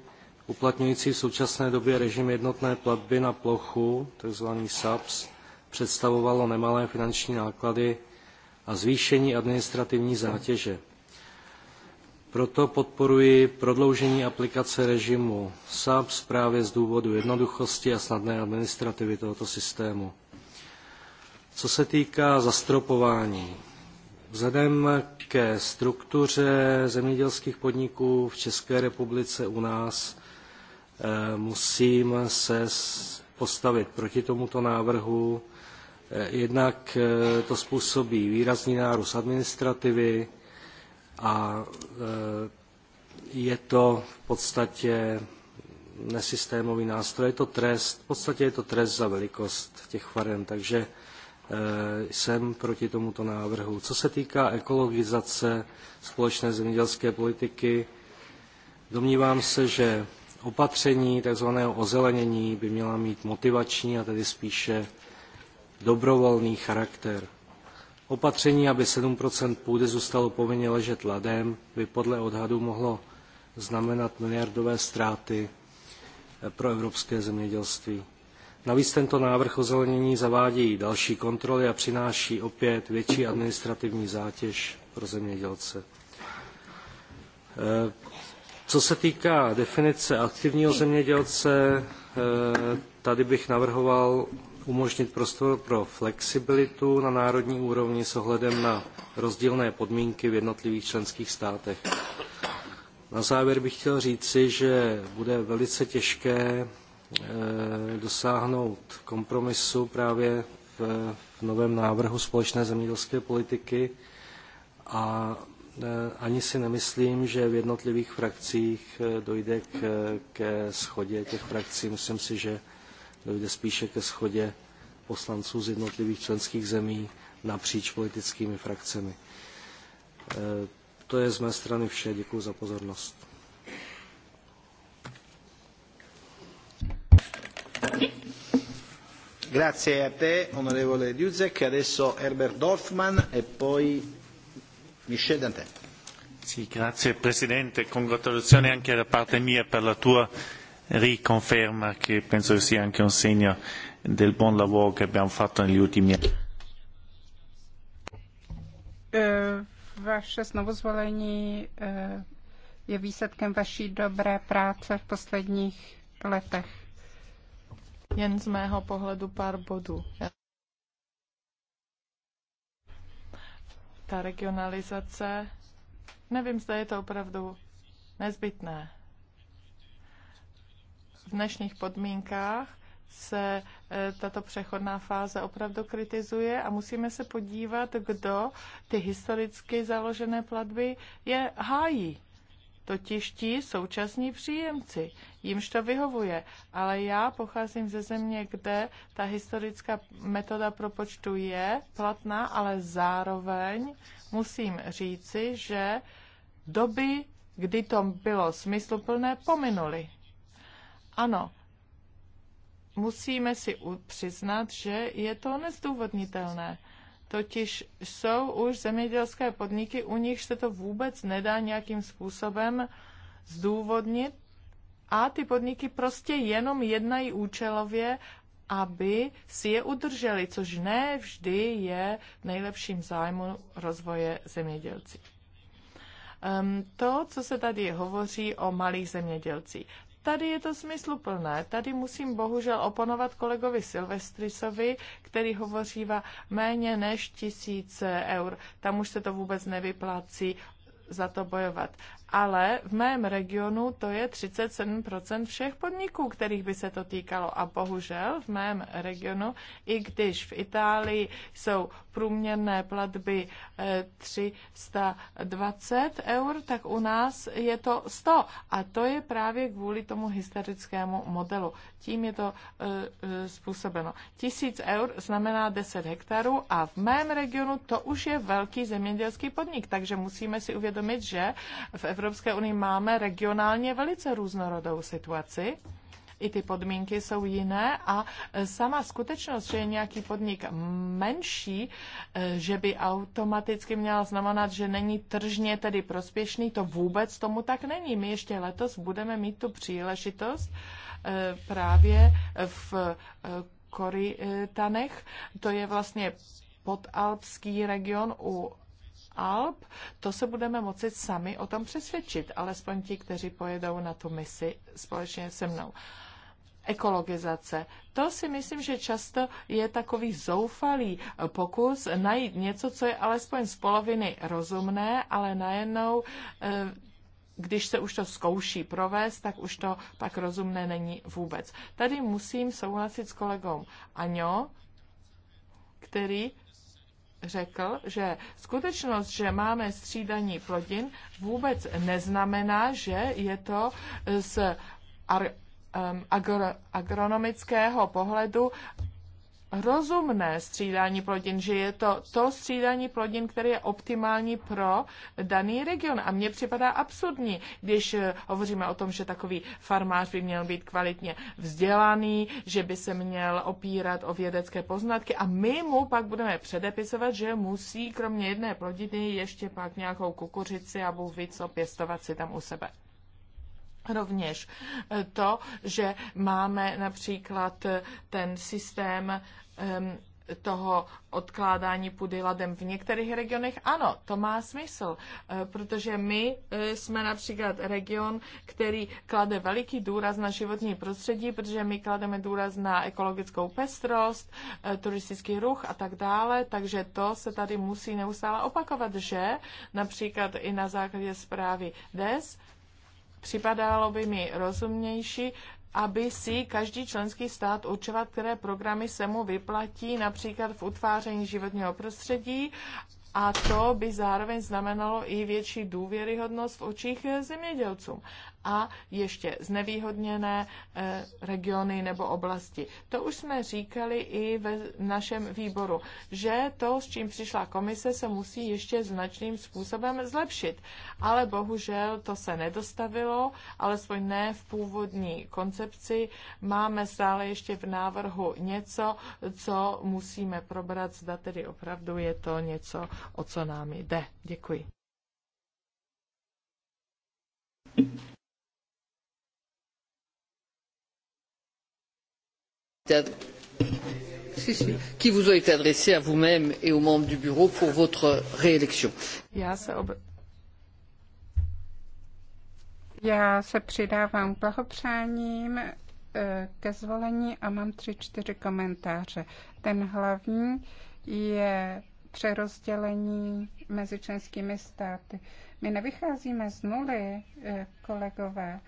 uplatňující v současné době režim jednotné platby na plochu, tzv. SAPS, představovalo nemalé finanční náklady a zvýšení administrativní zátěže. Proto podporuji prodloužení aplikace režimu SAPS právě z důvodu jednoduchosti a snadné administrativy tohoto systému. Co se týká zastropování, vzhledem ke struktuře zemědělských podniků v České republice u nás eh, musím se postavit proti tomuto návrhu. Eh, jednak eh, to způsobí výrazný nárůst administrativy, a e, je to v podstatě nesystémový nástroj, je to trest, v podstatě je to trest za velikost těch farem, takže e, jsem proti tomuto návrhu. Co se týká ekologizace společné zemědělské politiky, domnívám se, že opatření tzv. ozelenění by měla mít motivační a tedy spíše dobrovolný charakter. Opatření, aby 7 půdy zůstalo povinně ležet ladem, by podle odhadu mohlo znamenat miliardové ztráty eh, pro evropské zemědělství. Navíc tento návrh ozelenění zavádí další kontroly a přináší opět větší administrativní zátěž pro zemědělce. Eh, co se týká definice aktivního zemědělce, eh, tady bych navrhoval umožnit prostor pro flexibilitu na národní úrovni s ohledem na rozdílné podmínky v jednotlivých členských státech. Na závěr bych chtěl říci, že bude velice těžké eh, dosáhnout kompromisu právě v, novém návrhu společné zemědělské politiky a eh, ani si nemyslím, že v jednotlivých frakcích eh, dojde k, ke schodě těch frakcí. Myslím si, že dojde spíše ke schodě poslanců z jednotlivých členských zemí napříč politickými frakcemi. E, to je z mé strany vše. Děkuji za pozornost. Grazie a te, onorevole Duzek. Adesso Herbert Dorfman e poi Michel Dantin. Sì, grazie Presidente. Congratulazioni anche da parte mia per la tua riconferma che penso sia anche un segno del buon lavoro che abbiamo fatto negli ultimi anni. Eh, vaše znovuzvolení eh, je výsledkem vaší dobré práce v posledních letech. Jen z mého pohledu pár bodů. Ta regionalizace, nevím, zda je to opravdu nezbytné dnešních podmínkách se e, tato přechodná fáze opravdu kritizuje a musíme se podívat, kdo ty historicky založené platby je hájí. Totiž ti současní příjemci, jimž to vyhovuje. Ale já pocházím ze země, kde ta historická metoda propočtu je platná, ale zároveň musím říci, že doby, kdy to bylo smysluplné, pominuly ano, musíme si přiznat, že je to nezdůvodnitelné. Totiž jsou už zemědělské podniky, u nich se to vůbec nedá nějakým způsobem zdůvodnit a ty podniky prostě jenom jednají účelově, aby si je udrželi, což ne vždy je v nejlepším zájmu rozvoje zemědělci. Ehm, to, co se tady hovoří o malých zemědělcích. Tady je to smysluplné. Tady musím bohužel oponovat kolegovi Silvestrisovi, který hovořívá méně než tisíce eur. Tam už se to vůbec nevyplácí za to bojovat ale v mém regionu to je 37% všech podniků, kterých by se to týkalo. A bohužel v mém regionu, i když v Itálii jsou průměrné platby 320 eh, eur, tak u nás je to 100. A to je právě kvůli tomu historickému modelu. Tím je to eh, eh, způsobeno. 1000 eur znamená 10 hektarů a v mém regionu to už je velký zemědělský podnik, takže musíme si uvědomit, že v Evropě Evropské unii máme regionálně velice různorodou situaci. I ty podmínky jsou jiné a sama skutečnost, že je nějaký podnik menší, že by automaticky měla znamenat, že není tržně tedy prospěšný, to vůbec tomu tak není. My ještě letos budeme mít tu příležitost eh, právě v eh, Koritanech, to je vlastně podalpský region u Alp, to se budeme moci sami o tom přesvědčit, alespoň ti, kteří pojedou na tu misi společně se mnou ekologizace. To si myslím, že často je takový zoufalý pokus najít něco, co je alespoň z poloviny rozumné, ale najednou, eh, když se už to zkouší provést, tak už to pak rozumné není vůbec. Tady musím souhlasit s kolegou Aňo, který řekl, že skutečnost, že máme střídaní plodin, vůbec neznamená, že je to z ar, um, agro, agronomického pohledu rozumné střídání plodin, že je to to střídání plodin, které je optimální pro daný region. A mně připadá absurdní, když eh, hovoříme o tom, že takový farmář by měl být kvalitně vzdělaný, že by se měl opírat o vědecké poznatky a my mu pak budeme předepisovat, že musí kromě jedné plodiny ještě pak nějakou kukuřici a bůh ví co pěstovat si tam u sebe. Rovněž eh, to, že máme například eh, ten systém Ehm, toho odkládání půdy ladem v některých regionech, ano, to má smysl, eh, protože my eh, jsme například region, který klade veliký důraz na životní prostředí, protože my klademe důraz na ekologickou pestrost, eh, turistický ruch a tak dále, takže to se tady musí neustále opakovat, že například i na základě zprávy DES připadalo by mi rozumnější aby si každý členský stát určoval, které programy se mu vyplatí, například v utváření životního prostředí a to by zároveň znamenalo i větší důvěryhodnost v očích zemědělcům a ještě znevýhodněné eh, regiony nebo oblasti. To už jsme říkali i ve našem výboru, že to, s čím přišla komise, se musí ještě značným způsobem zlepšit. Ale bohužel to se nedostavilo, alespoň ne v původní koncepci. Máme stále ještě v návrhu něco, co musíme probrat, zda tedy opravdu je to něco, o co nám jde. Děkuji. qui vous ont été adressées à vous-même et aux membres du bureau pour votre réélection. Já se, ob... Já se přidávám k blahopřáním eh, ke zvolení a mám tři, čtyři komentáře. Ten hlavní je přerozdělení mezi členskými státy. My nevycházíme z nuly, eh, kolegové,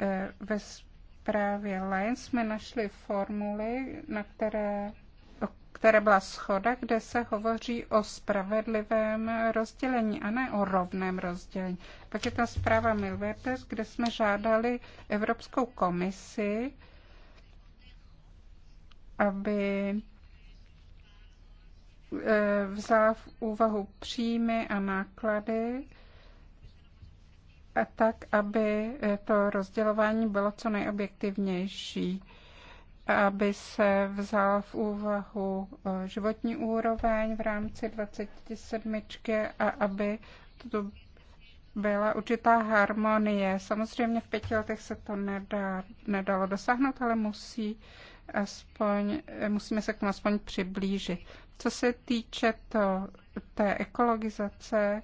eh, ve právě Lyon jsme našli formuly, na které, o které byla schoda, kde se hovoří o spravedlivém rozdělení a ne o rovném rozdělení. Pak je ta zpráva Milvertes, kde jsme žádali Evropskou komisi, aby eh, vzala v úvahu příjmy a náklady tak, aby to rozdělování bylo co nejobjektivnější, aby se vzal v úvahu eh, životní úroveň v rámci 27 a aby to byla určitá harmonie. Samozřejmě v pěti letech se to nedá, nedalo dosáhnout, ale musí aspoň, musíme se k tomu aspoň přiblížit. Co se týče to, té ekologizace,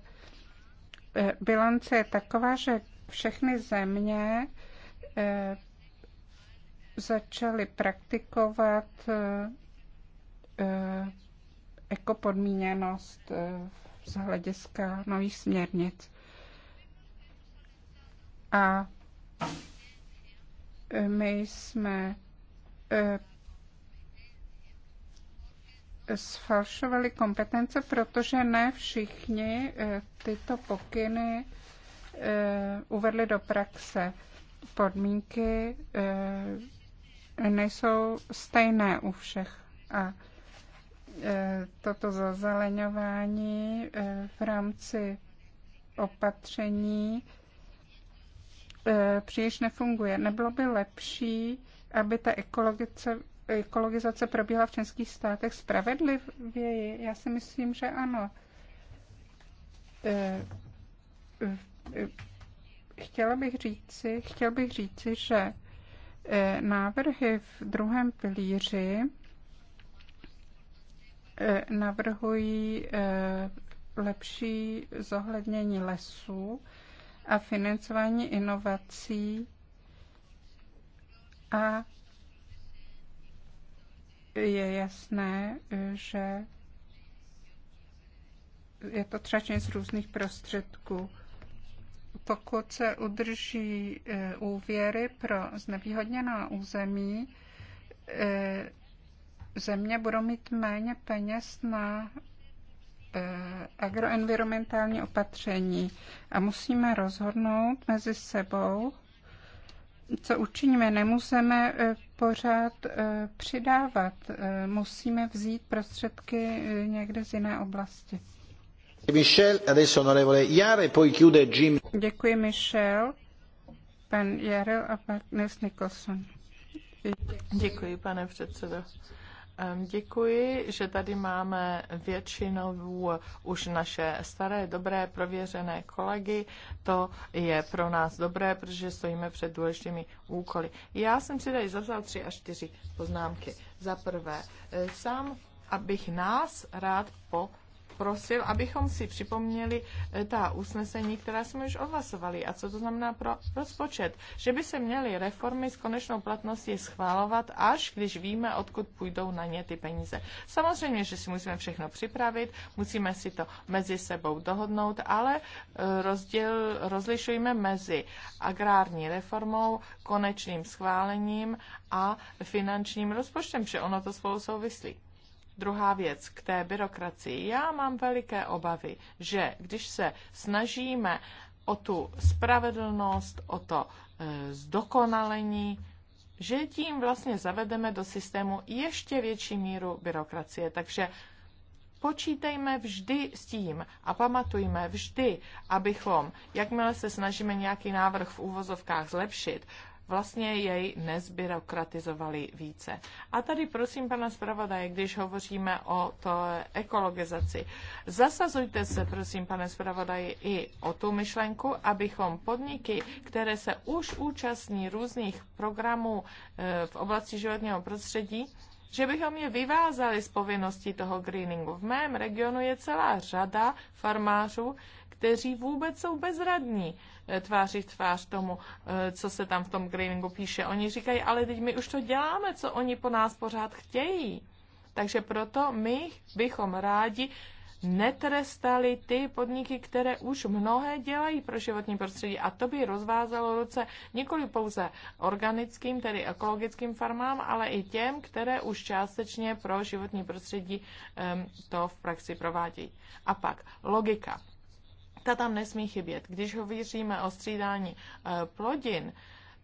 Eh, bilance je taková, že všechny země eh, začaly praktikovat eh, ekopodmíněnost z hlediska nových směrnic. A my jsme sfalšovali kompetence, protože ne všichni eh, tyto pokyny eh, uvedli do praxe. Podmínky eh, nejsou stejné u všech. A toto zazeleňování v rámci opatření příliš nefunguje. Nebylo by lepší, aby ta ekologice, ekologizace probíhala v českých státech spravedlivěji? Já si myslím, že ano. E, e, chtěla bych říci, chtěl bych říci, že e, návrhy v druhém pilíři navrhují lepší zohlednění lesů a financování inovací a je jasné, že je to třeba z různých prostředků. Pokud se udrží eh, úvěry pro znevýhodněná území, eh, země budou mít méně peněz na eh, agroenvironmentální opatření a musíme rozhodnout mezi sebou, co učiníme. Nemůžeme pořád eh, přidávat. Eh, musíme vzít prostředky eh, někde z jiné oblasti. Michel, adesso onorevole Jare, poi chiude Jim. Děkuji Michel, pan Jarel a pan Nils Nicholson. Děkuji, pane předsedo. Děkuji, že tady máme většinou už naše staré, dobré, prověřené kolegy. To je pro nás dobré, protože stojíme před důležitými úkoly. Já jsem si tady zavzal tři až čtyři poznámky. Za prvé, e, sám abych nás rád po prosil, abychom si připomněli eh, ta usnesení, která jsme už odhlasovali. A co to znamená pro rozpočet? Že by se měly reformy s konečnou platností schválovat, až když víme, odkud půjdou na ně ty peníze. Samozřejmě, že si musíme všechno připravit, musíme si to mezi sebou dohodnout, ale eh, rozděl, rozlišujeme mezi agrární reformou, konečným schválením a finančním rozpočtem, že ono to spolu souvislí. Druhá věc k té byrokracii. Já mám veliké obavy, že když se snažíme o tu spravedlnost, o to e, zdokonalení, že tím vlastně zavedeme do systému ještě větší míru byrokracie. Takže počítejme vždy s tím a pamatujme vždy, abychom, jakmile se snažíme nějaký návrh v úvozovkách zlepšit, vlastně jej nezbyrokratizovali více. A tady prosím pana zpravodaje, když hovoříme o to ekologizaci, zasazujte se, prosím pane zpravodaji, i o tu myšlenku, abychom podniky, které se už účastní různých programů e, v oblasti životního prostředí, že bychom je vyvázali z povinností toho greeningu. V mém regionu je celá řada farmářů, kteří vůbec jsou bezradní Eh, tváří v tvář tomu, eh, co se tam v tom greeningu píše. Oni říkají, ale teď my už to děláme, co oni po nás pořád chtějí. Takže proto my bychom rádi netrestali ty podniky, které už mnohé dělají pro životní prostředí. A to by rozvázalo ruce nikoli pouze organickým, tedy ekologickým farmám, ale i těm, které už částečně pro životní prostředí um, to v praxi provádějí. A pak logika ta tam nesmí chybět. Když hovoříme o střídání eh, plodin,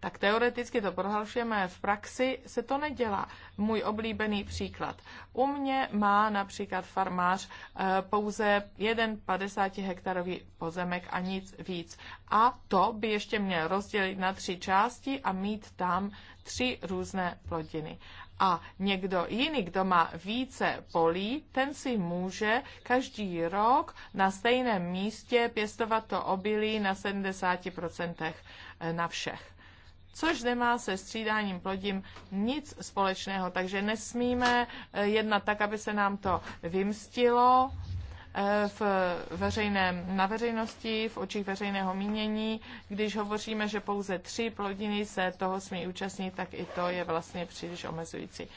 tak teoreticky to prohlášujeme, v praxi se to nedělá. Můj oblíbený příklad. U mě má například farmář eh, pouze jeden 50 hektarový pozemek a nic víc. A to by ještě měl rozdělit na tři části a mít tam tři různé plodiny. A někdo jiný, kdo má více polí, ten si může každý rok na stejném místě pěstovat to obilí na 70% eh, na všech. Což nemá se střídáním plodím nic společného, takže nesmíme eh, jednat tak, aby se nám to vymstilo v veřejném, na veřejnosti, v očích veřejného mínění. Když hovoříme, že pouze tři plodiny se toho smí účastnit, tak i to je vlastně příliš omezující.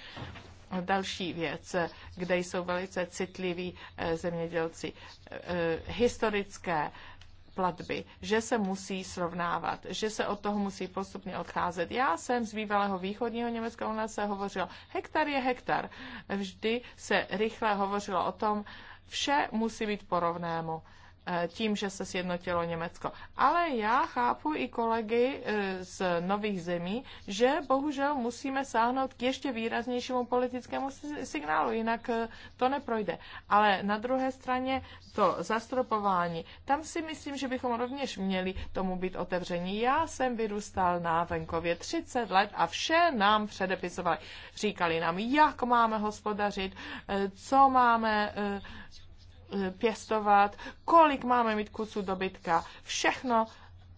Další věc, kde jsou velice citliví eh, zemědělci. Eh, eh, historické platby, že se musí srovnávat, že se od toho musí postupně odcházet. Já jsem z bývalého východního Německa, u nás se hovořilo, hektar je hektar. Vždy se rychle hovořilo o tom, Vše musí být porovnámo. Eh, tím, že se sjednotilo Německo. Ale já chápu i kolegy eh, z nových zemí, že bohužel musíme sáhnout k ještě výraznějšímu politickému signálu, jinak eh, to neprojde. Ale na druhé straně to zastropování, tam si myslím, že bychom rovněž měli tomu být otevření. Já jsem vyrůstal na venkově 30 let a vše nám předepisovali. Říkali nám, jak máme hospodařit, co máme Eh, pěstovat, kolik máme mít kusů dobytka. Všechno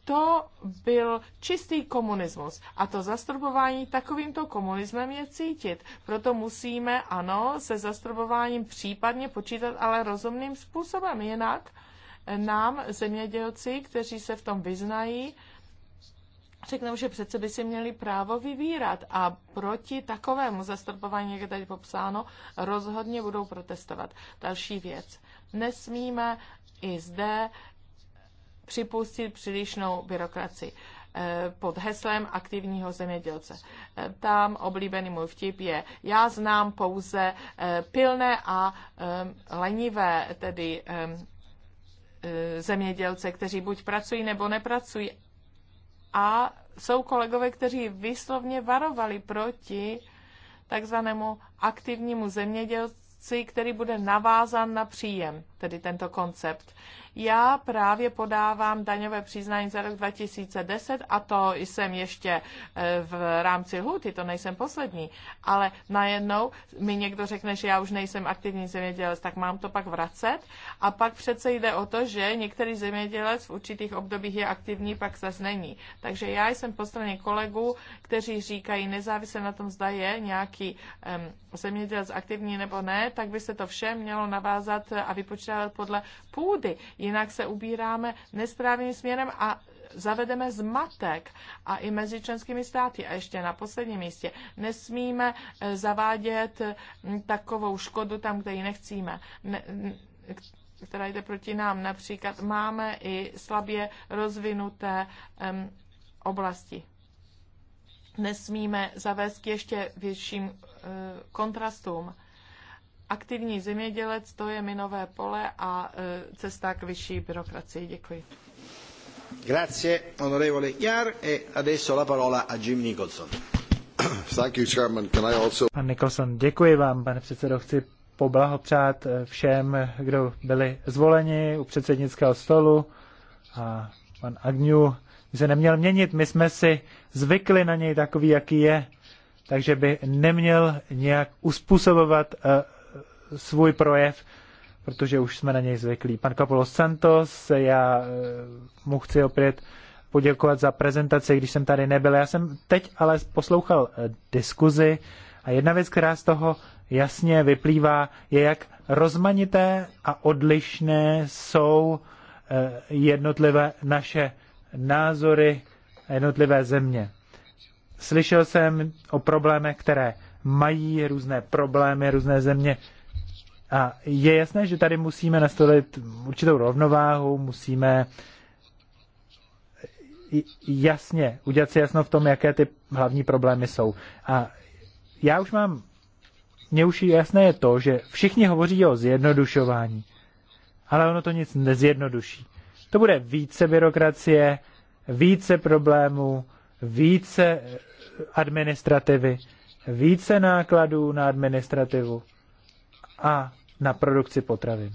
to byl čistý komunismus. A to zastrobování takovýmto komunismem je cítit. Proto musíme, ano, se zastrobováním případně počítat, ale rozumným způsobem. Jinak nám, zemědělci, kteří se v tom vyznají, řeknou, že přece by si měli právo vyvírat a proti takovému zastropování, jak je tady popsáno, rozhodně budou protestovat. Další věc. Nesmíme i zde připustit přílišnou byrokraci eh, pod heslem aktivního zemědělce. Eh, tam oblíbený můj vtip je, já znám pouze eh, pilné a lenivé, tedy zemědělce, kteří buď pracují nebo nepracují. A jsou kolegové, kteří vyslovně varovali proti takzvanému aktivnímu zemědělci akci, který bude navázan na příjem tedy tento koncept. Já právě podávám daňové přiznání za rok 2010 a to jsem ještě e, v rámci huty, to nejsem poslední, ale najednou mi někdo řekne, že já už nejsem aktivní zemědělec, tak mám to pak vracet a pak přece jde o to, že některý zemědělec v určitých obdobích je aktivní, pak zase není. Takže já jsem po straně kolegů, kteří říkají, nezávisle na tom, zda je nějaký um, zemědělec aktivní nebo ne, tak by se to vše mělo navázat a vypočítat střelet podle půdy, jinak se ubíráme nesprávným směrem a zavedeme zmatek a i mezi členskými státy. A ještě na posledním místě nesmíme eh, zavádět hm, takovou škodu tam, kde ji nechcíme. Ne, která jde proti nám. Například máme i slabě rozvinuté um, oblasti. Nesmíme zavést k ještě větším uh, kontrastům aktivní zemědělec, to je minové pole a e, cesta k vyšší byrokracii. Děkuji. Grazie, onorevole Jar, e adesso la parola a Jim Nicholson. Thank you, Chairman. Can I also... Pan Nicholson, děkuji vám, pane předsedo. Chci poblahopřát e, všem, kdo byli zvoleni u předsednického stolu. A pan Agnew by se neměl měnit. My jsme si zvykli na něj takový, jaký je, takže by neměl nějak uspůsobovat e, svůj projev, protože už jsme na něj zvyklí. Pan Kapolo Santos, já eh, mu chci opět poděkovat za prezentaci, když jsem tady nebyl. Já jsem teď ale poslouchal eh, diskuzi a jedna věc, která z toho jasně vyplývá, je, jak rozmanité a odlišné jsou eh, jednotlivé naše názory jednotlivé země. Slyšel jsem o problémech, které mají různé problémy, různé země a je jasné, že tady musíme nastolit určitou rovnováhu, musíme jasně, udělat si jasno v tom, jaké ty hlavní problémy jsou. A já už mám, mně už jasné je to, že všichni hovoří o zjednodušování, ale ono to nic nezjednoduší. To bude více byrokracie, více problémů, více eh, administrativy, více nákladů na administrativu. A na produkci potravin.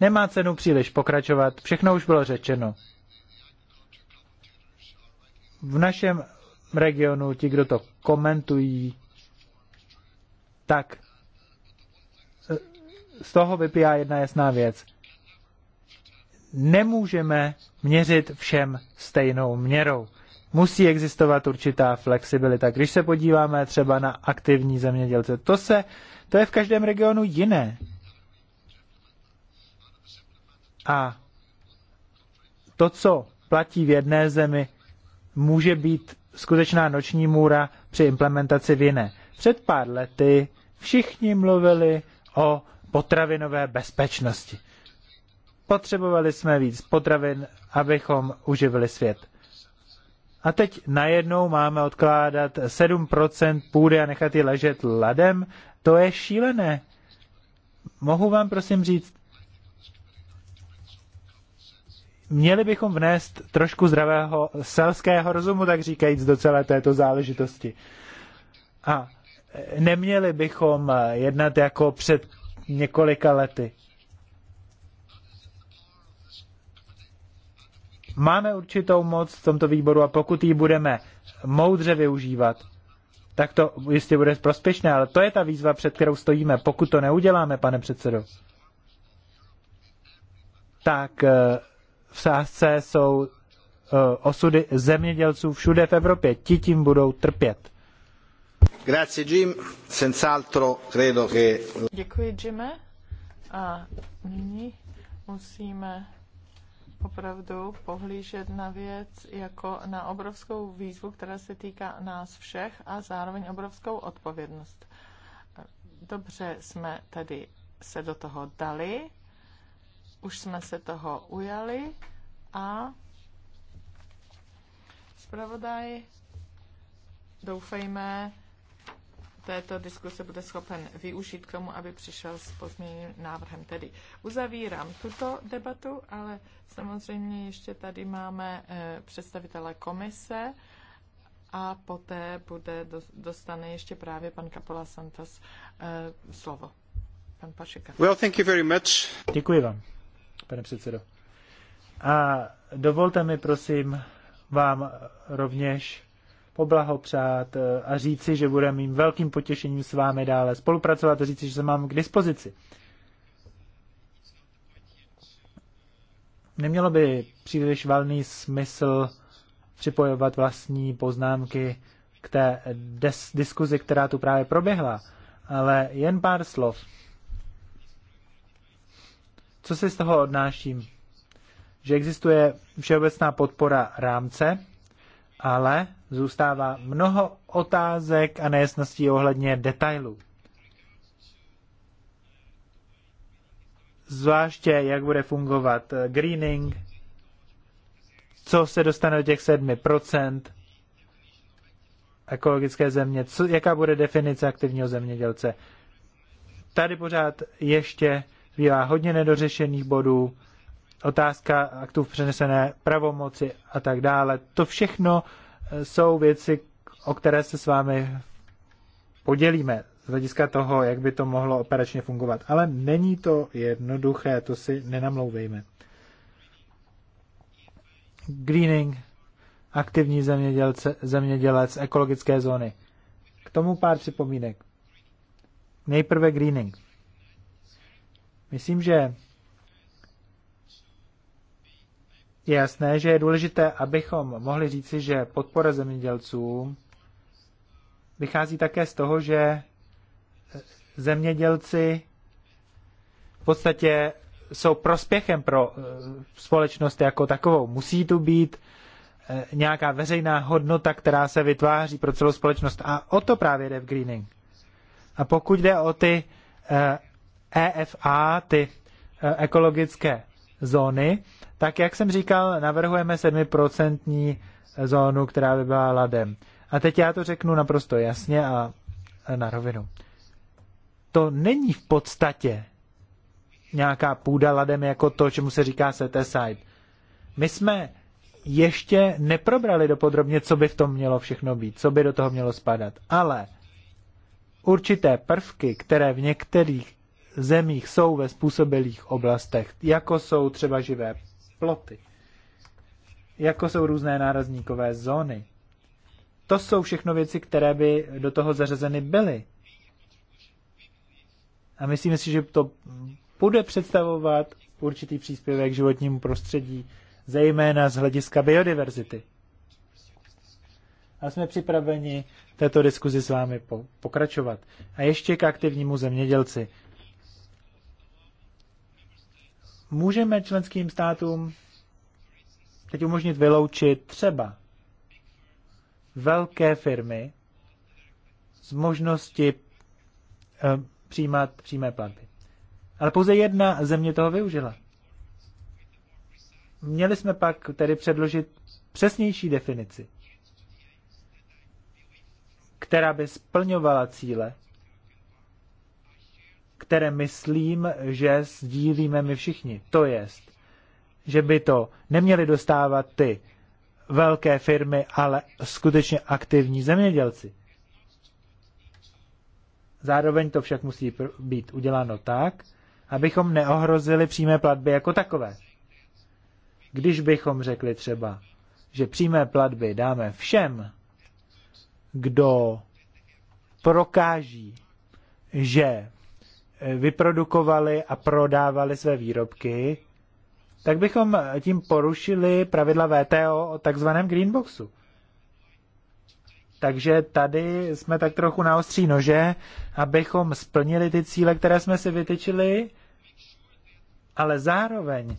Nemá cenu příliš pokračovat, všechno už bylo řečeno. V našem regionu ti, kdo to komentují, tak eh, z toho vypíjá jedna jasná věc. Nemůžeme měřit všem stejnou měrou. Musí existovat určitá flexibilita. Když se podíváme třeba na aktivní zemědělce, to se to je v každém regionu jiné. A to, co platí v jedné zemi, může být skutečná noční můra při implementaci v jiné. Před pár lety všichni mluvili o potravinové bezpečnosti. Potřebovali jsme víc potravin, abychom uživili svět. A teď najednou máme odkládat 7% půdy a nechat ji ležet ladem to je šílené. Mohu vám prosím říct, měli bychom vnést trošku zdravého selského rozumu, tak říkajíc, do celé této záležitosti. A neměli bychom jednat jako před několika lety. Máme určitou moc v tomto výboru a pokud ji budeme moudře využívat, tak to jistě bude prospěšné, ale to je ta výzva, před kterou stojíme. Pokud to neuděláme, pane předsedo, tak eh, v sázce jsou eh, osudy zemědělců všude v Evropě. Ti tím budou trpět. Grazie Jim, senz'altro credo che... Děkuji Jime a nyní musíme opravdu pohlížet na věc jako na obrovskou výzvu, která se týká nás všech a zároveň obrovskou odpovědnost. Dobře jsme tedy se do toho dali, už jsme se toho ujali a zpravodaj, doufejme, této diskuse bude schopen využít k tomu, aby přišel s pozměněným návrhem. Tedy uzavírám tuto debatu, ale samozřejmě ještě tady máme eh, představitele komise a poté bude, dostane ještě právě pan Kapola Santos eh, slovo. Pan Pašeka. Well, thank you very much. Děkuji vám, pane předsedo. A dovolte mi, prosím, vám rovněž poblahopřát eh, a říci, že bude mým velkým potěšením s vámi dále spolupracovat a říci, že se mám k dispozici. Nemělo by příliš valný smysl připojovat vlastní poznámky k té des- diskuzi, která tu právě proběhla, ale jen pár slov. Co si z toho odnáším? Že existuje všeobecná podpora rámce, ale zůstává mnoho otázek a nejasností ohledně detailů. Zvláště, jak bude fungovat eh, greening, co se dostane do těch 7% ekologické země, co, jaká bude definice aktivního zemědělce. Tady pořád ještě zbývá hodně nedořešených bodů, otázka aktů v přenesené pravomoci a tak dále. To všechno jsou věci, o které se s vámi podělíme z hlediska toho, jak by to mohlo operačně fungovat. Ale není to jednoduché, to si nenamlouvejme. Greening, aktivní zemědělce, zemědělec, ekologické zóny. K tomu pár připomínek. Nejprve greening. Myslím, že je jasné, že je důležité, abychom mohli říci, že podpora zemědělců vychází také z toho, že zemědělci v podstatě jsou prospěchem pro eh, společnost jako takovou. Musí tu být eh, nějaká veřejná hodnota, která se vytváří pro celou společnost. A o to právě jde v greening. A pokud jde o ty EFA, eh, e ty ekologické zóny, tak jak jsem říkal, navrhujeme 7% zónu, která by byla ladem. A teď já to řeknu naprosto jasně a na rovinu. To není v podstatě nějaká půda ladem jako to, čemu se říká set-aside. My jsme ještě neprobrali dopodrobně, co by v tom mělo všechno být, co by do toho mělo spadat. Ale určité prvky, které v některých zemích jsou ve způsobilých oblastech, jako jsou třeba živé ploty, jako jsou různé nárazníkové zóny. To jsou všechno věci, které by do toho zařazeny byly. A myslíme si, že to bude představovat určitý příspěvek k životnímu prostředí, zejména z hlediska biodiverzity. A jsme připraveni této diskuzi s vámi pokračovat. A ještě k aktivnímu zemědělci. můžeme členským státům teď umožnit vyloučit třeba velké firmy z možnosti eh, přijímat přímé platby. Ale pouze jedna země toho využila. Měli jsme pak tedy předložit přesnější definici, která by splňovala cíle, které myslím, že sdílíme my všichni. To jest, že by to neměli dostávat ty velké firmy, ale skutečně aktivní zemědělci. Zároveň to však musí být uděláno tak, abychom neohrozili přímé platby jako takové. Když bychom řekli třeba, že přímé platby dáme všem, kdo prokáží, že vyprodukovali a prodávali své výrobky, tak bychom tím porušili pravidla VTO o takzvaném greenboxu. Takže tady jsme tak trochu na ostří nože, abychom splnili ty cíle, které jsme si vytyčili, ale zároveň,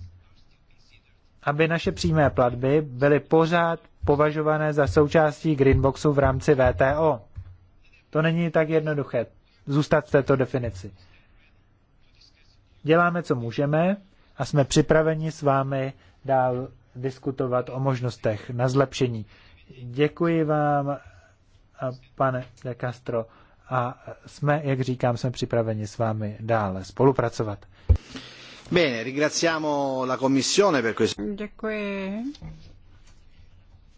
aby naše přímé platby byly pořád považované za součástí greenboxu v rámci VTO. To není tak jednoduché zůstat v této definici děláme, co můžeme a jsme připraveni s vámi dál diskutovat o možnostech na zlepšení. Děkuji vám, pane De Castro, a jsme, jak říkám, jsme připraveni s vámi dále spolupracovat. Bene, ringraziamo la commissione per questo. Děkuji.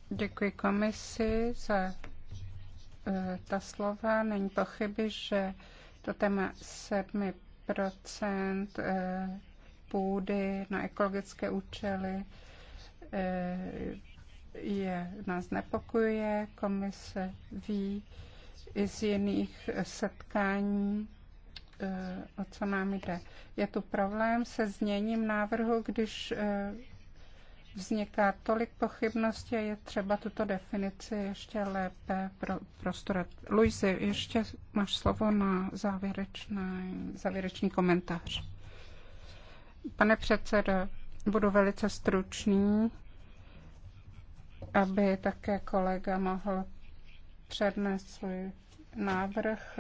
Děkuji komisi za eh, ta slova. Není pochyby, že to téma se mi procent eh, půdy na ekologické účely eh, je, nás nepokojuje. Komise ví i z jiných setkání, eh, o co nám jde. Je tu problém se změním návrhu, když vzniká tolik pochybností a je třeba tuto definici ještě lépe pro, prostorat. Luizi, ještě máš slovo na závěrečný komentář. Pane předsedo, budu velice stručný, aby také kolega mohl přednést svůj návrh.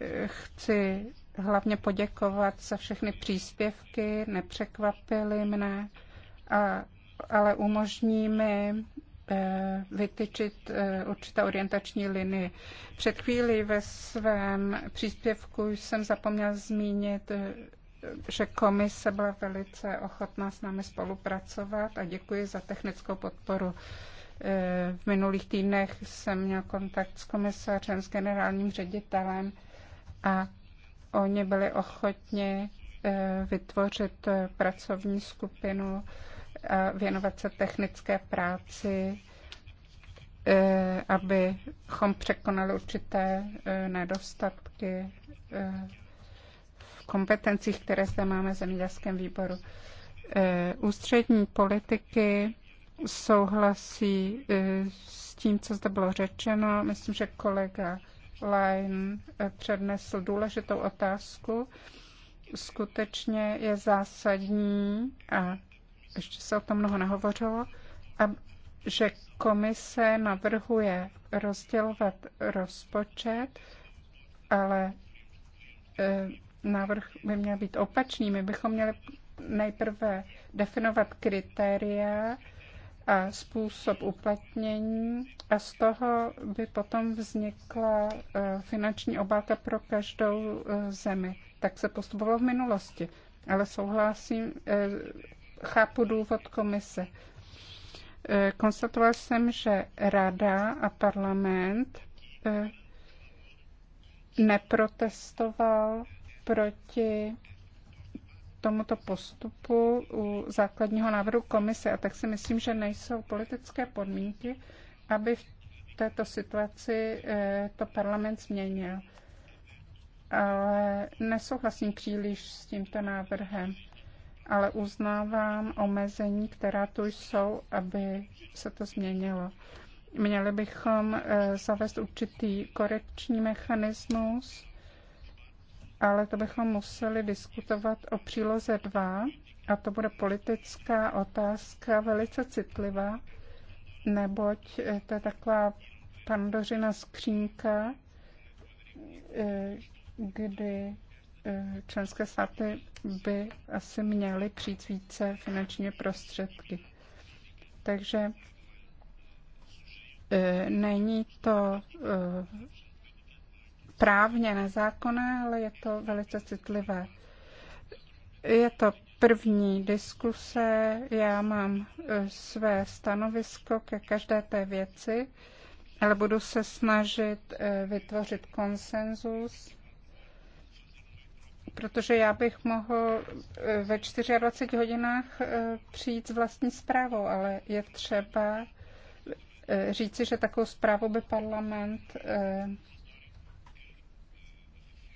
Eh, chci hlavně poděkovat za všechny příspěvky, nepřekvapily mne, a, ale umožní mi eh, vytyčit eh, určité orientační linie. Před chvílí ve svém příspěvku jsem zapomněl zmínit, eh, že komise byla velice ochotná s námi spolupracovat a děkuji za technickou podporu. V minulých týdnech jsem měl kontakt s komisařem, s generálním ředitelem a Oni byli ochotni eh, vytvořit eh, pracovní skupinu, věnovat se technické práci, eh, abychom překonali určité nedostatky v kompetencích, které zde máme v zemědělském výboru. Ústřední politiky souhlasí s tím, co zde bylo řečeno. Myslím, že kolega Lein eh, přednesl důležitou otázku. Skutečně je zásadní, a ještě se o tom mnoho nehovořilo, a že komise navrhuje rozdělovat rozpočet, ale e, návrh by měl být opačný. My bychom měli nejprve definovat kritéria, a způsob uplatnění a z toho by potom vznikla eh, finanční obálka pro každou eh, zemi. Tak se postupovalo v minulosti, ale souhlasím, eh, chápu důvod komise. Konstatoval jsem, že rada a parlament neprotestoval proti tomuto postupu u základního návrhu komise. A tak si myslím, že nejsou politické podmínky, aby v této situaci eh, to parlament změnil. Ale nesouhlasím příliš s tímto návrhem, ale uznávám omezení, která tu jsou, aby se to změnilo. Měli bychom eh, zavést určitý korekční mechanismus, ale to bychom museli diskutovat o příloze 2 a to bude politická otázka velice citlivá, neboť eh, to je taková pandořina skřínka, eh, kdy eh, členské státy by asi měly přijít více finančně prostředky. Takže není to právně nezákonné, ale je to velice citlivé. Je to první diskuse, já mám e, své stanovisko ke každé té věci, ale budu se snažit e, vytvořit konsenzus, protože já bych mohl e, ve 24 hodinách přijít s vlastní zprávou, ale je třeba říci, že takovou zprávu by parlament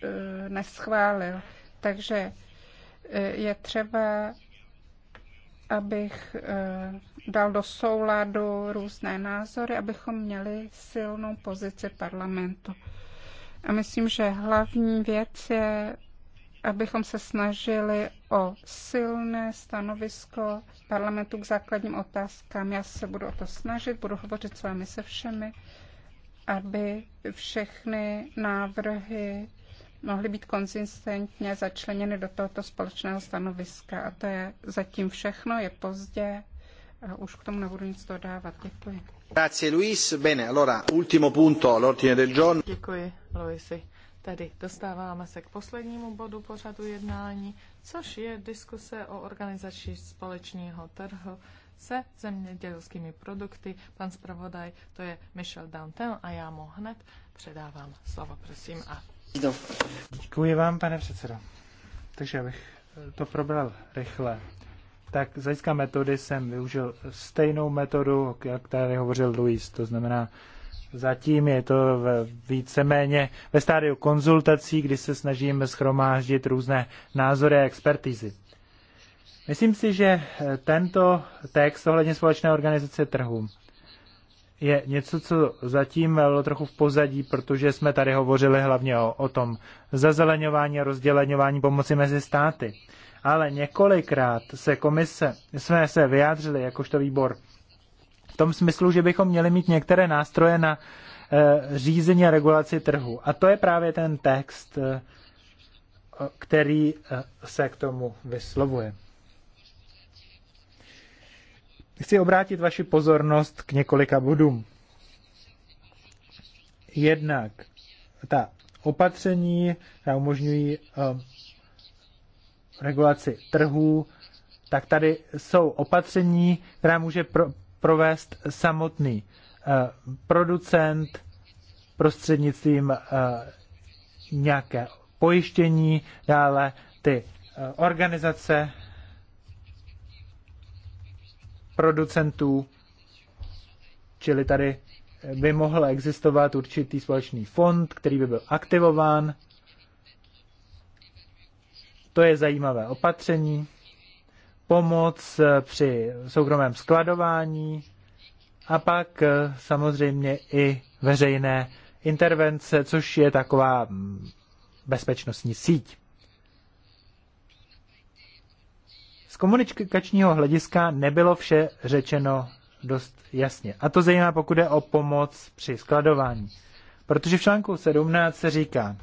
Eh, neschválil. Takže eh, je třeba, abych eh, dal do souladu různé názory, abychom měli silnou pozici parlamentu. A myslím, že hlavní věc je, abychom se snažili o silné stanovisko parlamentu k základním otázkám. Já se budu o to snažit, budu hovořit s vámi se všemi, aby všechny návrhy mohly být konzistentně začleněny do tohoto společného stanoviska. A to je zatím všechno, je pozdě, a už k tomu nebudu nic dodávat. Děkuji. Grazie Luis. Bene, allora, ultimo punto, del giorno. Děkuji, Luisi. Tedy dostáváme se k poslednímu bodu pořadu jednání, což je diskuse o organizaci společného trhu se zemědělskými produkty. Pan zpravodaj, to je Michel Dantel a já mu hned předávám slovo, prosím. A Děkuji vám, pane předsedo. Takže abych to probral rychle. Tak z hlediska metody jsem využil stejnou metodu, jak tady hovořil Luis, to znamená Zatím je to víceméně ve stádiu konzultací, kdy se snažíme schromáždit různé názory a expertízy. Myslím si, že tento text ohledně společné organizace trhu je něco, co zatím bylo trochu v pozadí, protože jsme tady hovořili hlavně o, o tom zazeleňování a rozdělení pomoci mezi státy. Ale několikrát se komise, jsme se vyjádřili jakožto výbor v tom smyslu, že bychom měli mít některé nástroje na e, řízení a regulaci trhu. A to je právě ten text, e, který e, se k tomu vyslovuje. Chci obrátit vaši pozornost k několika bodům. Jednak ta opatření, která umožňují um, regulaci trhů, tak tady jsou opatření, která může pro, provést samotný uh, producent prostřednictvím uh, nějaké pojištění, dále ty uh, organizace producentů, čili tady by mohl existovat určitý společný fond, který by byl aktivován. To je zajímavé opatření. Pomoc eh, při soukromém skladování a pak eh, samozřejmě i veřejné intervence, což je taková mm, bezpečnostní síť. komunikačního hlediska nebylo vše řečeno dost jasně. A to zejména pokud je o pomoc při skladování. Protože v článku 17 se říká,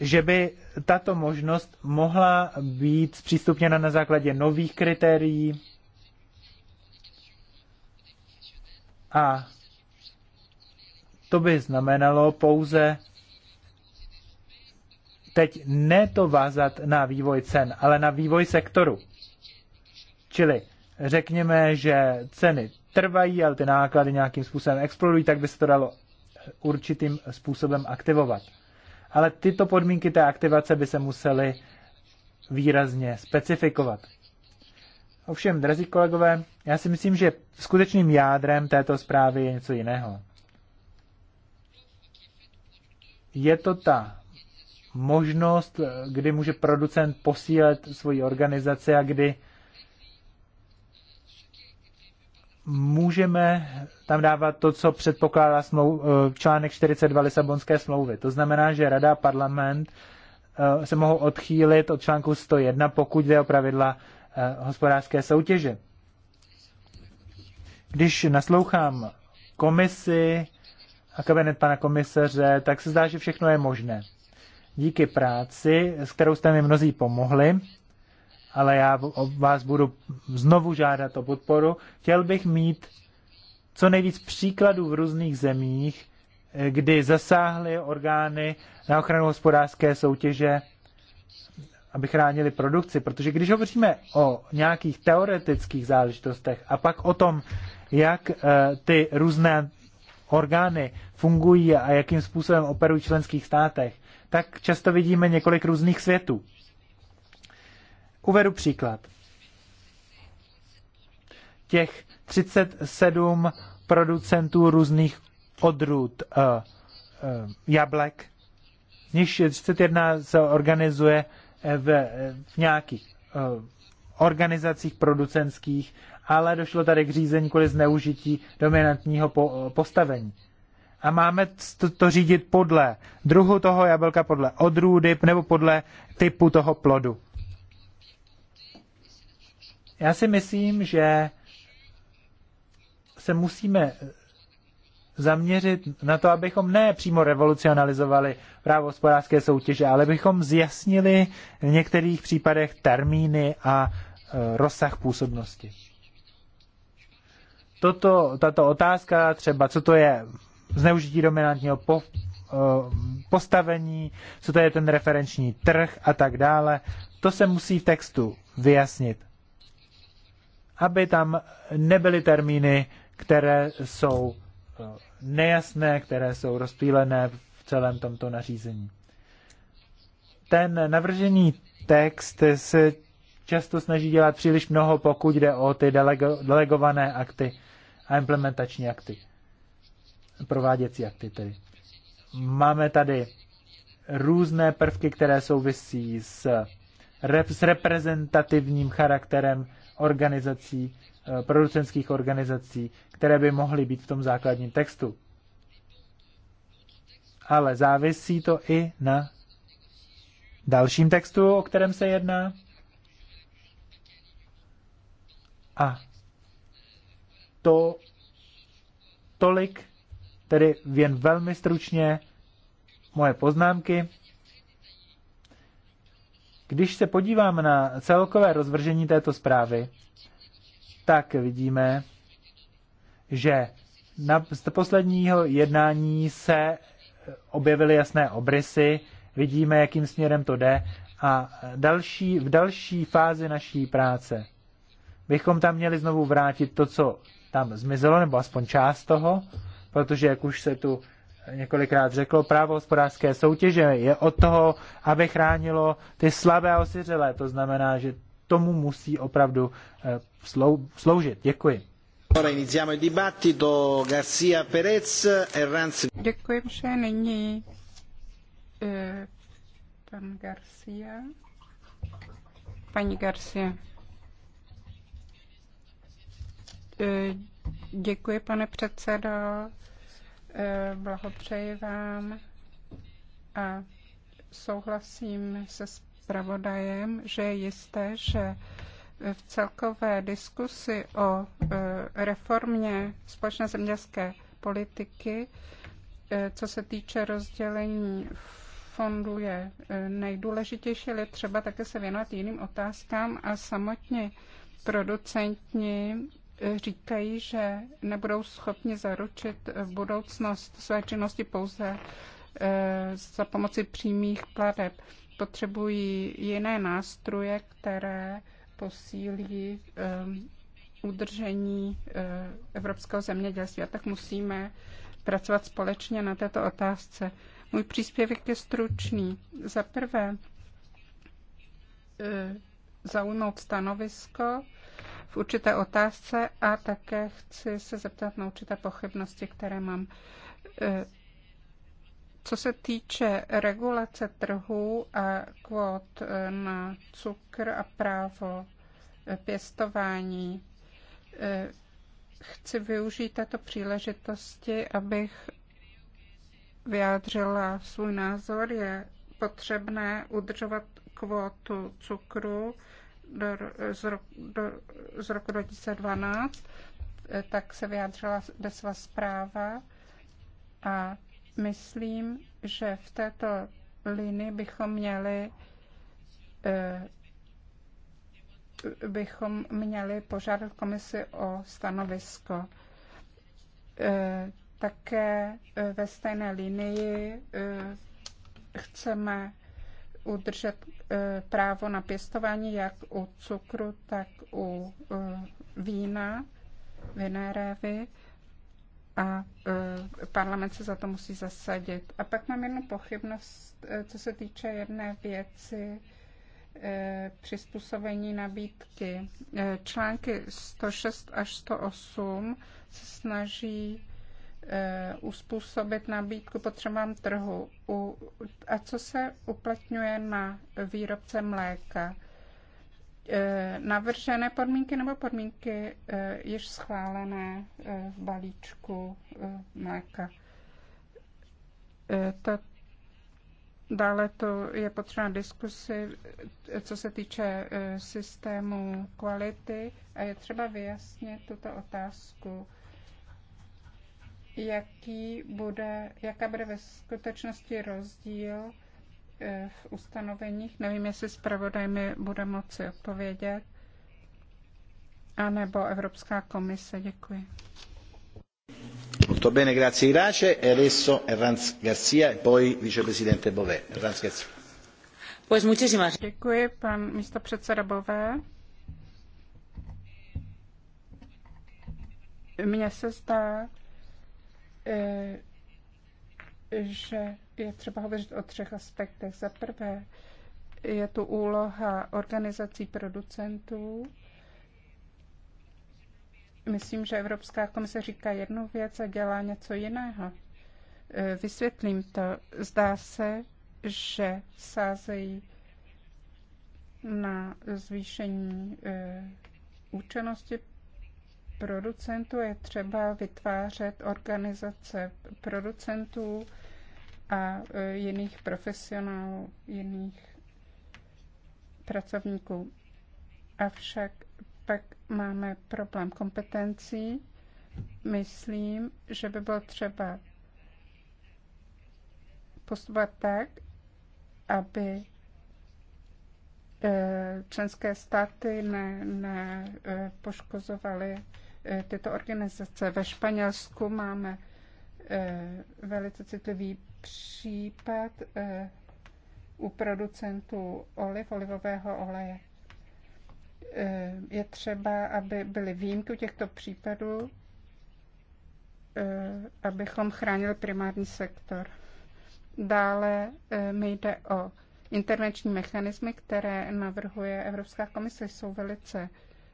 že by tato možnost mohla být zpřístupněna na základě nových kritérií a to by znamenalo pouze teď ne to vázat na vývoj cen, ale na vývoj sektoru. Čili řekněme, že ceny trvají, ale ty náklady nějakým způsobem explodují, tak by se to dalo určitým způsobem aktivovat. Ale tyto podmínky té aktivace by se musely výrazně specifikovat. Ovšem, drazí kolegové, já si myslím, že skutečným jádrem této zprávy je něco jiného. Je to ta možnost, kdy může producent posílat svoji organizaci a kdy můžeme tam dávat to, co předpokládá smlou, eh, článek 42 Lisabonské smlouvy. To znamená, že Rada a parlament eh, se mohou odchýlit od článku 101, pokud jde o pravidla eh, hospodářské soutěže. Když naslouchám komisi a kabinet pana komisaře, tak se zdá, že všechno je možné díky práci, s kterou jste mi mnozí pomohli, ale já vás budu znovu žádat o podporu. Chtěl bych mít co nejvíc příkladů v různých zemích, eh, kdy zasáhly orgány na ochranu hospodářské soutěže, aby chránili produkci. Protože když hovoříme o nějakých teoretických záležitostech a pak o tom, jak eh, ty různé orgány fungují a jakým způsobem operují v členských státech, tak často vidíme několik různých světů. Uvedu příklad. Těch 37 producentů různých odrůd uh, uh, jablek, z nich 31 se organizuje eh, v, v nějakých uh, organizacích producentských, ale došlo tady k řízení kvůli zneužití dominantního po, postavení a máme to, to řídit podle druhu toho jablka, podle odrůdy nebo podle typu toho plodu. Já si myslím, že se musíme zaměřit na to, abychom ne přímo revolucionalizovali právo hospodářské soutěže, ale bychom zjasnili v některých případech termíny a e, rozsah působnosti. Toto, tato otázka třeba, co to je zneužití dominantního po, eh, postavení, co to je ten referenční trh a tak dále. To se musí v textu vyjasnit, aby tam nebyly termíny, které jsou eh, nejasné, které jsou rozpílené v celém tomto nařízení. Ten navržený text se často snaží dělat příliš mnoho, pokud jde o ty delego, delegované akty a implementační akty prováděcí akty tedy. Máme tady různé prvky, které souvisí s, rep, s reprezentativním charakterem organizací, eh, producentských organizací, které by mohly být v tom základním textu. Ale závisí to i na dalším textu, o kterém se jedná. A to tolik Tedy jen velmi stručně moje poznámky. Když se podíváme na celkové rozvržení této zprávy, tak vidíme, že na, z posledního jednání se objevily jasné obrysy, vidíme, jakým směrem to jde a další, v další fázi naší práce bychom tam měli znovu vrátit to, co tam zmizelo, nebo aspoň část toho, protože, jak už se tu několikrát řeklo, právo hospodářské soutěže je od toho, aby chránilo ty slabé a osiřelé. To znamená, že tomu musí opravdu eh, sloužit. Děkuji. E Děkuji vše. Nyní eh, pan Garcia. Paní Garcia. Eh, Děkuji, pane předsedo. Eh, blahopřeji vám a souhlasím se zpravodajem, že je jisté, že v celkové diskusi o eh, reformě společné zemědělské politiky, eh, co se týče rozdělení fondů, je nejdůležitější, ale třeba také se věnovat jiným otázkám a samotně producentní říkají, že nebudou schopni zaručit budoucnost své činnosti pouze eh, za pomoci přímých plateb. Potřebují jiné nástroje, které posílí ehm, udržení eh, evropského zemědělství. A tak musíme pracovat společně na této otázce. Můj příspěvek je stručný. Za prvé, eh, zaujmout stanovisko v určité otázce a také chci se zeptat na určité pochybnosti, které mám. E, co se týče regulace trhu a kvót e, na cukr a právo e, pěstování, chci využít této příležitosti, abych vyjádřila svůj názor. Je potřebné udržovat kvótu cukru do, z, roku, do, z roku 2012, tak se vyjádřila DESVA zpráva a myslím, že v této linii bychom měli eh, bychom měli požádat komisi o stanovisko. Eh, také eh, ve stejné linii chceme udržet eh, právo na pěstování jak u cukru, tak u eh, vína, vinné révy a eh, parlament se za to musí zasadit. A pak mám jednu pochybnost, co se týče jedné věci, přizpůsobení nabídky. Články 106 až 108 se snaží Eh, uspůsobit nabídku potřebám trhu. a co se uplatňuje na výrobce mléka? Eh, navržené podmínky nebo podmínky eh, již schválené v balíčku mléka? To, dále to je potřeba diskusy, co se týče systému kvality a je třeba vyjasnit tuto otázku jaký bude, jaká bude ve skutečnosti rozdíl eh, v ustanoveních. Nevím, jestli zpravodaj mi bude moci odpovědět. A nebo Evropská komise. Děkuji. Molto bene, grazie Irace. E adesso Erranz Garcia e poi vicepresidente Bové. Erranz Garcia. Pues muchísimas. Děkuji, pan místo předseda Bové. Mně se zdá, Eh, že je třeba hovořit o třech aspektech. Za prvé je tu úloha organizací producentů. Myslím, že Evropská komise říká jednu věc a dělá něco jiného. Eh, vysvětlím to. Zdá se, že sázejí na zvýšení eh, účinnosti producentů je třeba vytvářet organizace producentů a e, jiných profesionálů, jiných pracovníků. Avšak pak máme problém kompetencí. Myslím, že by bylo třeba postupovat tak, aby e, členské státy nepoškozovaly ne e, Eh, tyto organizace. Ve Španělsku máme eh, velice citlivý případ eh, u producentů oliv, olivového oleje. Je třeba, aby byly výjimky těchto případů, abychom chránili primární sektor. Dále mi jde o intervenční mechanismy, které navrhuje Evropská komise, jsou velice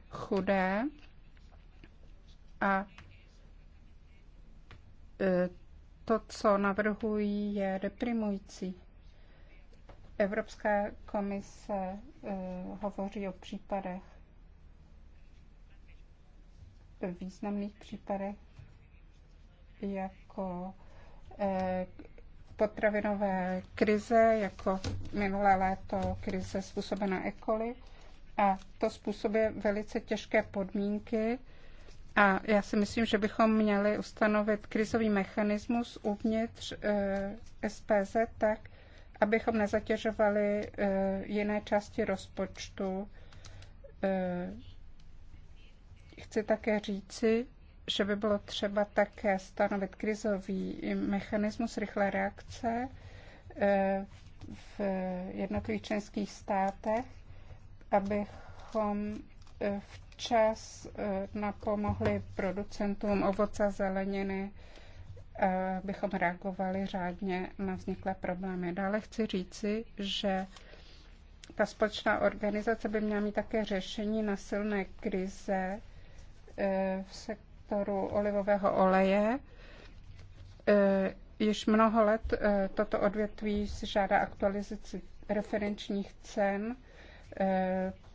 chudé a e, to, co navrhují, je deprimující. Evropská komise e, hovoří o případech, významných případech, jako e, potravinové krize, jako minulé léto krize způsobená ekoli, A to způsobuje velice těžké podmínky a já si myslím, že bychom měli ustanovit krizový mechanismus uvnitř eh, SPZ tak, abychom nezatěžovali eh, jiné části rozpočtu. Eh, chci také říci, že by bylo třeba také stanovit krizový mechanismus rychlé reakce v jednotlivých členských státech, abychom v včas eh, napomohli producentům ovoce zeleniny, eh, bychom reagovali řádně na vzniklé problémy. Dále chci říci, že ta společná organizace by měla mít také řešení na silné krize eh, v sektoru olivového oleje. Již mnoho let toto odvětví si žádá aktualizaci referenčních cen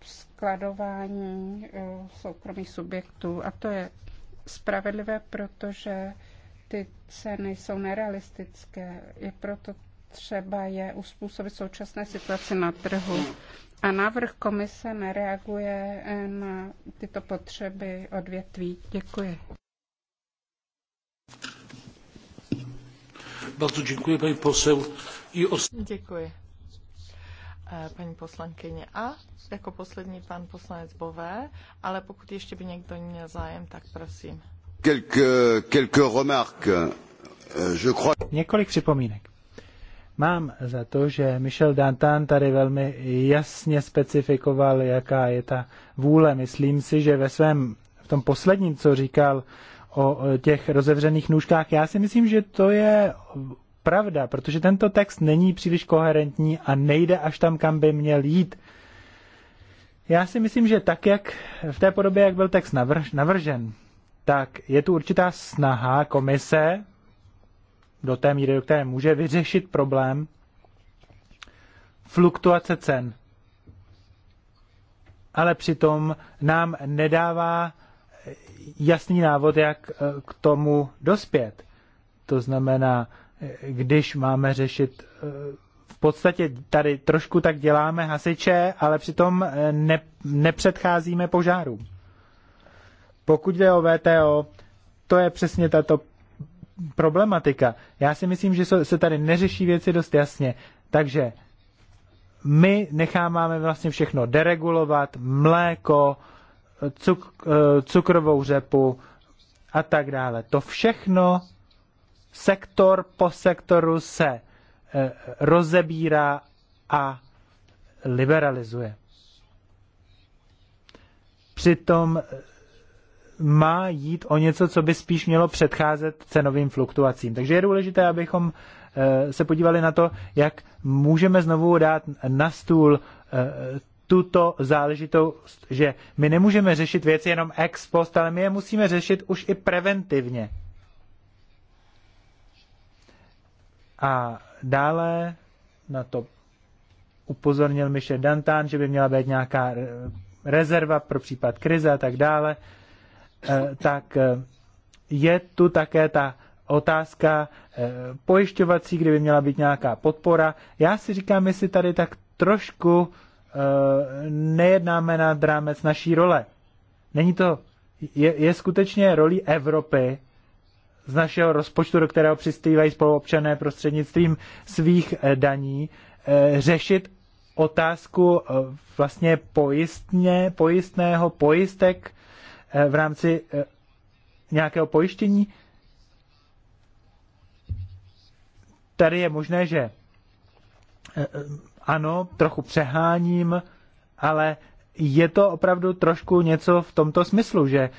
skladování eh, soukromých subjektů. A to je spravedlivé, protože ty ceny jsou nerealistické. Je proto třeba je uspůsobit současné situaci na trhu. A návrh komise nereaguje eh, na tyto potřeby odvětví. Děkuji. Bardzo dziękuję pani poseł. I os- Děkuji. Eh, paní poslankyně. A jako poslední pan poslanec Bové, ale pokud ještě by někdo měl zájem, tak prosím. Eh, je crois... Několik připomínek. Mám za to, že Michel Dantan tady velmi jasně specifikoval, jaká je ta vůle. Myslím si, že ve svém, v tom posledním, co říkal o těch rozevřených nůžkách, já si myslím, že to je pravda, protože tento text není příliš koherentní a nejde až tam, kam by měl jít. Já si myslím, že tak, jak v té podobě, jak byl text navrž, navržen, tak je tu určitá snaha komise do té míry, do které může vyřešit problém fluktuace cen. Ale přitom nám nedává jasný návod, jak eh, k tomu dospět. To znamená, když máme řešit eh, v podstatě tady trošku tak děláme hasiče, ale přitom eh, ne, nepředcházíme požáru. Pokud jde o VTO, to je přesně tato problematika. Já si myslím, že se tady neřeší věci dost jasně. Takže my necháváme vlastně všechno deregulovat, mléko, cuk, eh, cukrovou řepu a tak dále. To všechno sektor po sektoru se eh, rozebírá a liberalizuje. Přitom eh, má jít o něco, co by spíš mělo předcházet cenovým fluktuacím. Takže je důležité, abychom eh, se podívali na to, jak můžeme znovu dát na stůl tuto záležitost, že my nemůžeme řešit věci jenom ex post, ale my je musíme řešit už i preventivně. A dále na to upozornil Michel Dantán, že by měla být nějaká rezerva pro případ krize a tak dále, eh, tak eh, je tu také ta otázka eh, pojišťovací, kde by měla být nějaká podpora. Já si říkám, jestli tady tak trošku nejednáme nad rámec naší role. Není to, je, je skutečně roli Evropy, z našeho rozpočtu, do kterého přispívají spoluobčané prostřednictvím svých eh, daní, eh, řešit otázku eh, vlastně pojistně, pojistného, pojistek v rámci nějakého pojištění. Tady je možné, že ano, trochu přeháním, ale je to opravdu trošku něco v tomto smyslu, že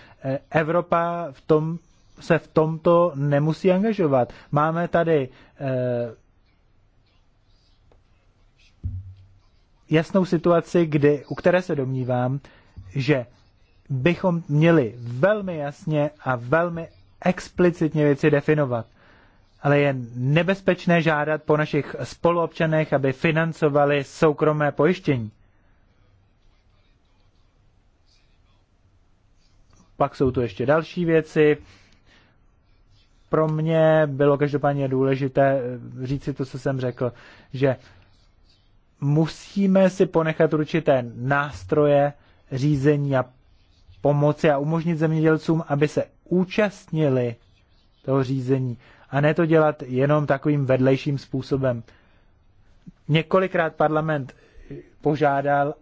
Evropa v tom se v tomto nemusí angažovat. Máme tady eh, jasnou situaci, kdy, u které se domnívám, že bychom měli velmi jasně a velmi explicitně věci definovat. Ale je nebezpečné žádat po našich spoluobčanech, aby financovali soukromé pojištění. Pak jsou tu ještě další věci, pro mě bylo každopádně důležité eh, říci to, co jsem řekl, že musíme si ponechat určité nástroje řízení a pomoci a umožnit zemědělcům, aby se účastnili toho řízení a ne to dělat jenom takovým vedlejším způsobem. Několikrát parlament požádal,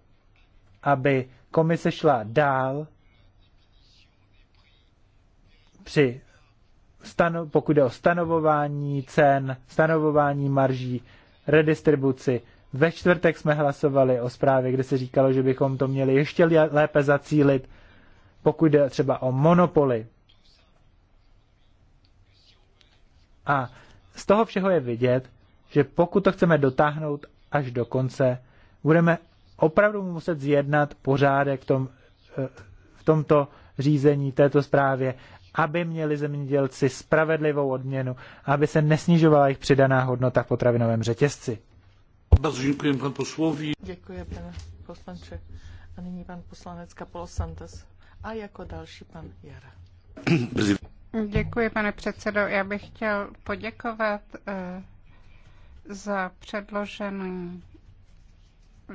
aby komise šla dál při stano, pokud jde o stanovování cen, stanovování marží, redistribuci. Ve čtvrtek jsme hlasovali o zprávě, kde se říkalo, že bychom to měli ještě lépe zacílit, pokud jde třeba o monopoly. A z toho všeho je vidět, že pokud to chceme dotáhnout až do konce, budeme opravdu muset zjednat pořádek v, tom, eh, v tomto řízení, této zprávě aby měli zemědělci spravedlivou odměnu, aby se nesnižovala jejich přidaná hodnota v potravinovém řetězci. Bardzo děkuji panu poslovi. Děkuji, pane poslanče. A nyní pan poslanec Kapolo Santos. A jako další pan Jara. Děkuji, pane předsedo. Já bych chtěl poděkovat eh, za předložený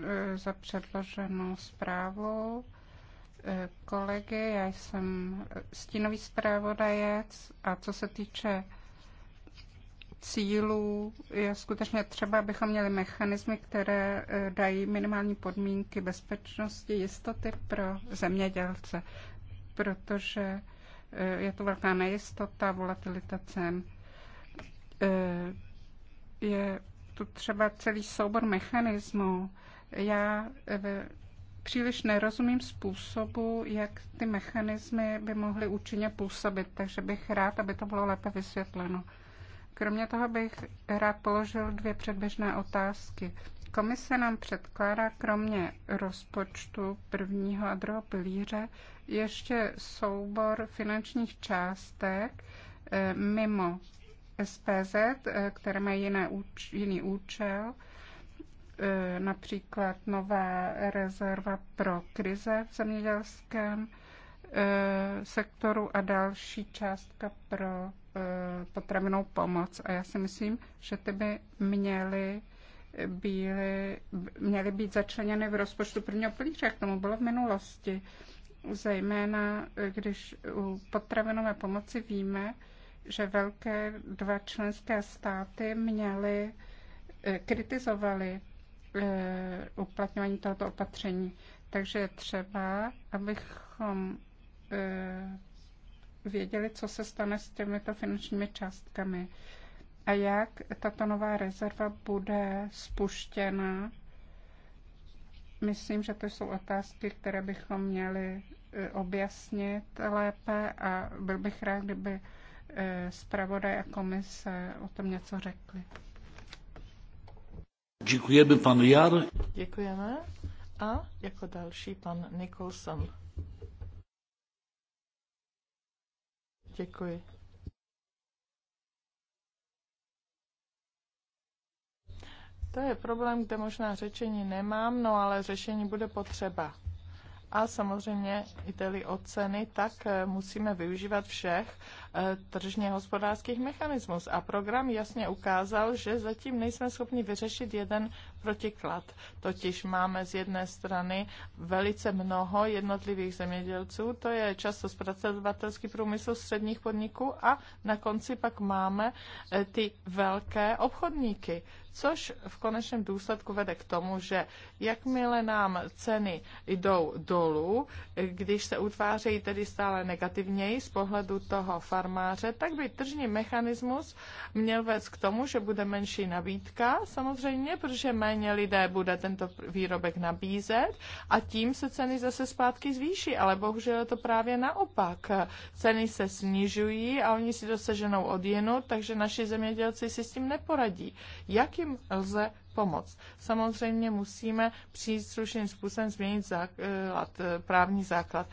eh, za předloženou zprávu. Eh, kolegy, já jsem stínový zpravodajec a co se týče cílů, je skutečně třeba, abychom měli mechanismy, které eh, dají minimální podmínky bezpečnosti, jistoty pro zemědělce, protože eh, je to velká nejistota, volatilita cen. Je tu třeba celý soubor mechanismů. Já příliš nerozumím způsobu, jak ty mechanismy by mohly účinně působit, takže bych rád, aby to bylo lépe vysvětleno. Kromě toho bych rád položil dvě předběžné otázky. Komise nám předkládá kromě rozpočtu prvního a druhého pilíře ještě soubor finančních částek eh, mimo SPZ, eh, které mají jiné, jiný účel E, například nová rezerva pro krize v zemědělském e, sektoru a další částka pro e, potravinou pomoc. A já si myslím, že ty by měly, byly, měly být začleněny v rozpočtu prvního pilíře, jak tomu bylo v minulosti. Zejména, když u potravinové pomoci víme, že velké dva členské státy měly kritizovali Eh, uplatňování tohoto opatření. Takže je třeba, abychom eh, věděli, co se stane s těmito finančními částkami a jak tato nová rezerva bude spuštěna. Myslím, že to jsou otázky, které bychom měli eh, objasnit lépe a byl bych rád, kdyby zpravodaj a komise o tom něco řekli. Děkujeme panu Jar. Děkujeme. A jako další pan Nicholson. Děkuji. To je problém, kde možná řešení nemám, no ale řešení bude potřeba a samozřejmě jde o ceny, tak eh, musíme využívat všech eh, tržně hospodářských mechanismus. A program jasně ukázal, že zatím nejsme schopni vyřešit jeden protiklad. Totiž máme z jedné strany velice mnoho jednotlivých zemědělců, to je často zpracovatelský průmysl středních podniků a na konci pak máme eh, ty velké obchodníky, což v konečném důsledku vede k tomu, že jakmile nám ceny jdou dolů, eh, když se utvářejí tedy stále negativněji z pohledu toho farmáře, tak by tržní mechanismus měl vést k tomu, že bude menší nabídka, samozřejmě, protože méně méně lidé bude tento výrobek nabízet a tím se ceny zase zpátky zvýší, ale bohužel je to právě naopak. Ceny se snižují a oni si dosaženou odjinu, takže naši zemědělci si s tím neporadí. Jak jim lze pomoc. Samozřejmě musíme příslušným způsobem změnit základ, eh, eh, právní základ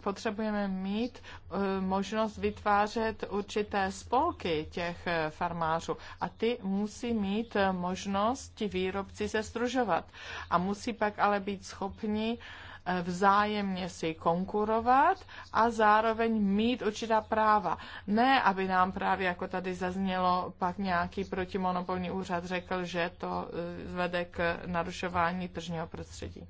potřebujeme mít e, možnost vytvářet určité spolky těch e, farmářů a ty musí mít e, možnost ti výrobci se združovat a musí pak ale být schopni vzájemně si konkurovat a zároveň mít určitá práva. Ne, aby nám právě, jako tady zaznělo, pak nějaký protimonopolní úřad řekl, že to vede k narušování tržního prostředí.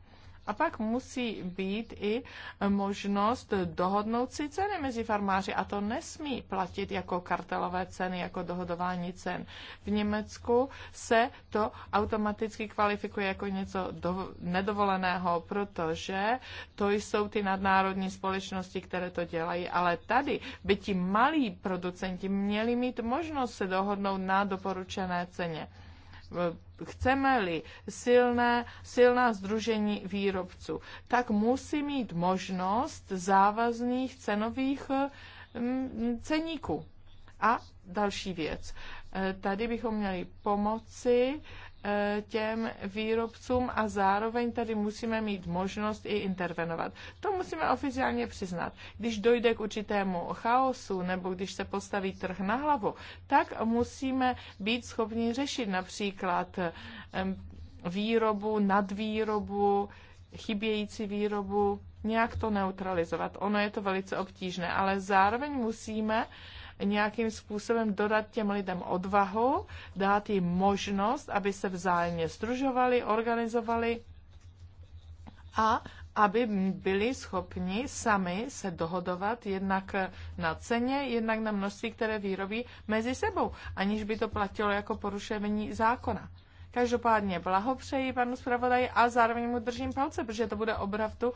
A pak musí být i možnost dohodnout si ceny mezi farmáři a to nesmí platit jako kartelové ceny, jako dohodování cen. V Německu se to automaticky kvalifikuje jako něco do, nedovoleného, protože to jsou ty nadnárodní společnosti, které to dělají, ale tady by ti malí producenti měli mít možnost se dohodnout na doporučené ceně chceme-li silné, silná združení výrobců, tak musí mít možnost závazných cenových mm, ceníků. A další věc. Eh, tady bychom měli pomoci těm výrobcům a zároveň tady musíme mít možnost i intervenovat. To musíme oficiálně přiznat. Když dojde k určitému chaosu nebo když se postaví trh na hlavu, tak musíme být schopni řešit například výrobu, nadvýrobu, chybějící výrobu, nějak to neutralizovat. Ono je to velice obtížné, ale zároveň musíme uh, nějakým způsobem dodat těm lidem odvahu, dát jim možnost, aby se vzájemně združovali, organizovali a aby byli schopni sami se dohodovat jednak na ceně, jednak na množství, které výrobí mezi sebou, aniž by to platilo jako porušení zákona. Každopádně blahopřeji panu zpravodaji a zároveň mu držím palce, protože to bude opravdu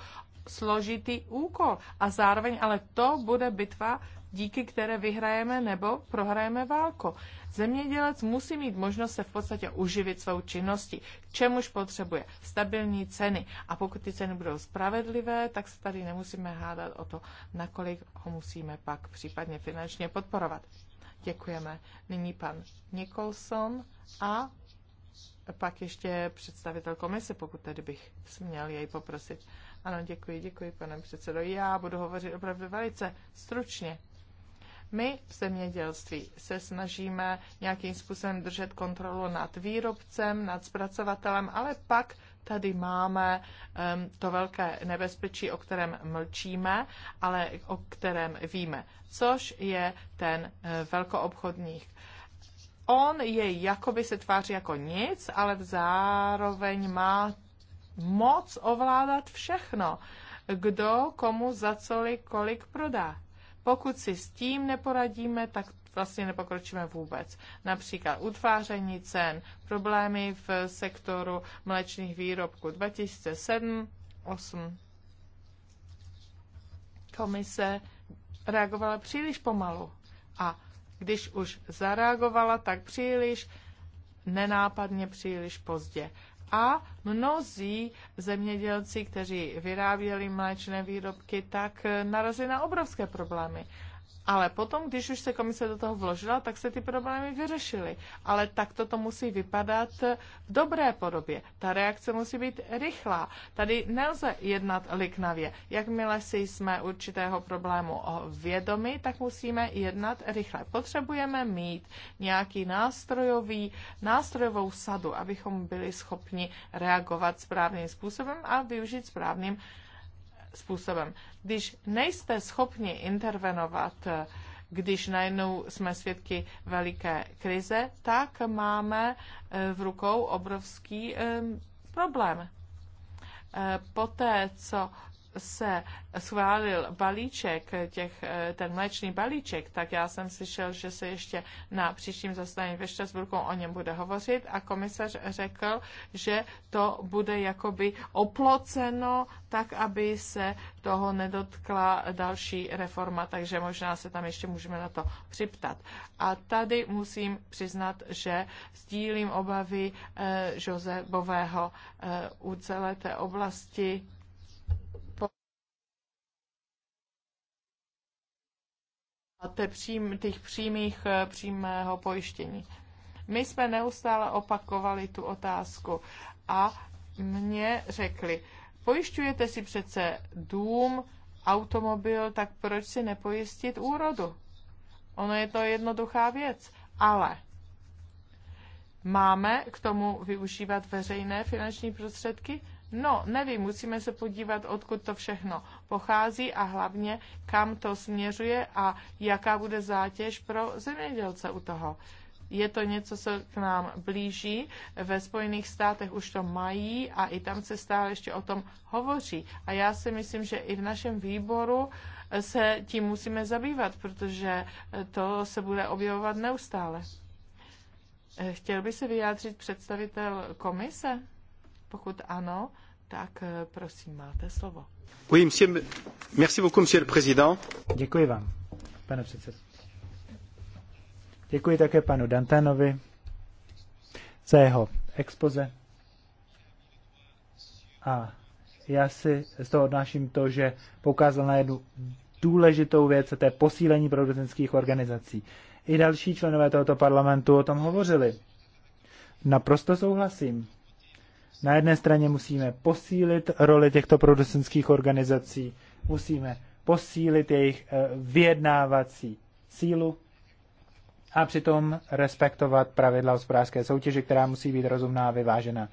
složitý úkol. A zároveň ale to bude bitva díky které vyhrajeme nebo prohrajeme válku. Zemědělec musí mít možnost se v podstatě uživit svou činností, k čemuž potřebuje stabilní ceny. A pokud ty ceny budou spravedlivé, tak se tady nemusíme hádat o to, nakolik ho musíme pak případně finančně podporovat. Děkujeme. Nyní pan Nicholson a pak ještě představitel komise, pokud tedy bych směl jej poprosit. Ano, děkuji, děkuji, pane předsedo. Já budu hovořit opravdu velice stručně. My v zemědělství se snažíme nějakým způsobem držet kontrolu nad výrobcem, nad zpracovatelem, ale pak tady máme um, to velké nebezpečí, o kterém mlčíme, ale o kterém víme, což je ten uh, velkoobchodník. On je jakoby se tváří jako nic, ale v zároveň má moc ovládat všechno. Kdo komu za co kolik prodá. Pokud si s tím neporadíme, tak vlastně nepokročíme vůbec. Například utváření cen, problémy v sektoru mléčných výrobků 2007 2008 Komise reagovala příliš pomalu a když už zareagovala, tak příliš nenápadně, příliš pozdě a mnozí zemědělci, kteří vyráběli mléčné výrobky, tak narazili na obrovské problémy. Ale potom, když už se komise do toho vložila, tak se ty problémy vyřešily. Ale takto to musí vypadat v dobré podobě. Ta reakce musí být rychlá. Tady nelze jednat liknavě. Jakmile si jsme určitého problému vědomi, tak musíme jednat rychle. Potřebujeme mít nějaký nástrojový, nástrojovou sadu, abychom byli schopni reagovat správným způsobem a využít správným způsobem. Když nejste schopni intervenovat, když najednou jsme svědky veliké krize, tak máme eh, v rukou obrovský eh, problém. Eh, poté, co se schválil balíček, těch, eh, ten mléčný balíček, tak já jsem slyšel, že se ještě na příštím zastání ve Štrasburku o něm bude hovořit a komisař řekl, že to bude jakoby oploceno tak, aby se toho nedotkla další reforma, takže možná se tam ještě můžeme na to připtat. A tady musím přiznat, že sdílím obavy eh, eh, u celé té oblasti a těch přímých, eh, přímého pojištění. My jsme neustále opakovali tu otázku a mně řekli, pojišťujete si přece dům, automobil, tak proč si nepojistit úrodu? Ono je to jednoduchá věc, ale máme k tomu využívat veřejné finanční prostředky? No, nevím, musíme se podívat, odkud to všechno pochází a hlavně, kam to směřuje a jaká bude zátěž pro zemědělce u toho. Je to něco, co k nám blíží. Ve Spojených státech už to mají a i tam se stále ještě o tom hovoří. A já si myslím, že i v našem výboru se tím musíme zabývat, protože to se bude objevovat neustále. Chtěl by se vyjádřit představitel komise? Pokud ano, tak eh, prosím, máte slovo. Oui, monsieur, merci beaucoup, monsieur le président. Děkuji vám, pane předsedo. Děkuji také panu Dantanovi za jeho expoze. A já si z toho odnáším to, že poukázal na jednu důležitou věc, a to je posílení producentských organizací. I další členové tohoto parlamentu o tom hovořili. Naprosto souhlasím na jedné straně musíme posílit roli těchto producentských organizací, musíme posílit jejich eh, vyjednávací sílu a přitom respektovat pravidla hospodářské soutěže, která musí být rozumná a vyvážená.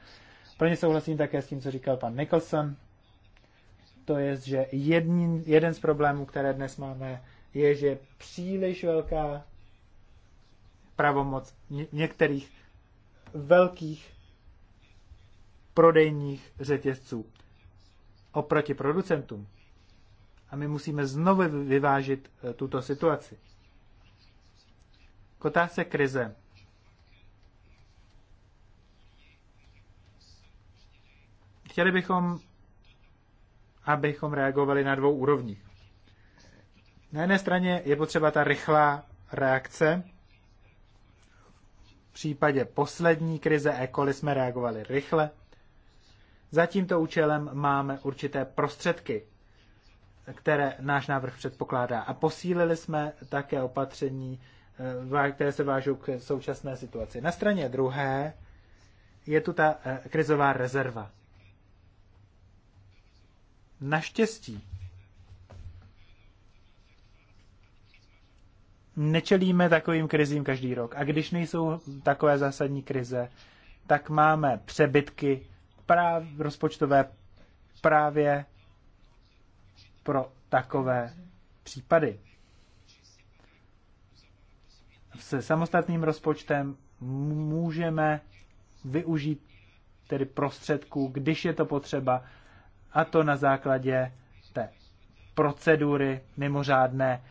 Plně souhlasím také s tím, co říkal pan Nicholson. To je, že jedný, jeden z problémů, které dnes máme, je, že příliš velká pravomoc některých velkých prodejních řetězců oproti producentům. A my musíme znovu vyvážit eh, tuto situaci. Kotá se krize. Chtěli bychom, abychom reagovali na dvou úrovních. Na jedné straně je potřeba ta rychlá reakce. V případě poslední krize E. jsme reagovali rychle, za tímto účelem máme určité prostředky, které náš návrh předpokládá. A posílili jsme také opatření, eh, které se vážou k současné situaci. Na straně druhé je tu ta eh, krizová rezerva. Naštěstí nečelíme takovým krizím každý rok. A když nejsou takové zásadní krize, tak máme přebytky práv, rozpočtové právě pro takové případy. Se samostatným rozpočtem můžeme využít tedy prostředků, když je to potřeba, a to na základě té procedury mimořádné,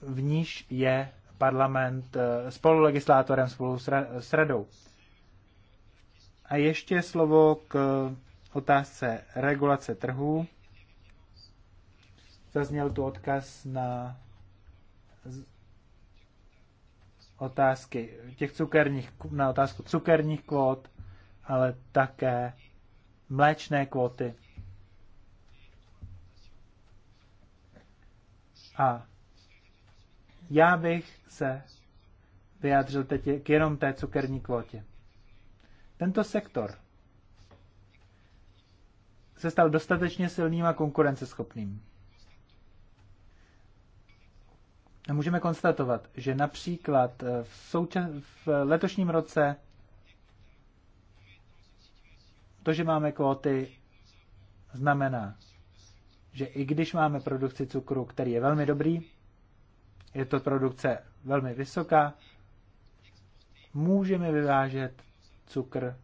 v níž je parlament eh, spolulegislátorem spolu s radou. A ještě slovo k otázce regulace trhů. Zazněl tu odkaz na otázky těch cukerních, na otázku cukerních kvót, ale také mléčné kvóty. A já bych se vyjádřil teď k jenom té cukerní kvótě. Tento sektor se stal dostatečně silným a konkurenceschopným. A můžeme konstatovat, že například eh, v, souča- v letošním roce to, že máme kvóty, znamená, že i když máme produkci cukru, který je velmi dobrý, je to produkce velmi vysoká, můžeme vyvážet cukr,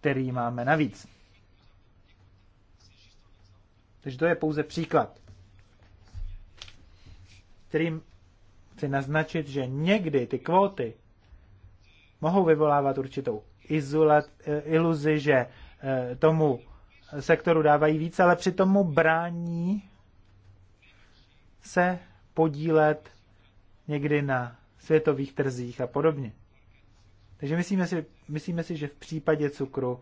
který máme navíc. Takže to je pouze příklad, kterým chci naznačit, že někdy ty kvóty mohou vyvolávat určitou izolat, eh, iluzi, že eh, tomu sektoru dávají víc, ale přitom mu brání se podílet někdy na světových trzích a podobně. Takže myslíme si, myslíme si, že v případě cukru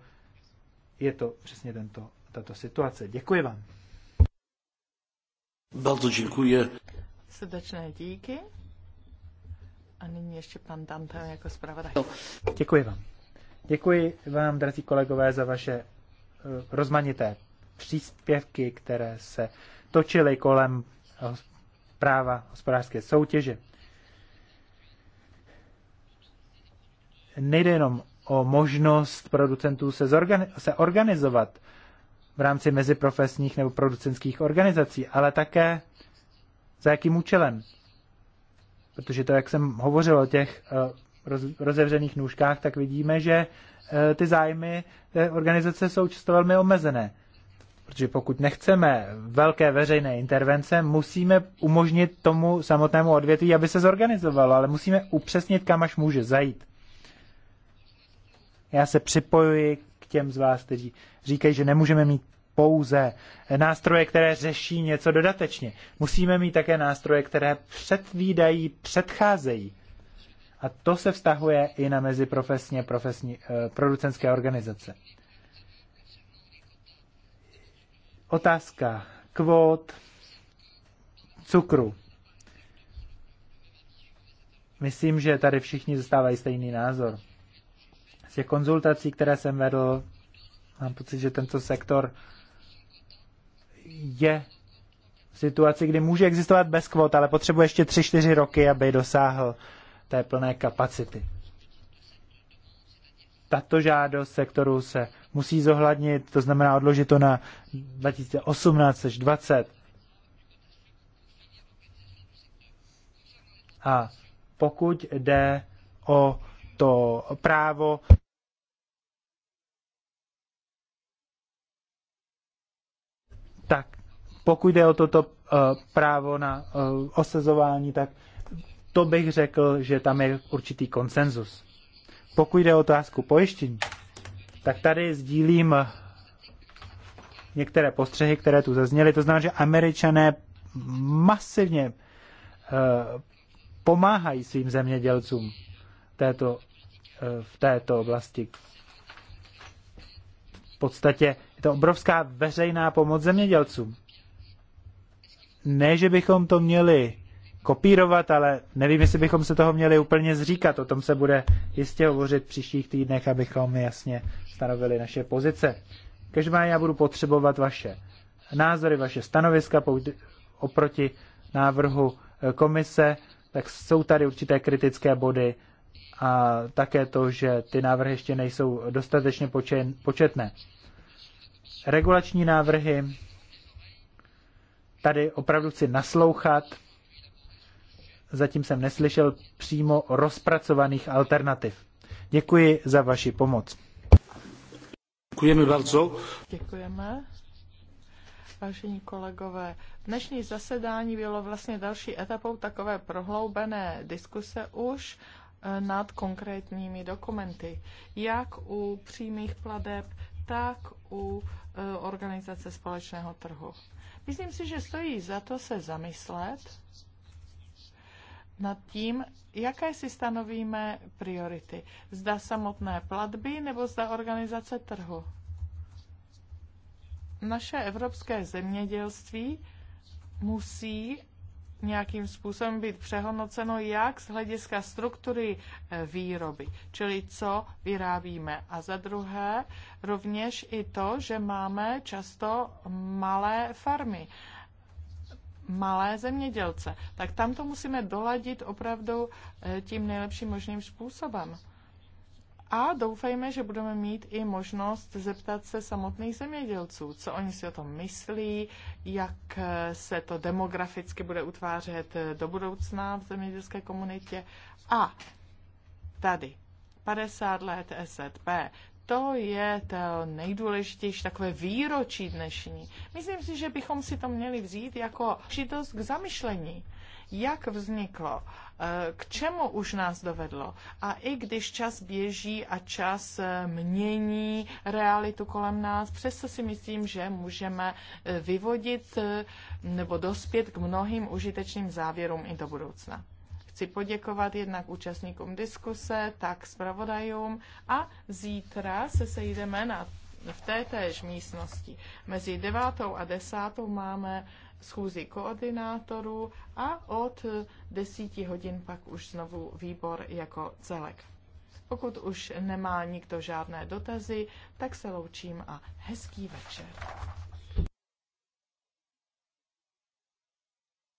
je to přesně tento, tato situace. Děkuji vám. Bardzo děkuji. Srdečné díky. A nyní ještě pan Dante jako zpravodaj. Děkuji vám. Děkuji vám, drazí kolegové, za vaše eh, rozmanité příspěvky, které se točily kolem práva hospodářské soutěže. nejde jenom o možnost producentů se, zorgani- se organizovat v rámci meziprofesních nebo producentských organizací, ale také za jakým účelem. Protože to, jak jsem hovořil o těch eh, roz, rozevřených nůžkách, tak vidíme, že eh, ty zájmy té organizace jsou často velmi omezené. Protože pokud nechceme velké veřejné intervence, musíme umožnit tomu samotnému odvětví, aby se zorganizovalo, ale musíme upřesnit, kam až může zajít. Já se připojuji k těm z vás, kteří říkají, že nemůžeme mít pouze nástroje, které řeší něco dodatečně. Musíme mít také nástroje, které předvídají, předcházejí. A to se vztahuje i na meziprofesně profesní, eh, producenské organizace. Otázka kvót cukru. Myslím, že tady všichni zastávají stejný názor. Z těch konzultací, které jsem vedl, mám pocit, že tento sektor je v situaci, kdy může existovat bez kvot, ale potřebuje ještě 3-4 roky, aby dosáhl té plné kapacity. Tato žádost sektoru se musí zohladnit, to znamená odložit to na 2018 až 20. A pokud jde o to právo tak pokud jde o toto eh, právo na eh, osazování, tak to bych řekl, že tam je určitý konsenzus. Pokud jde o otázku pojištění, tak tady sdílím eh, některé postřehy, které tu zazněly. To znamená, že američané masivně pomáhají svým zemědělcům této, v této oblasti podstatě je to obrovská veřejná pomoc zemědělcům. Ne, že bychom to měli kopírovat, ale nevím, jestli bychom se toho měli úplně zříkat. O tom se bude jistě hovořit v příštích týdnech, abychom jasně stanovili naše pozice. Každopádně já budu potřebovat vaše názory, vaše stanoviska oproti návrhu eh, komise, tak jsou tady určité kritické body, a také to, že ty návrhy ještě nejsou dostatečně početné. Regulační návrhy, tady opravdu chci naslouchat, zatím jsem neslyšel přímo rozpracovaných alternativ. Děkuji za vaši pomoc. Děkujeme bardzo. Děkujeme. Vážení kolegové, dnešní zasedání bylo vlastně další etapou takové prohloubené diskuse už Eh, nad konkrétními dokumenty, jak u přímých pladeb, tak u eh, organizace společného trhu. Myslím si, že stojí za to se zamyslet nad tím, jaké si stanovíme priority. Zda samotné platby nebo zda organizace trhu. Naše evropské zemědělství musí nějakým způsobem být přehodnoceno, jak z hlediska struktury eh, výroby, čili co vyrábíme. A za druhé rovněž i to, že máme často malé farmy, malé zemědělce. Tak tam to musíme doladit opravdu eh, tím nejlepším možným způsobem. A doufejme, že budeme mít i možnost zeptat se samotných zemědělců, co oni si o tom myslí, jak se to demograficky bude utvářet do budoucna v zemědělské komunitě. A tady 50 let SZP, to je to nejdůležitější takové výročí dnešní. Myslím si, že bychom si to měli vzít jako přítost k zamyšlení jak vzniklo, eh, k čemu už nás dovedlo. A i když čas běží a čas eh, mění realitu kolem nás, přesto si myslím, že můžeme eh, vyvodit nebo dospět k mnohým užitečným závěrům i do budoucna. Chci poděkovat jednak účastníkům diskuse, tak zpravodajům a zítra se sejdeme na v též místnosti. Mezi devátou a desátou máme schůzi koordinátorů a od 10 hodin pak už znovu výbor jako celek. Pokud už nemá nikdo žádné dotazy, tak se loučím a hezký večer.